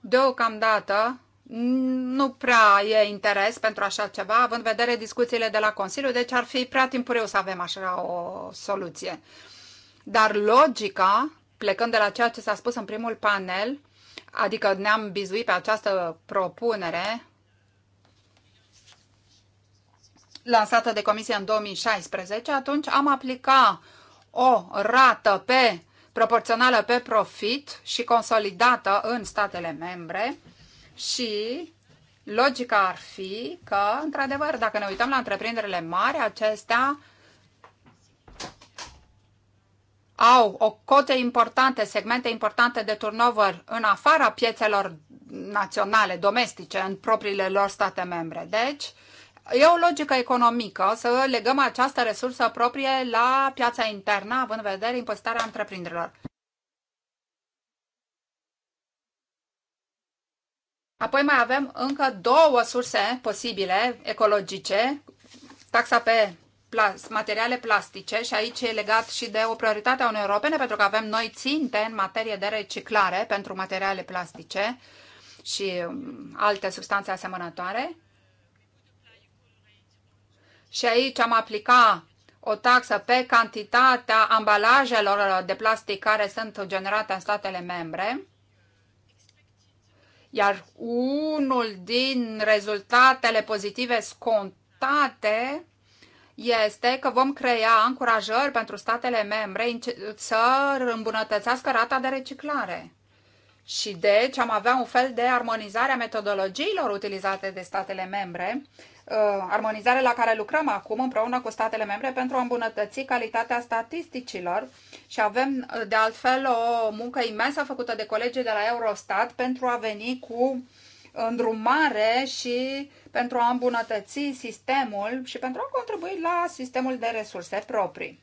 Deocamdată nu prea e interes pentru așa ceva, având în vedere discuțiile de la Consiliu, deci ar fi prea timpuriu să avem așa o soluție. Dar logica, plecând de la ceea ce s-a spus în primul panel, adică ne-am bizuit pe această propunere, lansată de comisie în 2016, atunci am aplica o rată pe proporțională pe profit și consolidată în statele membre și logica ar fi că, într-adevăr, dacă ne uităm la întreprinderile mari, acestea au o cote importante, segmente importante de turnover în afara piețelor naționale, domestice, în propriile lor state membre. Deci, uh, E o logică economică să legăm această resursă proprie la piața internă, având în vedere impozitarea întreprinderilor. Apoi mai avem încă două surse posibile ecologice, taxa pe plas, materiale plastice și aici e legat și de o prioritate a Uniunii Europene pentru că avem noi ținte în materie de reciclare pentru materiale plastice și um, alte substanțe asemănătoare. Și aici am aplica o taxă pe cantitatea ambalajelor de plastic care sunt generate în statele membre. Iar unul din rezultatele pozitive scontate este că vom crea încurajări pentru statele membre să îmbunătățească rata de reciclare. Și deci am avea un fel de armonizare a metodologiilor utilizate de statele membre Uh, armonizare la care lucrăm acum împreună cu statele membre pentru a îmbunătăți calitatea statisticilor și avem uh, de altfel o muncă imensă făcută de colegii de la Eurostat pentru a veni cu îndrumare și pentru a îmbunătăți sistemul și pentru a contribui la sistemul de resurse proprii.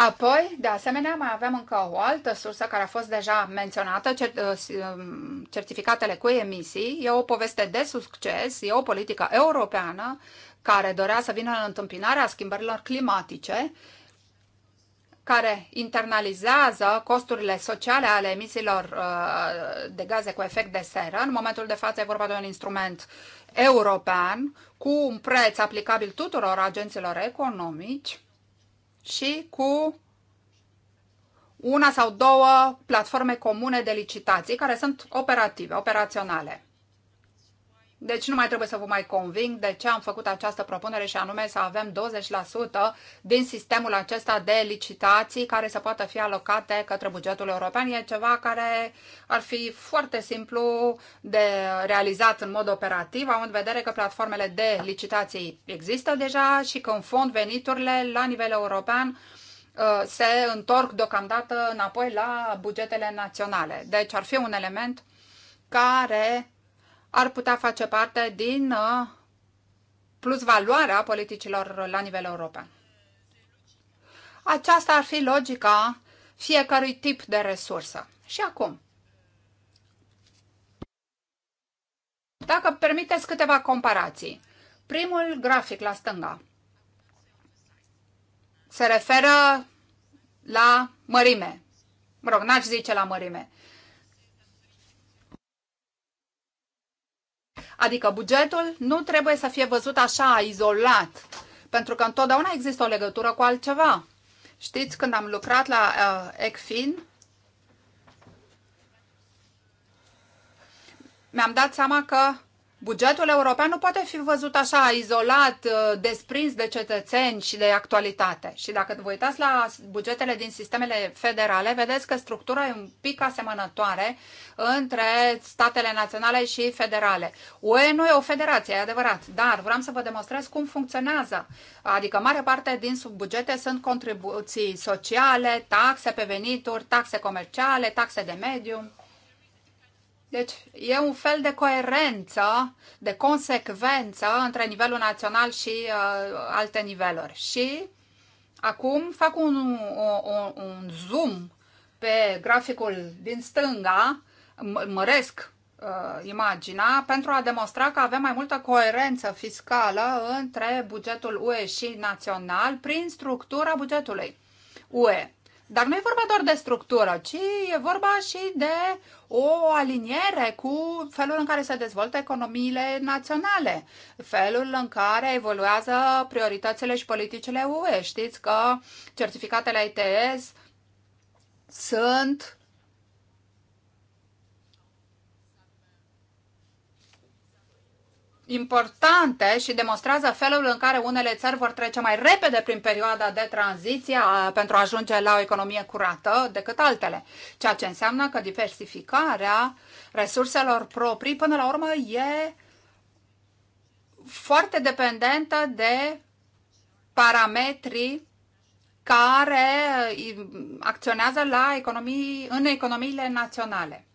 Apoi, de asemenea, mai avem încă o altă sursă care a fost deja menționată, uh, um, certificatele cu emisii. E o poveste de succes, e o politică europeană care dorea să vină în întâmpinarea schimbărilor climatice, care internalizează costurile sociale ale emisiilor uh, de gaze cu efect de seră. În momentul de față e vorba de un instrument european cu un preț aplicabil tuturor agenților economici și cu una sau două platforme comune de licitații care sunt operative, operaționale. Deci nu mai trebuie să vă mai conving de ce am făcut această propunere și anume să avem 20% din sistemul acesta de licitații care să poată fi alocate către bugetul european. E ceva care ar fi foarte simplu de realizat în mod operativ, având în vedere că platformele de licitații există deja și că în fond veniturile la nivel european uh, se întorc deocamdată înapoi la bugetele naționale. Deci ar fi un element care ar putea face parte din uh, plus valoarea politicilor la nivel european. Aceasta ar fi logica fiecărui tip de resursă. Și acum, dacă permiteți câteva comparații. Primul grafic la stânga se referă la mărime. Mă rog, n-aș zice la mărime. Adică bugetul nu trebuie să fie văzut așa, izolat, pentru că întotdeauna există o legătură cu altceva. Știți, când am lucrat la uh, ECFIN, mi-am dat seama că Bugetul european nu poate fi văzut așa izolat, uh, desprins de cetățeni și de actualitate. Și dacă vă uitați la bugetele din sistemele federale, vedeți că structura e un pic asemănătoare între statele naționale și federale. UE nu e o federație, e adevărat, dar vreau să vă demonstrez cum funcționează. Adică mare parte din subbugete sunt contribuții sociale, taxe pe venituri, taxe comerciale, taxe de mediu. Deci e un fel de coerență, de consecvență între nivelul național și uh, alte niveluri. Și acum fac un, un, un zoom pe graficul din stânga, măresc uh, imagina pentru a demonstra că avem mai multă coerență fiscală între bugetul UE și național prin structura bugetului UE. Dar nu e vorba doar de structură, ci e vorba și de o aliniere cu felul în care se dezvoltă economiile naționale, felul în care evoluează prioritățile și politicile UE. Știți că certificatele ITS sunt importante și demonstrează felul în care unele țări vor trece mai repede prin perioada de tranziție pentru a ajunge la o economie curată decât altele, ceea ce înseamnă că diversificarea resurselor proprii până la urmă e foarte dependentă de parametrii care acționează la economii, în economiile naționale.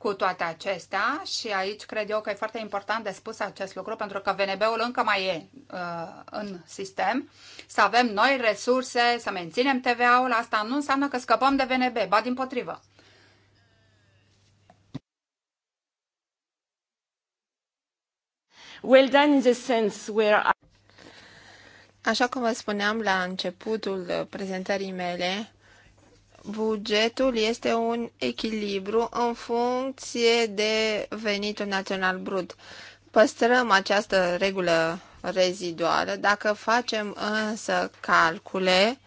Cu toate acestea, și aici cred eu că e foarte important de spus acest lucru, pentru că VNB-ul încă mai e uh, în sistem, să avem noi resurse, să menținem TVA-ul, asta nu înseamnă că scăpăm de VNB, ba din potrivă. Well done in the sense where I... Așa cum vă spuneam la începutul prezentării mele, bugetul este un echilibru în funcție de venitul național brut. Păstrăm această regulă reziduală. Dacă facem însă calcule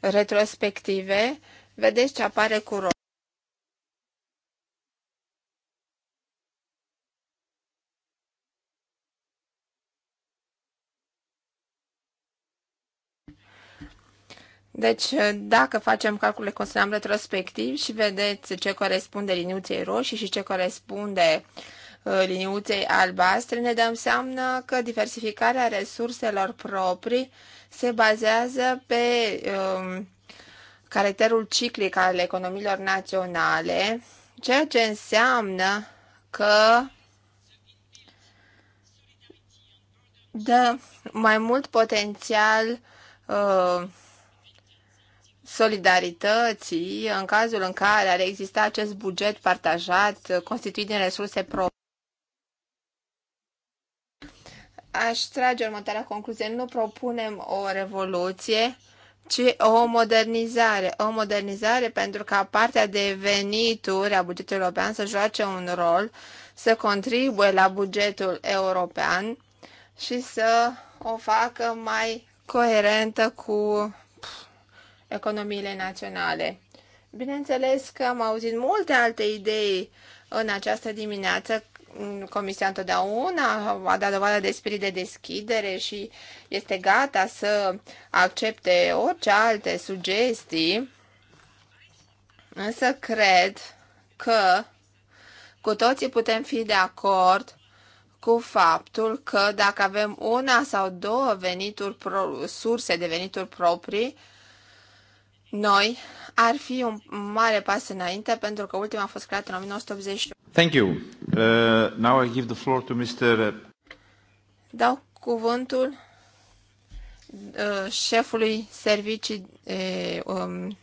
retrospective, vedeți ce apare cu roșu. Deci, uh, dacă facem calculele consideram retrospectiv și vedeți ce corespunde liniuței roșii și ce corespunde uh, liniuței albastre, ne dăm seama că diversificarea resurselor proprii se bazează pe um, caracterul ciclic al economiilor naționale, ceea ce înseamnă că dă mai mult potențial uh, solidarității în cazul în care ar exista acest buget partajat constituit din resurse proprii. Aș trage următoarea concluzie. Nu propunem o revoluție, ci o modernizare. O modernizare pentru ca partea de venituri a bugetului european să joace un rol, să contribuie la bugetul european și să o facă mai coerentă cu economiile naționale. Bineînțeles că am auzit multe alte idei în această dimineață. Comisia întotdeauna a dat dovadă de spirit de deschidere și este gata să accepte orice alte sugestii. Însă cred că cu toții putem fi de acord cu faptul că dacă avem una sau două venituri pro, surse de venituri proprii, noi ar fi un mare pas înainte pentru că ultima a fost creată în 1981. Thank you. Uh, now I give the floor to Mr. Uh, Dau cuvântul uh, șefului servicii uh, um,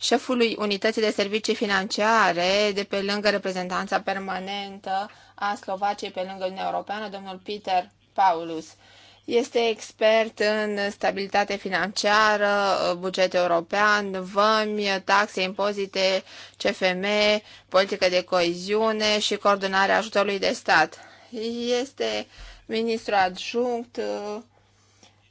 șefului Unității de Servicii Financiare de pe lângă reprezentanța permanentă a Slovaciei pe lângă Uniunea Europeană, domnul Peter Paulus este expert în stabilitate financiară, buget european, vămi, taxe, impozite, CFM, politică de coeziune și coordonarea ajutorului de stat. Este ministru adjunct uh,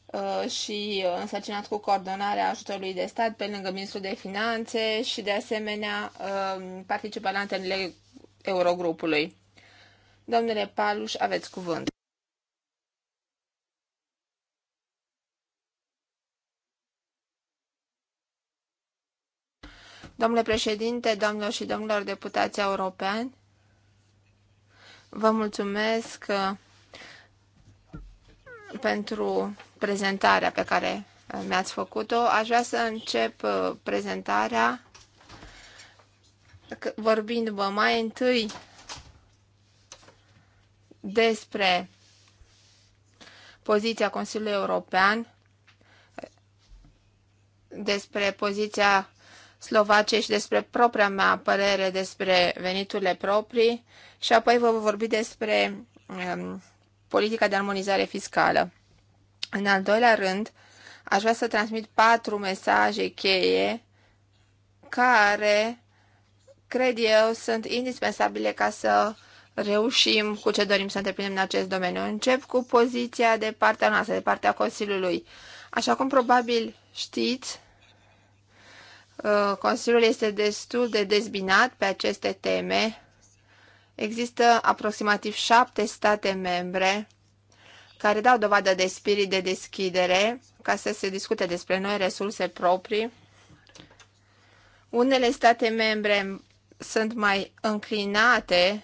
uh, și însărcinat cu coordonarea ajutorului de stat pe lângă ministrul de finanțe și de asemenea uh, participă la întâlnirile Eurogrupului. Domnule Paluș, aveți cuvânt. Domnule președinte, domnilor și domnilor deputați europeni, vă mulțumesc uh, pentru prezentarea pe care uh, mi-ați făcut-o. Aș vrea să încep uh, prezentarea vorbind vă mai întâi despre poziția Consiliului European, despre poziția slovace și despre propria mea părere despre veniturile proprii și apoi vă voi vorbi despre um, politica de armonizare fiscală. În al doilea rând, aș vrea să transmit patru mesaje cheie care, cred eu, sunt indispensabile ca să reușim cu ce dorim să întreprindem în acest domeniu. Încep cu poziția de partea noastră, de partea Consiliului. Așa cum probabil știți, Uh, Consiliul este destul de dezbinat pe aceste teme. Există aproximativ șapte state membre care dau dovadă de spirit de deschidere ca să se discute despre noi resurse proprii. Unele state membre sunt mai înclinate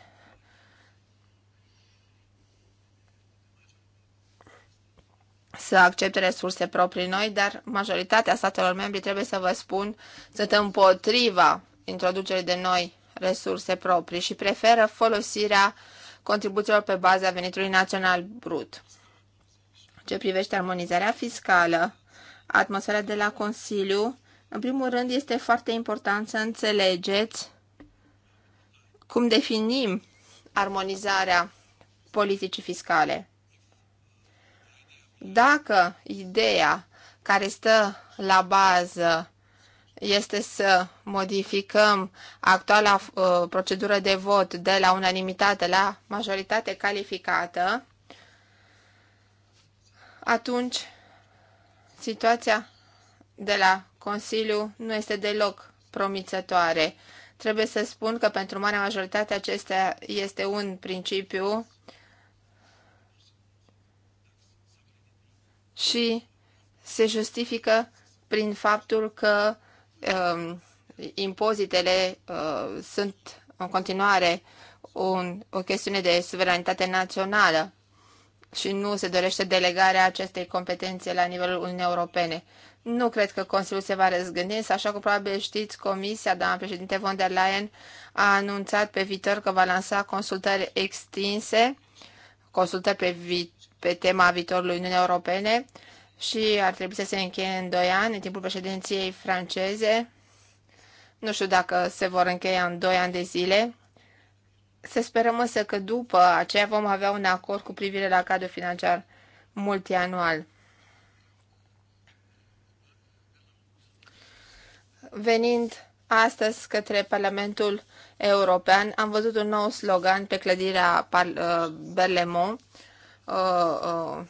să accepte resurse proprii noi, dar majoritatea statelor membri, trebuie să vă spun, sunt împotriva introducerii de noi resurse proprii și preferă folosirea contribuțiilor pe baza venitului național brut. Ce privește armonizarea fiscală, atmosfera de la Consiliu, în primul rând este foarte important să înțelegeți cum definim armonizarea politicii fiscale. Dacă ideea care stă la bază este să modificăm actuala uh, procedură de vot de la unanimitate la majoritate calificată, atunci situația de la Consiliu nu este deloc promițătoare. Trebuie să spun că pentru marea majoritate acesta este un principiu și se justifică prin faptul că uh, impozitele uh, sunt în continuare un, o chestiune de suveranitate națională și nu se dorește delegarea acestei competențe la nivelul Uniunii Europene. Nu cred că Consiliul se va răzgândi, însă, așa cum probabil știți, Comisia, doamna președinte von der Leyen, a anunțat pe viitor că va lansa consultări extinse, consultări pe vi- pe tema viitorului Uniunii Europene și ar trebui să se încheie în 2 ani, în timpul președinției franceze. Nu știu dacă se vor încheia în 2 ani de zile. Să sperăm însă că după aceea vom avea un acord cu privire la cadrul financiar multianual. Venind astăzi către Parlamentul European, am văzut un nou slogan pe clădirea uh, Berlemont, uh, uh,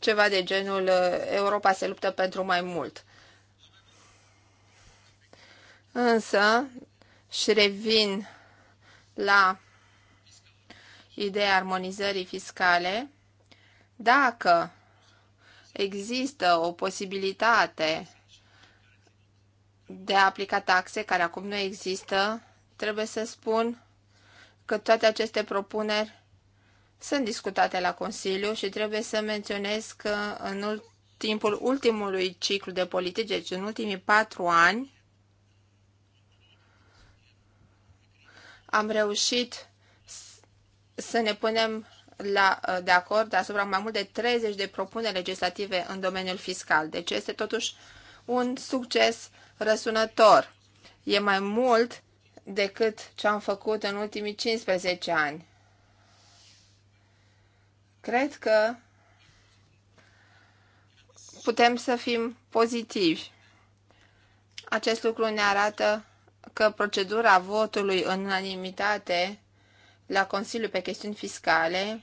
ceva de genul uh, Europa se luptă pentru mai mult. Însă, și revin la ideea armonizării fiscale, dacă există o posibilitate de a aplica taxe care acum nu există, trebuie să spun că toate aceste propuneri sunt discutate la Consiliu și trebuie să menționez că în timpul ultimului ciclu de politici, deci în ultimii patru ani, am reușit să ne punem la, uh, de acord asupra mai mult de 30 de propuneri legislative în domeniul fiscal. Deci este totuși un succes răsunător. E mai mult decât ce am făcut în ultimii 15 ani. Cred că putem să fim pozitivi. Acest lucru ne arată că procedura votului în unanimitate la Consiliul pe chestiuni fiscale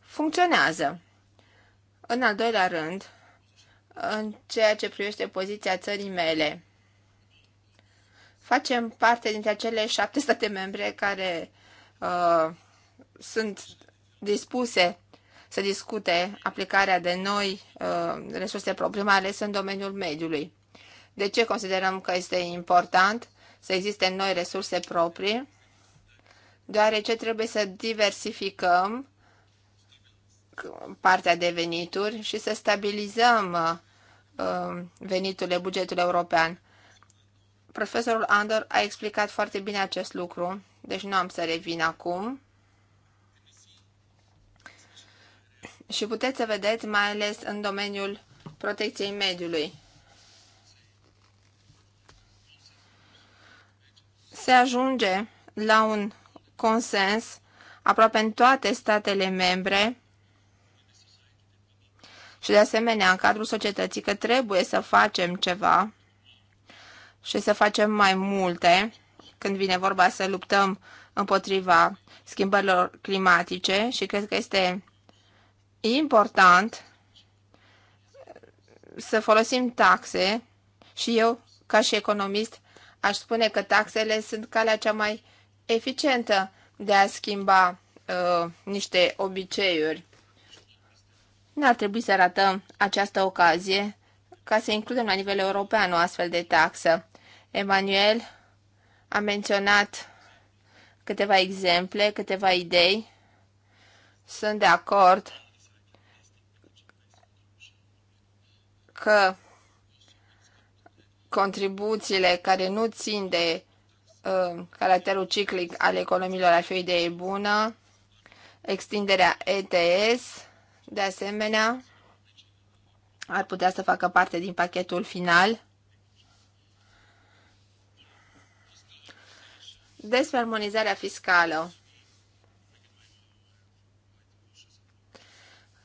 funcționează. În al doilea rând, în ceea ce privește poziția țării mele, facem parte dintre acele șapte state membre care uh, sunt dispuse să discute aplicarea de noi uh, resurse proprii, mai ales în domeniul mediului. De ce considerăm că este important să existe noi resurse proprii? Deoarece trebuie să diversificăm partea de venituri și să stabilizăm uh, veniturile bugetului european. Profesorul Andor a explicat foarte bine acest lucru, deci nu am să revin acum. și puteți să vedeți, mai ales în domeniul protecției mediului. Se ajunge la un consens aproape în toate statele membre și de asemenea în cadrul societății că trebuie să facem ceva și să facem mai multe când vine vorba să luptăm împotriva schimbărilor climatice și cred că este important să folosim taxe și eu, ca și economist, aș spune că taxele sunt calea cea mai eficientă de a schimba uh, niște obiceiuri. N-ar trebui să ratăm această ocazie ca să includem la nivel european o astfel de taxă. Emanuel a menționat câteva exemple, câteva idei. Sunt de acord că contribuțiile care nu țin de uh, caracterul ciclic al economiilor ar fi o idee bună, extinderea ETS, de asemenea, ar putea să facă parte din pachetul final. Despre armonizarea fiscală.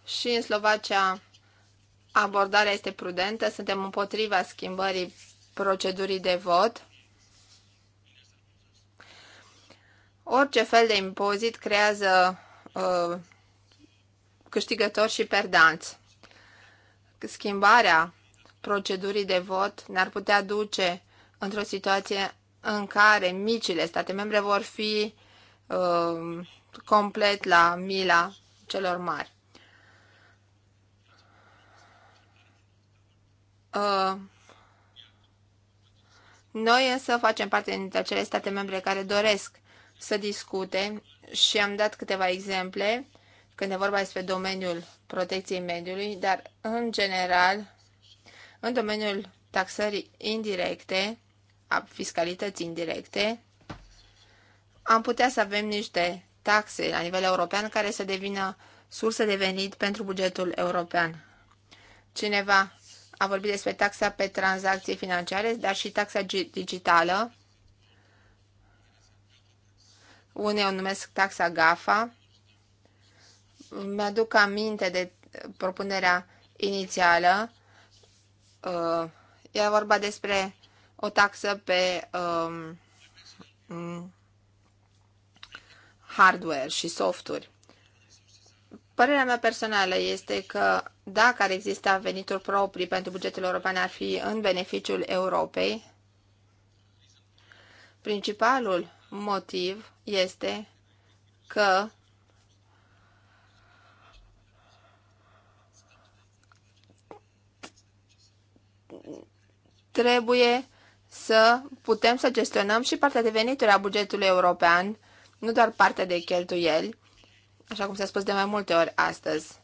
Și în Slovacia abordarea este prudentă, suntem împotriva schimbării procedurii de vot. Orice fel de impozit creează uh, câștigători și perdanți. Schimbarea procedurii de vot ne-ar putea duce într-o situație în care micile state membre vor fi uh, complet la mila celor mari. Uh, noi însă facem parte dintre acele state membre care doresc să discute și am dat câteva exemple când e vorba despre domeniul protecției mediului, dar în general, în domeniul taxării indirecte, a fiscalității indirecte, am putea să avem niște taxe la nivel european care să devină sursă de venit pentru bugetul european. Cineva a vorbit despre taxa pe tranzacții financiare, dar și taxa digitală. Unii o numesc taxa GAFA. Mi-aduc aminte de propunerea inițială. Uh, e vorba despre o taxă pe um, hardware și softuri. Părerea mea personală este că dacă ar exista venituri proprii pentru bugetul european ar fi în beneficiul Europei. Principalul motiv este că trebuie să putem să gestionăm și partea de venituri a bugetului european, nu doar partea de cheltuieli, așa cum s-a spus de mai multe ori astăzi.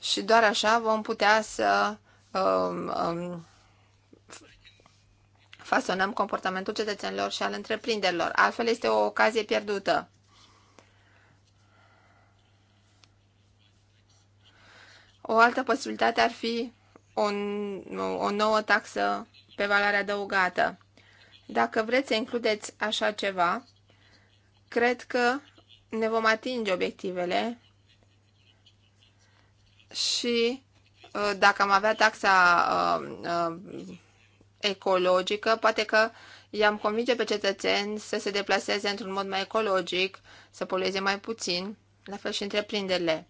Și doar așa vom putea să um, um, fasonăm comportamentul cetățenilor și al întreprinderilor. Altfel este o ocazie pierdută. O altă posibilitate ar fi o, o nouă taxă pe valoare adăugată. Dacă vreți să includeți așa ceva, cred că ne vom atinge obiectivele și uh, dacă am avea taxa uh, uh, ecologică, poate că i-am convinge pe cetățeni să se deplaseze într-un mod mai ecologic, să polueze mai puțin, la fel și întreprinderile.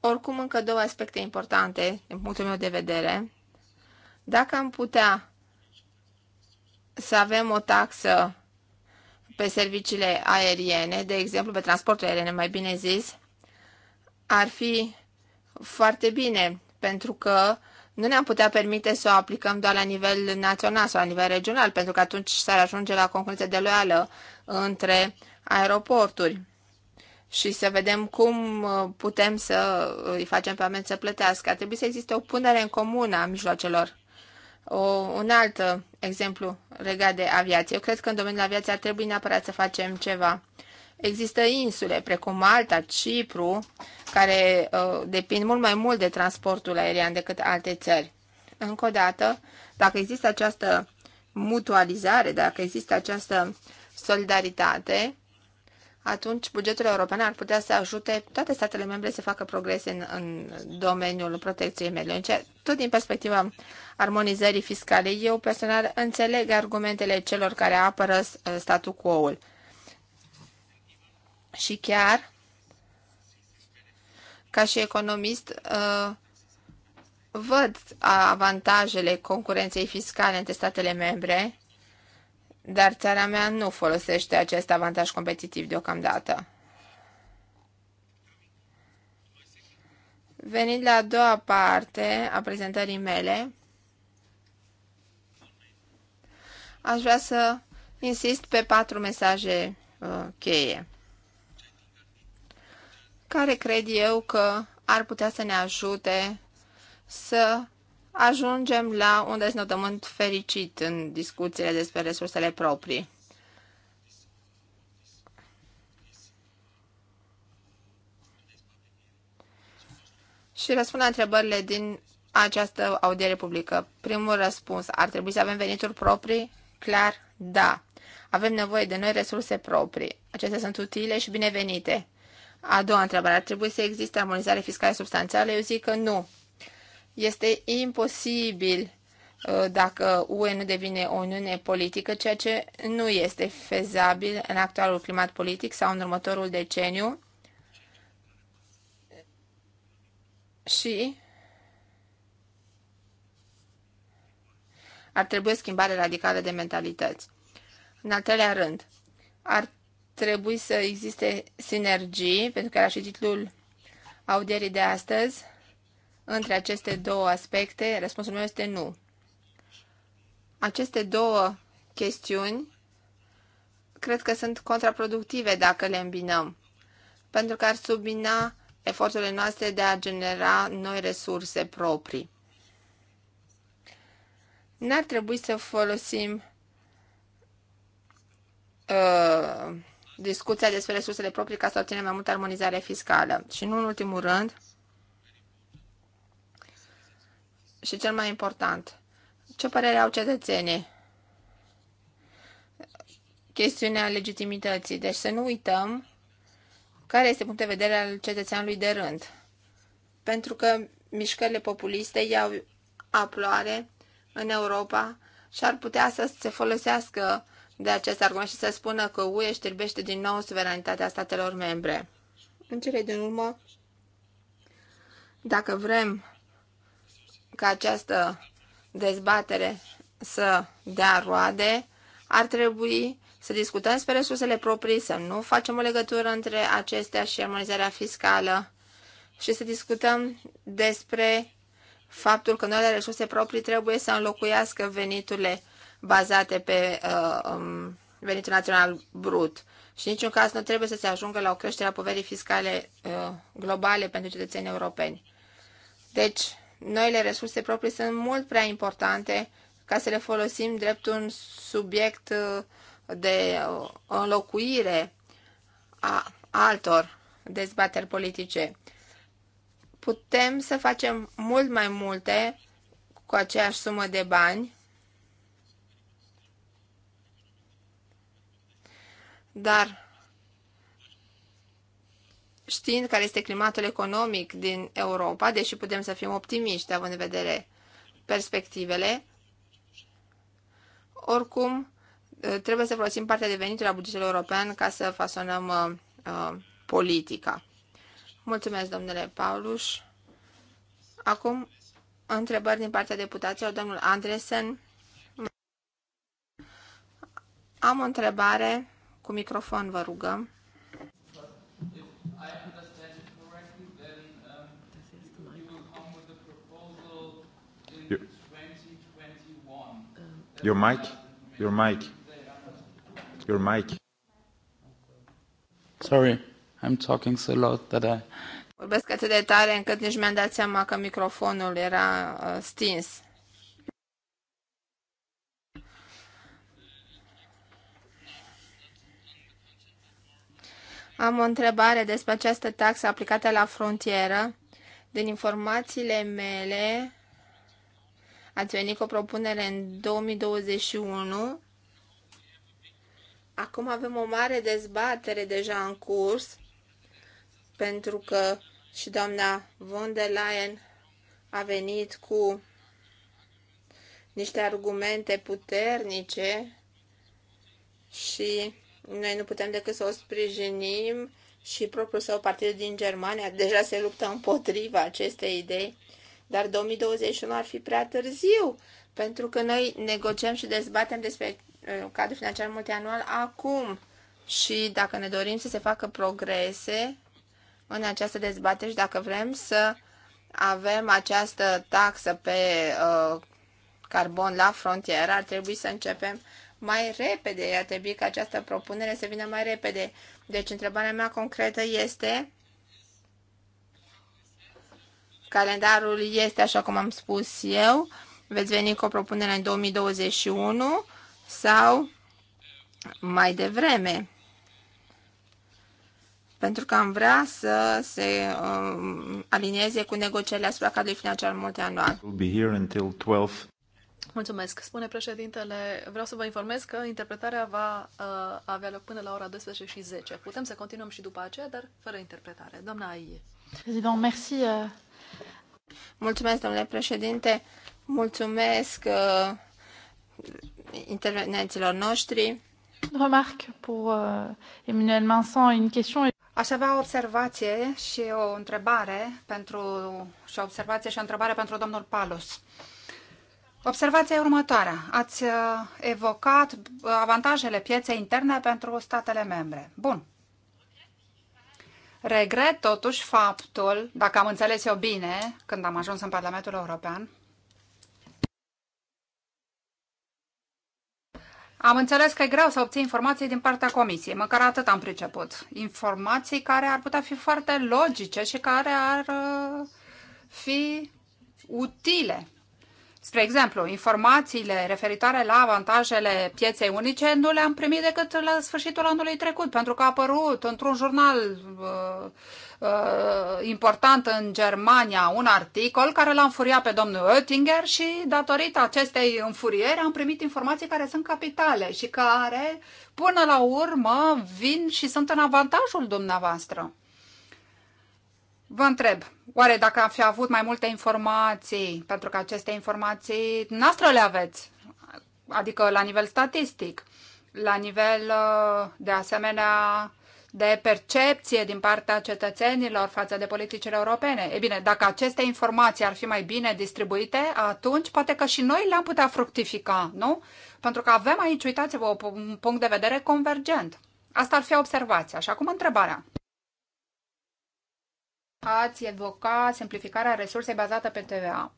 Oricum, încă două aspecte importante, din punctul meu de vedere. Dacă am putea să avem o taxă pe serviciile aeriene, de exemplu pe transportul aeriene, mai bine zis, ar fi foarte bine, pentru că nu ne-am putea permite să o aplicăm doar la nivel național sau la nivel regional, pentru că atunci s-ar ajunge la concurență loială între aeroporturi și să vedem cum uh, putem să îi facem pe oameni să plătească. Ar trebui să existe o punere în comună a mijloacelor. O, un alt uh, exemplu legat de aviație. Eu cred că în domeniul aviației trebui neapărat să facem ceva. Există insule precum Malta, Cipru, care uh, depind mult mai mult de transportul aerian decât alte țări. Încă o dată, dacă există această mutualizare, dacă există această solidaritate, atunci bugetul european ar putea să ajute toate statele membre să facă progrese în, în domeniul protecției mediului. Tot din perspectiva armonizării fiscale, eu personal înțeleg argumentele celor care apără uh, statul quo-ul. Și chiar, ca și economist, uh, văd avantajele concurenței fiscale între statele membre, dar țara mea nu folosește acest avantaj competitiv deocamdată. Venind la a doua parte a prezentării mele, aș vrea să insist pe patru mesaje uh, cheie, care cred eu că ar putea să ne ajute să ajungem la un deznodământ fericit în discuțiile despre resursele proprii. Și răspund la întrebările din această audiere publică. Primul răspuns, ar trebui să avem venituri proprii? Clar, da. Avem nevoie de noi resurse proprii. Acestea sunt utile și binevenite. A doua întrebare, ar trebui să existe armonizare fiscală substanțială? Eu zic că nu. Este imposibil uh, dacă UE nu devine o uniune politică, ceea ce nu este fezabil în actualul climat politic sau în următorul deceniu. Și ar trebui schimbare radicală de mentalități. În al treilea rând, ar trebui să existe sinergii, pentru că era și titlul audierii de astăzi, între aceste două aspecte? Răspunsul meu este nu. Aceste două chestiuni cred că sunt contraproductive dacă le îmbinăm, pentru că ar submina eforturile noastre de a genera noi resurse proprii. N-ar trebui să folosim uh, discuția despre resursele proprii ca să obținem mai multă armonizare fiscală. Și nu în ultimul rând, și cel mai important, ce părere au cetățenii? Chestiunea legitimității. Deci să nu uităm care este punctul de vedere al cetățeanului de rând. Pentru că mișcările populiste iau aploare în Europa și ar putea să se folosească de acest argument și să spună că UE știrbește din nou suveranitatea statelor membre. În cele din urmă, dacă vrem ca această dezbatere să dea roade, ar trebui să discutăm despre resursele proprii, să nu facem o legătură între acestea și armonizarea fiscală și să discutăm despre faptul că noile resurse proprii trebuie să înlocuiască veniturile bazate pe uh, um, venitul național brut. Și în niciun caz nu trebuie să se ajungă la o creștere a poverii fiscale uh, globale pentru cetățenii europeni. Deci, noile resurse proprii sunt mult prea importante ca să le folosim drept un subiect uh, de uh, înlocuire a altor dezbateri politice. Putem să facem mult mai multe cu aceeași sumă de bani, dar știind care este climatul economic din Europa, deși putem să fim optimiști având în vedere perspectivele, oricum uh, trebuie să folosim partea de venituri a bugetului european ca să fasonăm uh, uh, politica. Mulțumesc, domnule Pauluș. Acum, întrebări din partea deputaților. Domnul Andresen, am o întrebare cu microfon, vă rugăm. Your mic? Your mic? Your mic? Sorry, I'm talking so loud that I... Vorbesc atât de tare încât nici mi-am dat seama că microfonul era uh, stins. Am o întrebare despre această taxă aplicată la frontieră. Din informațiile mele, ați venit cu o propunere în 2021. Acum avem o mare dezbatere deja în curs, pentru că și doamna von der Leyen a venit cu niște argumente puternice și noi nu putem decât să o sprijinim și propriul său partid din Germania deja se luptă împotriva acestei idei dar 2021 ar fi prea târziu, pentru că noi negociem și dezbatem despre uh, cadrul financiar multianual acum. Și dacă ne dorim să se facă progrese în această dezbatere și dacă vrem să avem această taxă pe uh, carbon la frontieră, ar trebui să începem mai repede. Ar trebui ca această propunere să vină mai repede. Deci, întrebarea mea concretă este Calendarul este, așa cum am spus eu, veți veni cu o propunere în 2021 sau mai devreme. Pentru că am vrea să se um, alinieze cu negocierile asupra cadrului financiar multianual. Mulțumesc, spune președintele. Vreau să vă informez că interpretarea va uh, avea loc până la ora 12 și 10. Putem să continuăm și după aceea, dar fără interpretare. Doamna Aie. Președinte, mulțumesc. Mulțumesc, domnule președinte, mulțumesc uh, intervenenților noștri. Remarque pour uh, Emmanuel Manson, une question. Aș avea o observație și o întrebare pentru, și o observație și o întrebare pentru domnul Palus. Observația e următoarea. Ați uh, evocat uh, avantajele pieței interne pentru statele membre. Bun, Regret totuși faptul, dacă am înțeles eu bine, când am ajuns în Parlamentul European, Am înțeles că e greu să obții informații din partea comisiei, măcar atât am priceput. Informații care ar putea fi foarte logice și care ar uh, fi utile Spre exemplu, informațiile referitoare la avantajele pieței unice nu le-am primit decât la sfârșitul anului trecut, pentru că a apărut într-un jurnal uh, uh, important în Germania un articol care l-a înfuriat pe domnul Oettinger și datorită acestei înfurieri am primit informații care sunt capitale și care până la urmă vin și sunt în avantajul dumneavoastră. Vă întreb, oare dacă am fi avut mai multe informații, pentru că aceste informații noastre le aveți, adică la nivel statistic, la nivel uh, de asemenea de percepție din partea cetățenilor față de politicile europene. E bine, dacă aceste informații ar fi mai bine distribuite, atunci poate că și noi le-am putea fructifica, nu? Pentru că avem aici, uitați-vă, un punct de vedere convergent. Asta ar fi observația. Și acum întrebarea ați evoca simplificarea resursei bazată pe TVA.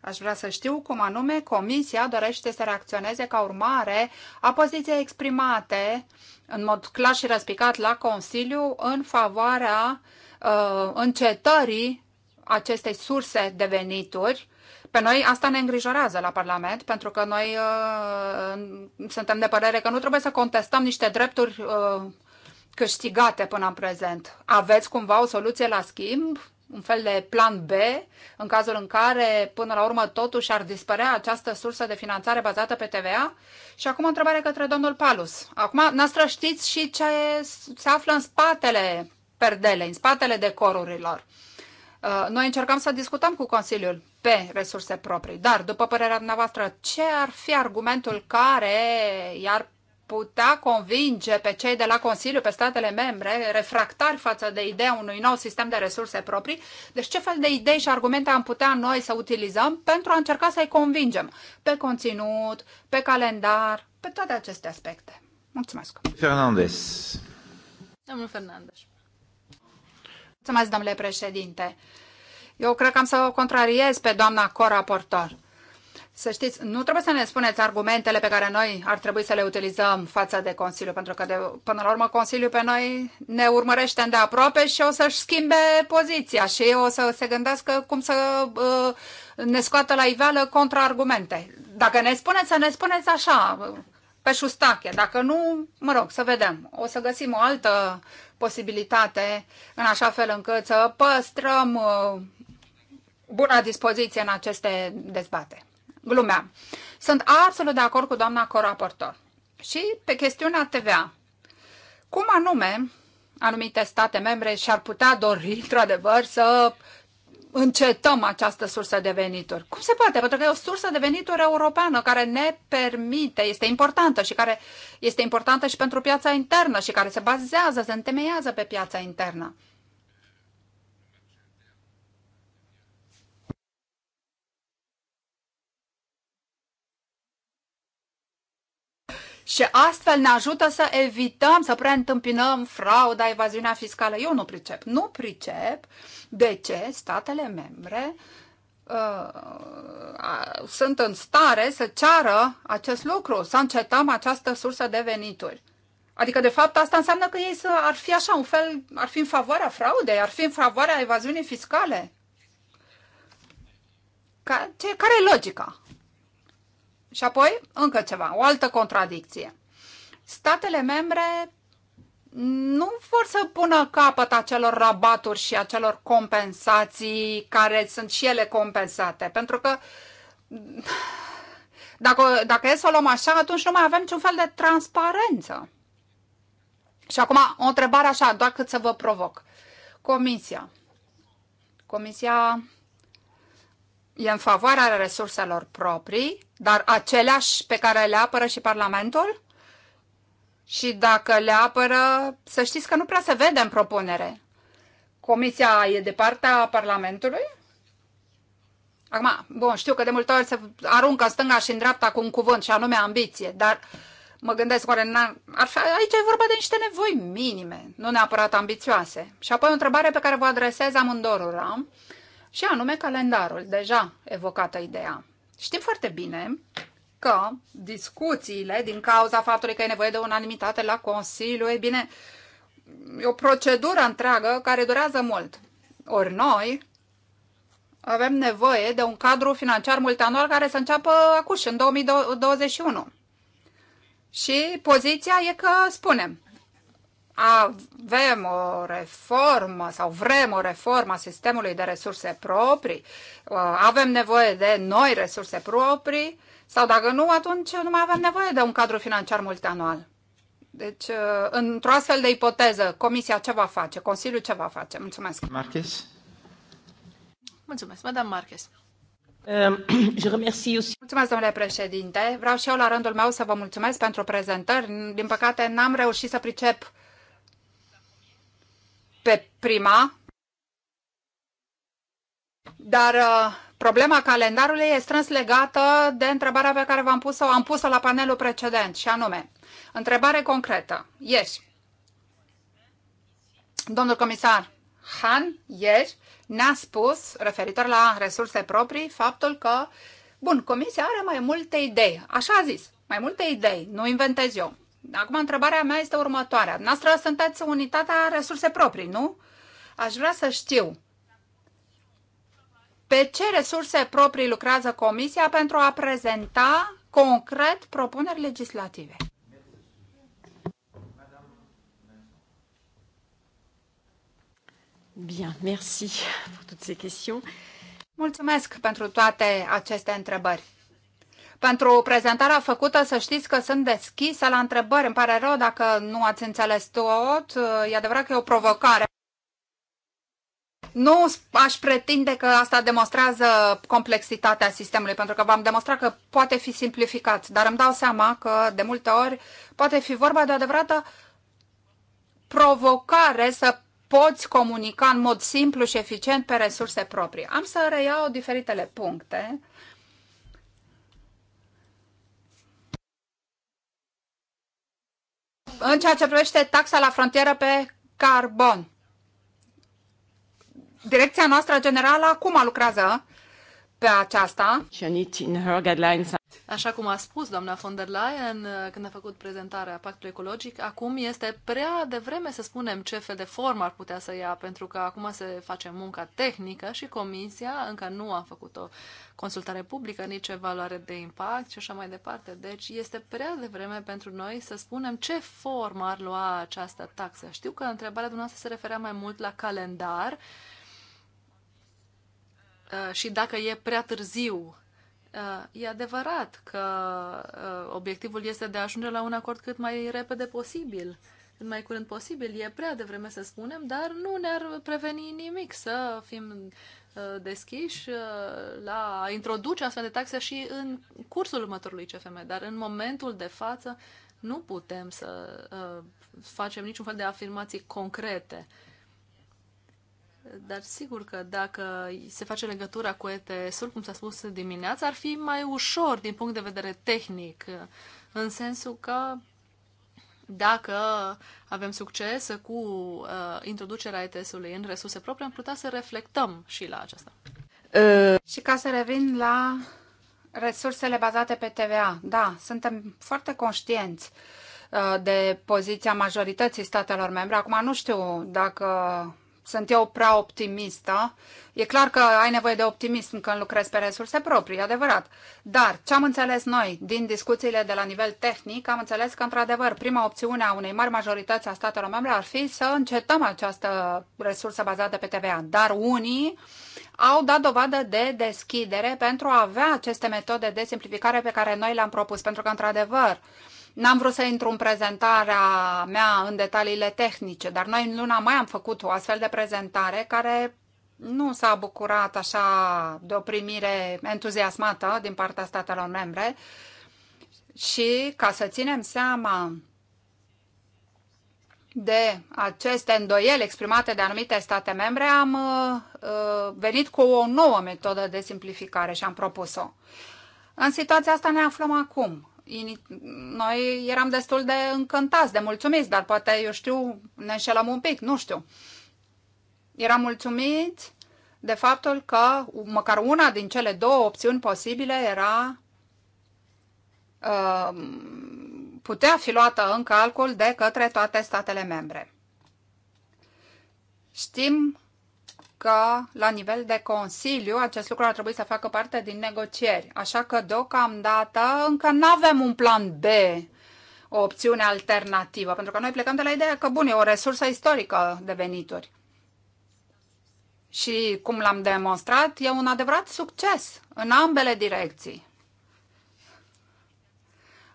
Aș vrea să știu cum anume Comisia dorește să reacționeze ca urmare a poziției exprimate în mod clar și răspicat la Consiliu în favoarea uh, încetării acestei surse de venituri. Pe noi asta ne îngrijorează la Parlament, pentru că noi uh, suntem de părere că nu trebuie să contestăm niște drepturi uh, câștigate până în prezent. Aveți cumva o soluție la schimb? Un fel de plan B, în cazul în care, până la urmă, totuși ar dispărea această sursă de finanțare bazată pe TVA? Și acum o întrebare către domnul Palus. Acum, noastră știți și ce se află în spatele perdelei, în spatele decorurilor. Uh, noi încercăm să discutăm cu Consiliul pe resurse proprii, dar, după părerea dumneavoastră, ce ar fi argumentul care i-ar putea convinge pe cei de la Consiliu, pe statele membre, refractari față de ideea unui nou sistem de resurse proprii. Deci ce fel de idei și argumente am putea noi să utilizăm pentru a încerca să-i convingem pe conținut, pe calendar, pe toate aceste aspecte. Mulțumesc. Fernandez. Domnul Fernandez. Mulțumesc, domnule președinte. Eu cred că am să o contrariez pe doamna coraportor. Să știți, nu trebuie să ne spuneți argumentele pe care noi ar trebui să le utilizăm față de Consiliu, pentru că, de, până la urmă, Consiliul pe noi ne urmărește îndeaproape și o să-și schimbe poziția și o să se gândească cum să uh, ne scoată la iveală contraargumente. Dacă ne spuneți, să ne spuneți așa, pe șustache. Dacă nu, mă rog, să vedem. O să găsim o altă posibilitate în așa fel încât să păstrăm uh, buna dispoziție în aceste dezbateri glumeam. Sunt absolut de acord cu doamna coraportor. Și pe chestiunea TVA. Cum anume anumite state membre și-ar putea dori, (laughs) într-adevăr, să încetăm această sursă de venituri. Cum se poate? Pentru că e o sursă de venituri europeană care ne permite, este importantă și care este importantă și pentru piața internă și care se bazează, se întemeiază pe piața internă. și astfel ne ajută să evităm, să preîntâmpinăm frauda, evaziunea fiscală. Eu nu pricep. Nu pricep de ce statele membre uh, sunt în stare să ceară acest lucru, să încetăm această sursă de venituri. Adică, de fapt, asta înseamnă că ei să ar fi așa, un fel, ar fi în favoarea fraudei, ar fi în favoarea evaziunii fiscale. Ca, ce, care e logica? Și apoi, încă ceva, o altă contradicție. Statele membre nu vor să pună capăt acelor rabaturi și acelor compensații care sunt și ele compensate, pentru că dacă, dacă e să o luăm așa, atunci nu mai avem niciun fel de transparență. Și acum o întrebare așa, doar cât să vă provoc. Comisia. Comisia e în favoarea resurselor proprii, dar aceleași pe care le apără și Parlamentul? Și dacă le apără, să știți că nu prea se vede în propunere. Comisia e de partea Parlamentului? Acum, bun, știu că de multe ori se aruncă în stânga și în dreapta cu un cuvânt și anume ambiție, dar mă gândesc, oare ar fi, aici e vorba de niște nevoi minime, nu neapărat ambițioase. Și apoi o întrebare pe care vă adresez Da? și anume calendarul, deja evocată ideea. Știm foarte bine că discuțiile, din cauza faptului că e nevoie de unanimitate la Consiliu, e bine, e o procedură întreagă care durează mult. Ori noi avem nevoie de un cadru financiar multianual care să înceapă acum, în 2021. Și poziția e că spunem, avem o reformă sau vrem o reformă a sistemului de resurse proprii, uh, avem nevoie de noi resurse proprii sau dacă nu, atunci nu mai avem nevoie de un cadru financiar multianual. Deci, uh, într-o astfel de ipoteză, Comisia ce va face? Consiliul ce va face? Mulțumesc. Marques? Mulțumesc, Madame Marques. Euh, (clears throat) mulțumesc, domnule președinte. Vreau și eu, la rândul meu, să vă mulțumesc pentru prezentări. Din păcate, n-am reușit să pricep pe prima, dar uh, problema calendarului e strâns legată de întrebarea pe care v-am pus-o, am pus-o la panelul precedent și anume, întrebare concretă, Yes, domnul comisar Han ieri ne-a spus, referitor la resurse proprii, faptul că, bun, comisia are mai multe idei, așa a zis, mai multe idei, nu inventez eu. Acum, întrebarea mea este următoarea. Noastră sunteți unitatea resurse proprii, nu? Aș vrea să știu pe ce resurse proprii lucrează Comisia pentru a prezenta concret propuneri legislative. Bien, merci pour toutes ces questions. Mulțumesc pentru toate aceste întrebări pentru prezentarea făcută. Să știți că sunt deschisă la întrebări. Îmi pare rău dacă nu ați înțeles tot. E adevărat că e o provocare. Nu aș pretinde că asta demonstrează complexitatea sistemului, pentru că v-am demonstrat că poate fi simplificat, dar îmi dau seama că de multe ori poate fi vorba de o adevărată provocare să poți comunica în mod simplu și eficient pe resurse proprii. Am să reiau diferitele puncte în ceea ce privește taxa la frontieră pe carbon, direcția noastră generală acum lucrează pe aceasta. Așa cum a spus doamna von der Leyen uh, când a făcut prezentarea pactului ecologic, acum este prea devreme să spunem ce fel de formă ar putea să ia, pentru că acum se face munca tehnică și comisia încă nu a făcut o consultare publică, nici evaluare de impact și așa mai departe. Deci este prea devreme pentru noi să spunem ce formă ar lua această taxă. Știu că întrebarea dumneavoastră se referea mai mult la calendar, Uh, și dacă e prea târziu. Uh, e adevărat că uh, obiectivul este de a ajunge la un acord cât mai repede posibil, cât mai curând posibil. E prea devreme să spunem, dar nu ne-ar preveni nimic să fim deschiși la a introduce astfel de taxe și în cursul următorului CFM. Dar în momentul de față nu putem să facem niciun fel de afirmații concrete dar sigur că dacă se face legătura cu ETS-ul, cum s-a spus dimineața, ar fi mai ușor din punct de vedere tehnic, în sensul că dacă avem succes cu uh, introducerea ETS-ului în resurse proprii, am putea să reflectăm și la aceasta. Uh. Și ca să revin la resursele bazate pe TVA, da, suntem foarte conștienți uh, de poziția majorității statelor membre. Acum nu știu dacă sunt eu prea optimistă. E clar că ai nevoie de optimism când lucrezi pe resurse proprii, adevărat. Dar ce am înțeles noi din discuțiile de la nivel tehnic, am înțeles că, într-adevăr, prima opțiune a unei mari majorități a statelor membre ar fi să încetăm această resursă bazată pe TVA. Dar unii au dat dovadă de deschidere pentru a avea aceste metode de simplificare pe care noi le-am propus. Pentru că, într-adevăr, N-am vrut să intru în prezentarea mea în detaliile tehnice, dar noi în luna mai am făcut o astfel de prezentare care nu s-a bucurat așa de o primire entuziasmată din partea statelor membre și ca să ținem seama de aceste îndoieli exprimate de anumite state membre, am uh, uh venit cu o nouă metodă de simplificare și am propus-o. În situația asta ne aflăm acum noi eram destul de încântați, de mulțumiți, dar poate, eu știu, ne înșelăm un pic, nu știu. Eram mulțumiți de faptul că măcar una din cele două opțiuni posibile era uh, putea fi luată în calcul de către toate statele membre. Știm că la nivel de Consiliu acest lucru ar trebui să facă parte din negocieri. Așa că deocamdată încă nu avem un plan B, o opțiune alternativă, pentru că noi plecăm de la ideea că, bun, e o resursă istorică de venituri. Și, cum l-am demonstrat, e un adevărat succes în ambele direcții.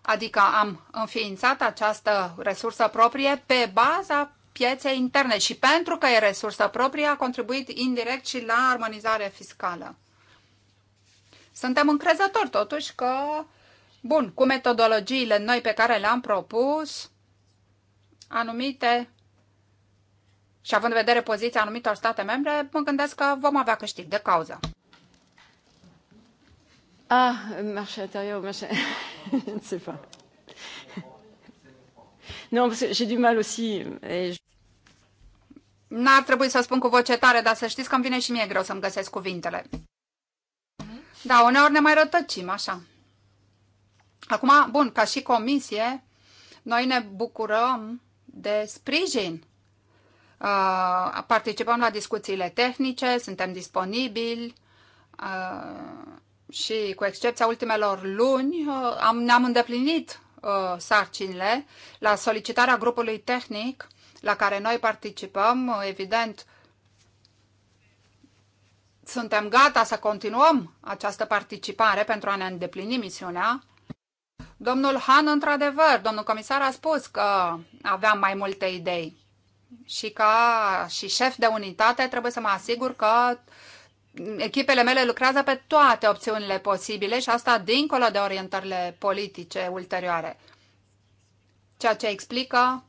Adică am înființat această resursă proprie pe baza pieței interne și pentru că e resursă proprie a contribuit indirect și la armonizare fiscală. Suntem încrezători totuși că, bun, cu metodologiile noi pe care le-am propus, anumite și având în vedere poziția anumitor state membre, mă gândesc că vom avea câștig de cauză. Ah, marché intérieur ou marché... (laughs) Je ne sais pas. Non, parce que j'ai du mal aussi. Et je... N-ar trebui să spun cu voce tare, dar să știți că îmi vine și mie greu să-mi găsesc cuvintele. Da, uneori ne mai rătăcim, așa. Acum, bun, ca și comisie, noi ne bucurăm de sprijin. Uh, participăm la discuțiile tehnice, suntem disponibili uh, și, cu excepția ultimelor luni, uh, am, ne-am îndeplinit sarcinile la solicitarea grupului tehnic la care noi participăm, evident, suntem gata să continuăm această participare pentru a ne îndeplini misiunea. Domnul Han, într-adevăr, domnul comisar a spus că aveam mai multe idei și ca și șef de unitate trebuie să mă asigur că echipele mele lucrează pe toate opțiunile posibile și asta dincolo de orientările politice ulterioare. Ceea ce explică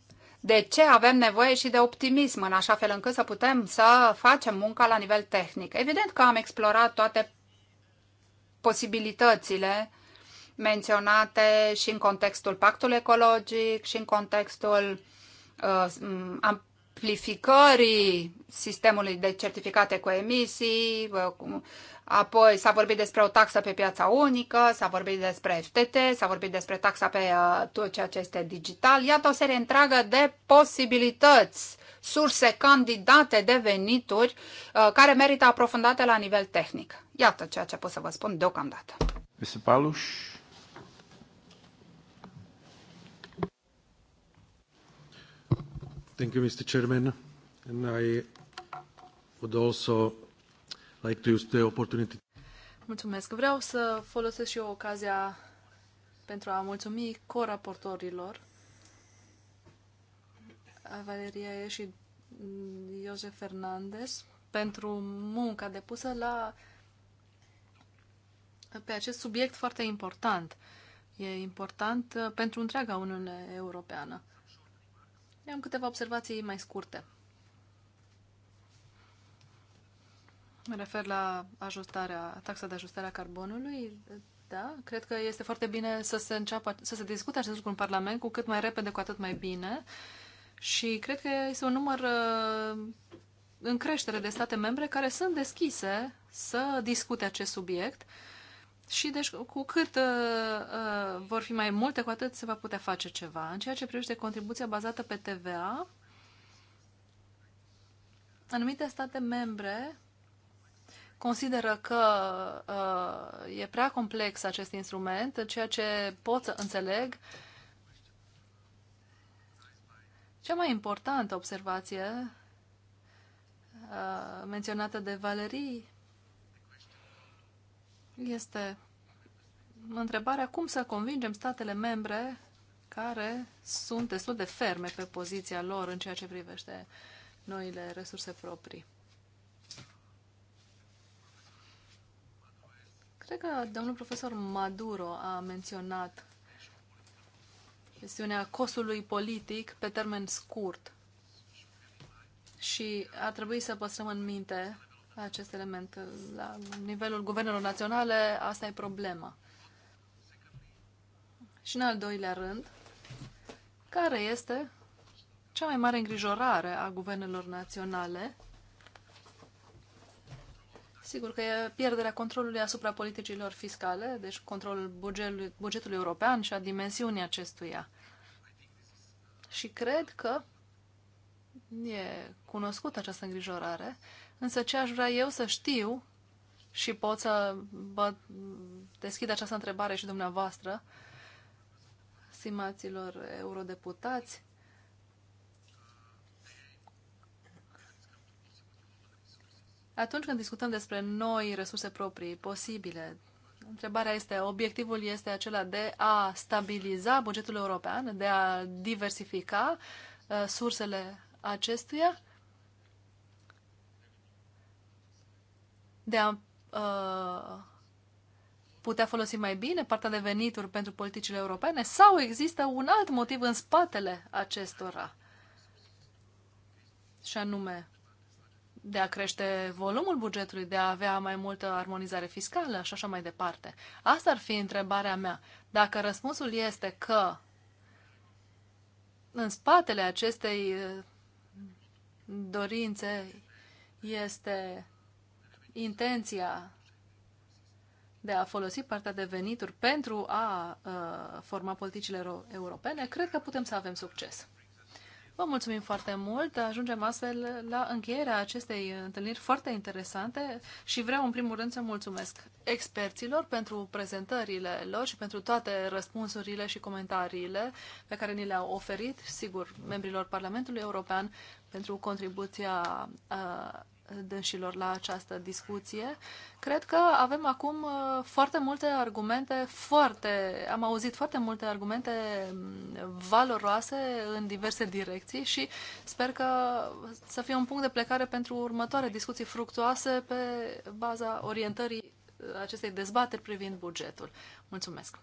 de ce avem nevoie și de optimism, în așa fel încât să putem să facem munca la nivel tehnic? Evident că am explorat toate posibilitățile menționate și în contextul pactului ecologic și în contextul uh, simplificării sistemului de certificate cu emisii, apoi s-a vorbit despre o taxă pe piața unică, s-a vorbit despre FTT, s-a vorbit despre taxa pe uh, tot ceea ce este digital. Iată o serie întreagă de posibilități, surse candidate de venituri uh, care merită aprofundate la nivel tehnic. Iată ceea ce pot să vă spun deocamdată. Mr. Paluș? Thank you, Mr. Chairman. I would also like to use the opportunity. Mulțumesc. Vreau să folosesc și eu ocazia pentru a mulțumi coraportorilor, Valeria și Iosef Fernandez, pentru munca depusă la, pe acest subiect foarte important. E important uh, pentru întreaga Uniune Europeană am câteva observații mai scurte. Mă refer la ajustarea, taxa de ajustare a carbonului. Da, cred că este foarte bine să se înceapă, să se discute acest lucru în Parlament cu cât mai repede, cu atât mai bine. Și cred că este un număr uh, în creștere de state membre care sunt deschise să discute acest subiect și deci cu cât uh, uh, vor fi mai multe, cu atât se va putea face ceva. În ceea ce privește contribuția bazată pe TVA, anumite state membre consideră că uh, e prea complex acest instrument, ceea ce pot să înțeleg. Cea mai importantă observație uh, menționată de Valerie este întrebarea cum să convingem statele membre care sunt destul de ferme pe poziția lor în ceea ce privește noile resurse proprii. Cred că domnul profesor Maduro a menționat chestiunea costului politic pe termen scurt și ar trebui să păstrăm în minte acest element. La nivelul guvernelor naționale, asta e problema. Și în al doilea rând, care este cea mai mare îngrijorare a guvernelor naționale? Sigur că e pierderea controlului asupra politicilor fiscale, deci controlul bugetului, bugetului european și a dimensiunii acestuia. Și cred că e cunoscută această îngrijorare Însă ce aș vrea eu să știu și pot să vă deschid această întrebare și dumneavoastră, stimaților eurodeputați, Atunci când discutăm despre noi resurse proprii posibile, întrebarea este, obiectivul este acela de a stabiliza bugetul european, de a diversifica uh, sursele acestuia de a uh, putea folosi mai bine partea de venituri pentru politicile europene sau există un alt motiv în spatele acestora? Și anume, de a crește volumul bugetului, de a avea mai multă armonizare fiscală și așa mai departe. Asta ar fi întrebarea mea. Dacă răspunsul este că în spatele acestei uh, dorințe este intenția de a folosi partea de venituri pentru a uh, forma politicile europene, cred că putem să avem succes. Vă mulțumim foarte mult. Ajungem astfel la încheierea acestei întâlniri foarte interesante și vreau în primul rând să mulțumesc experților pentru prezentările lor și pentru toate răspunsurile și comentariile pe care ni le-au oferit, sigur, membrilor Parlamentului European pentru contribuția uh, dânșilor la această discuție. Cred că avem acum uh, foarte multe argumente, foarte, am auzit foarte multe argumente mm, valoroase în diverse direcții și sper că să fie un punct de plecare pentru următoare discuții fructuoase pe baza orientării uh, acestei dezbateri privind bugetul. Mulțumesc!